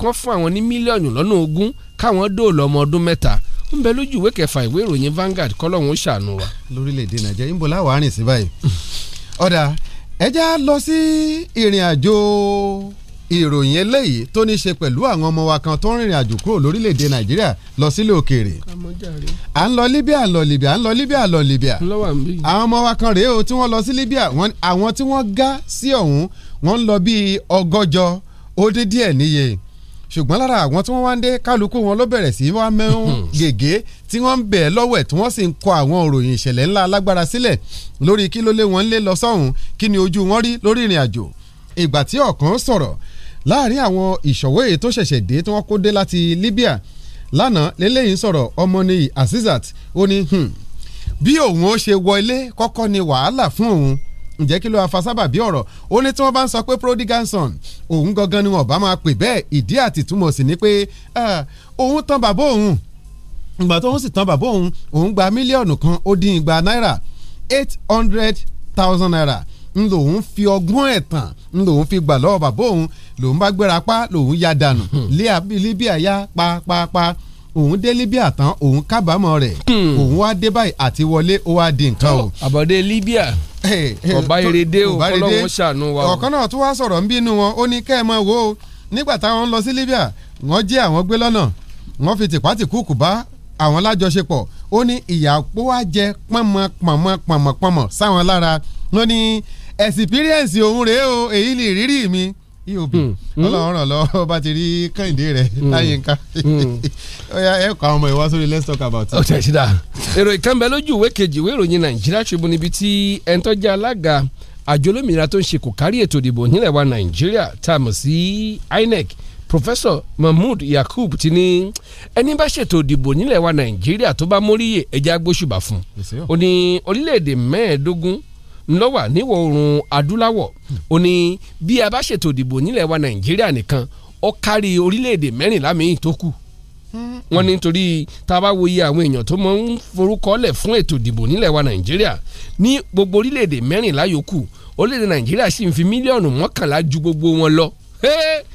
kán fún àwọn ní mílíọ̀nù lọ́nà ogún káwọn dóòlù ọmọ ọdún mẹ́ta ń bẹ lójú ìwé kẹfà ìwé ìròyìn Vanguard kọ́lọ́hún ṣàánú wa. lórílẹ̀‐èdè Nàìjíríà ń bọ̀ láwàárín sí báyìí ọ̀dà ẹja lọ sí ìrìn àjò ìròyìn eléyìí tó ní í ṣe pẹ̀lú àwọn ọmọ wa kan tó ń rìnrìn àjò kúrò lórílẹ̀‐èdè nàìjíríà lọ sílé òkèèrè. à ń lọ libya lọ libya à ń lọ libya lọ libya. àwọn ọmọ wa kan rèé o tí wọ́n lọ sí libya àwọn tí wọ́n gá sí ọ̀hún wọ́n ń lọ bíi ọgọ́jọ ó dé díẹ̀ níye ṣùgbọ́n lára àwọn tí wọ́n wá ń dé kálukú wọn ló bẹ̀rẹ̀ sí wá mẹ́rún gègé tí wọ́n ń bẹ̀ lọ́wọ́ tí wọ́n sì ń kọ àwọn òròyìn ìṣẹ̀lẹ̀ ńlá alágbára sílẹ̀ lórí kí ló lé wọn lé lọ sọ́hún kí ni ojú wọn rí lórí ìrìn àjò ìgbà tí ọ̀kan sọ̀rọ̀ láàrin àwọn ìṣọ̀wé tó ṣẹ̀ṣẹ̀ dé tí wọ́n kó dé láti Libya lánàá lélẹ́yìn sọ̀rọ̀ ọmọ ní Azizat ó ní hmm, bí òun ó ṣe wọ ilé kọ́kọ́ ni wàhálà fún òun ǹjẹ́ kí ló afa sábà bí ọ̀rọ̀ ó ní tí wọ́n bá ń sọ pé prodigal son òun gangan ni wọn bá máa pè bẹ́ẹ̀ ìdí àti túmọ̀ sí ni pé òun tán bàbá òun ìgbà tó ń sì tán bàbá òun òun gba mílíọ̀nù kan ó dín igba náírà eight hundred thousand naira ń lòun fi ọgbọ́n ẹ̀tàn ń lòun fi gbà lọ́wọ́ bàbá òun lòun bá gbéra pa lòun ya dànù hmm. Libya ya papapa òun dé Libya tán òun kábàámọ̀ rẹ̀ hmm. òun wá dé báyìí àti wọlé ó wá di nǹkan o. Oh, àbọ̀dé Libya eh, eh, ọba ìrèdè o kọlọ́wọ́ ṣàánú wa ọ̀kan náà tún wá sọ̀rọ̀ ń bínú wọn ó ní kẹ́ ẹ mọ̀ wo nígbà táwọn ń lọ sí Libya wọ́n jẹ́ àwọn gbé lọ́nà wọ́n fi tìpátìkúùkù bá àwọn lájọṣepọ̀ ó ní ìyàpọ̀ wa jẹ pọ̀nmọ̀ pọ̀nmọ̀ pọ̀nmọ̀ sáwọn lára wọ́n ní experience òun rèé o èyí ni ìrírí mi eob hmm. hmm. ọlọ́run ràn lọ́wọ́ bá ti rí kẹ́hìndé rẹ̀ láyé nǹkan ọ̀yà ẹ̀ àwọn ọmọ ìwá sórí let's talk about it. ọ̀tẹ̀ ṣídà èrò ìkànnì lójú ìwé kejì ìwé ìròyìn nàìjíríà Tribune níbi tí ẹni tó jẹ́ alága àjọ olómìnira tó ń ṣe kò kárí ètò ìdìbò nílẹ̀ wa nàìjíríà tá a mọ̀ sí INEC Professor Mahmood Yakub ti ní ẹni bá ṣètò ìdìbò nílẹ̀ wa nàìjíríà tó bá móríyè ẹja gbóṣùbà fún un ó ní orílẹ̀-èdè mẹ́ẹ̀ẹ́dógún lọ́wà níwọ̀ oòrùn adúláwọ̀ ó ní bí a bá ṣètò ìdìbò nílẹ̀ wa nàìjíríà nìkan ó kárí orílẹ̀-èdè mẹ́rìnlá míì tó kù wọ́n ní nítorí tá a bá wo iye àwọn èèyàn tó máa ń forúkọlẹ̀ fún ètò ìdìbò nílẹ̀ wa nàìjíríà ní gbogbo orílẹ̀-èdè mẹ́rìnlá yòókù orílẹ̀-èdè nàìjíríà sì ń fi mílíọ̀nù mọ́kànlá ju gbogbo wọn lọ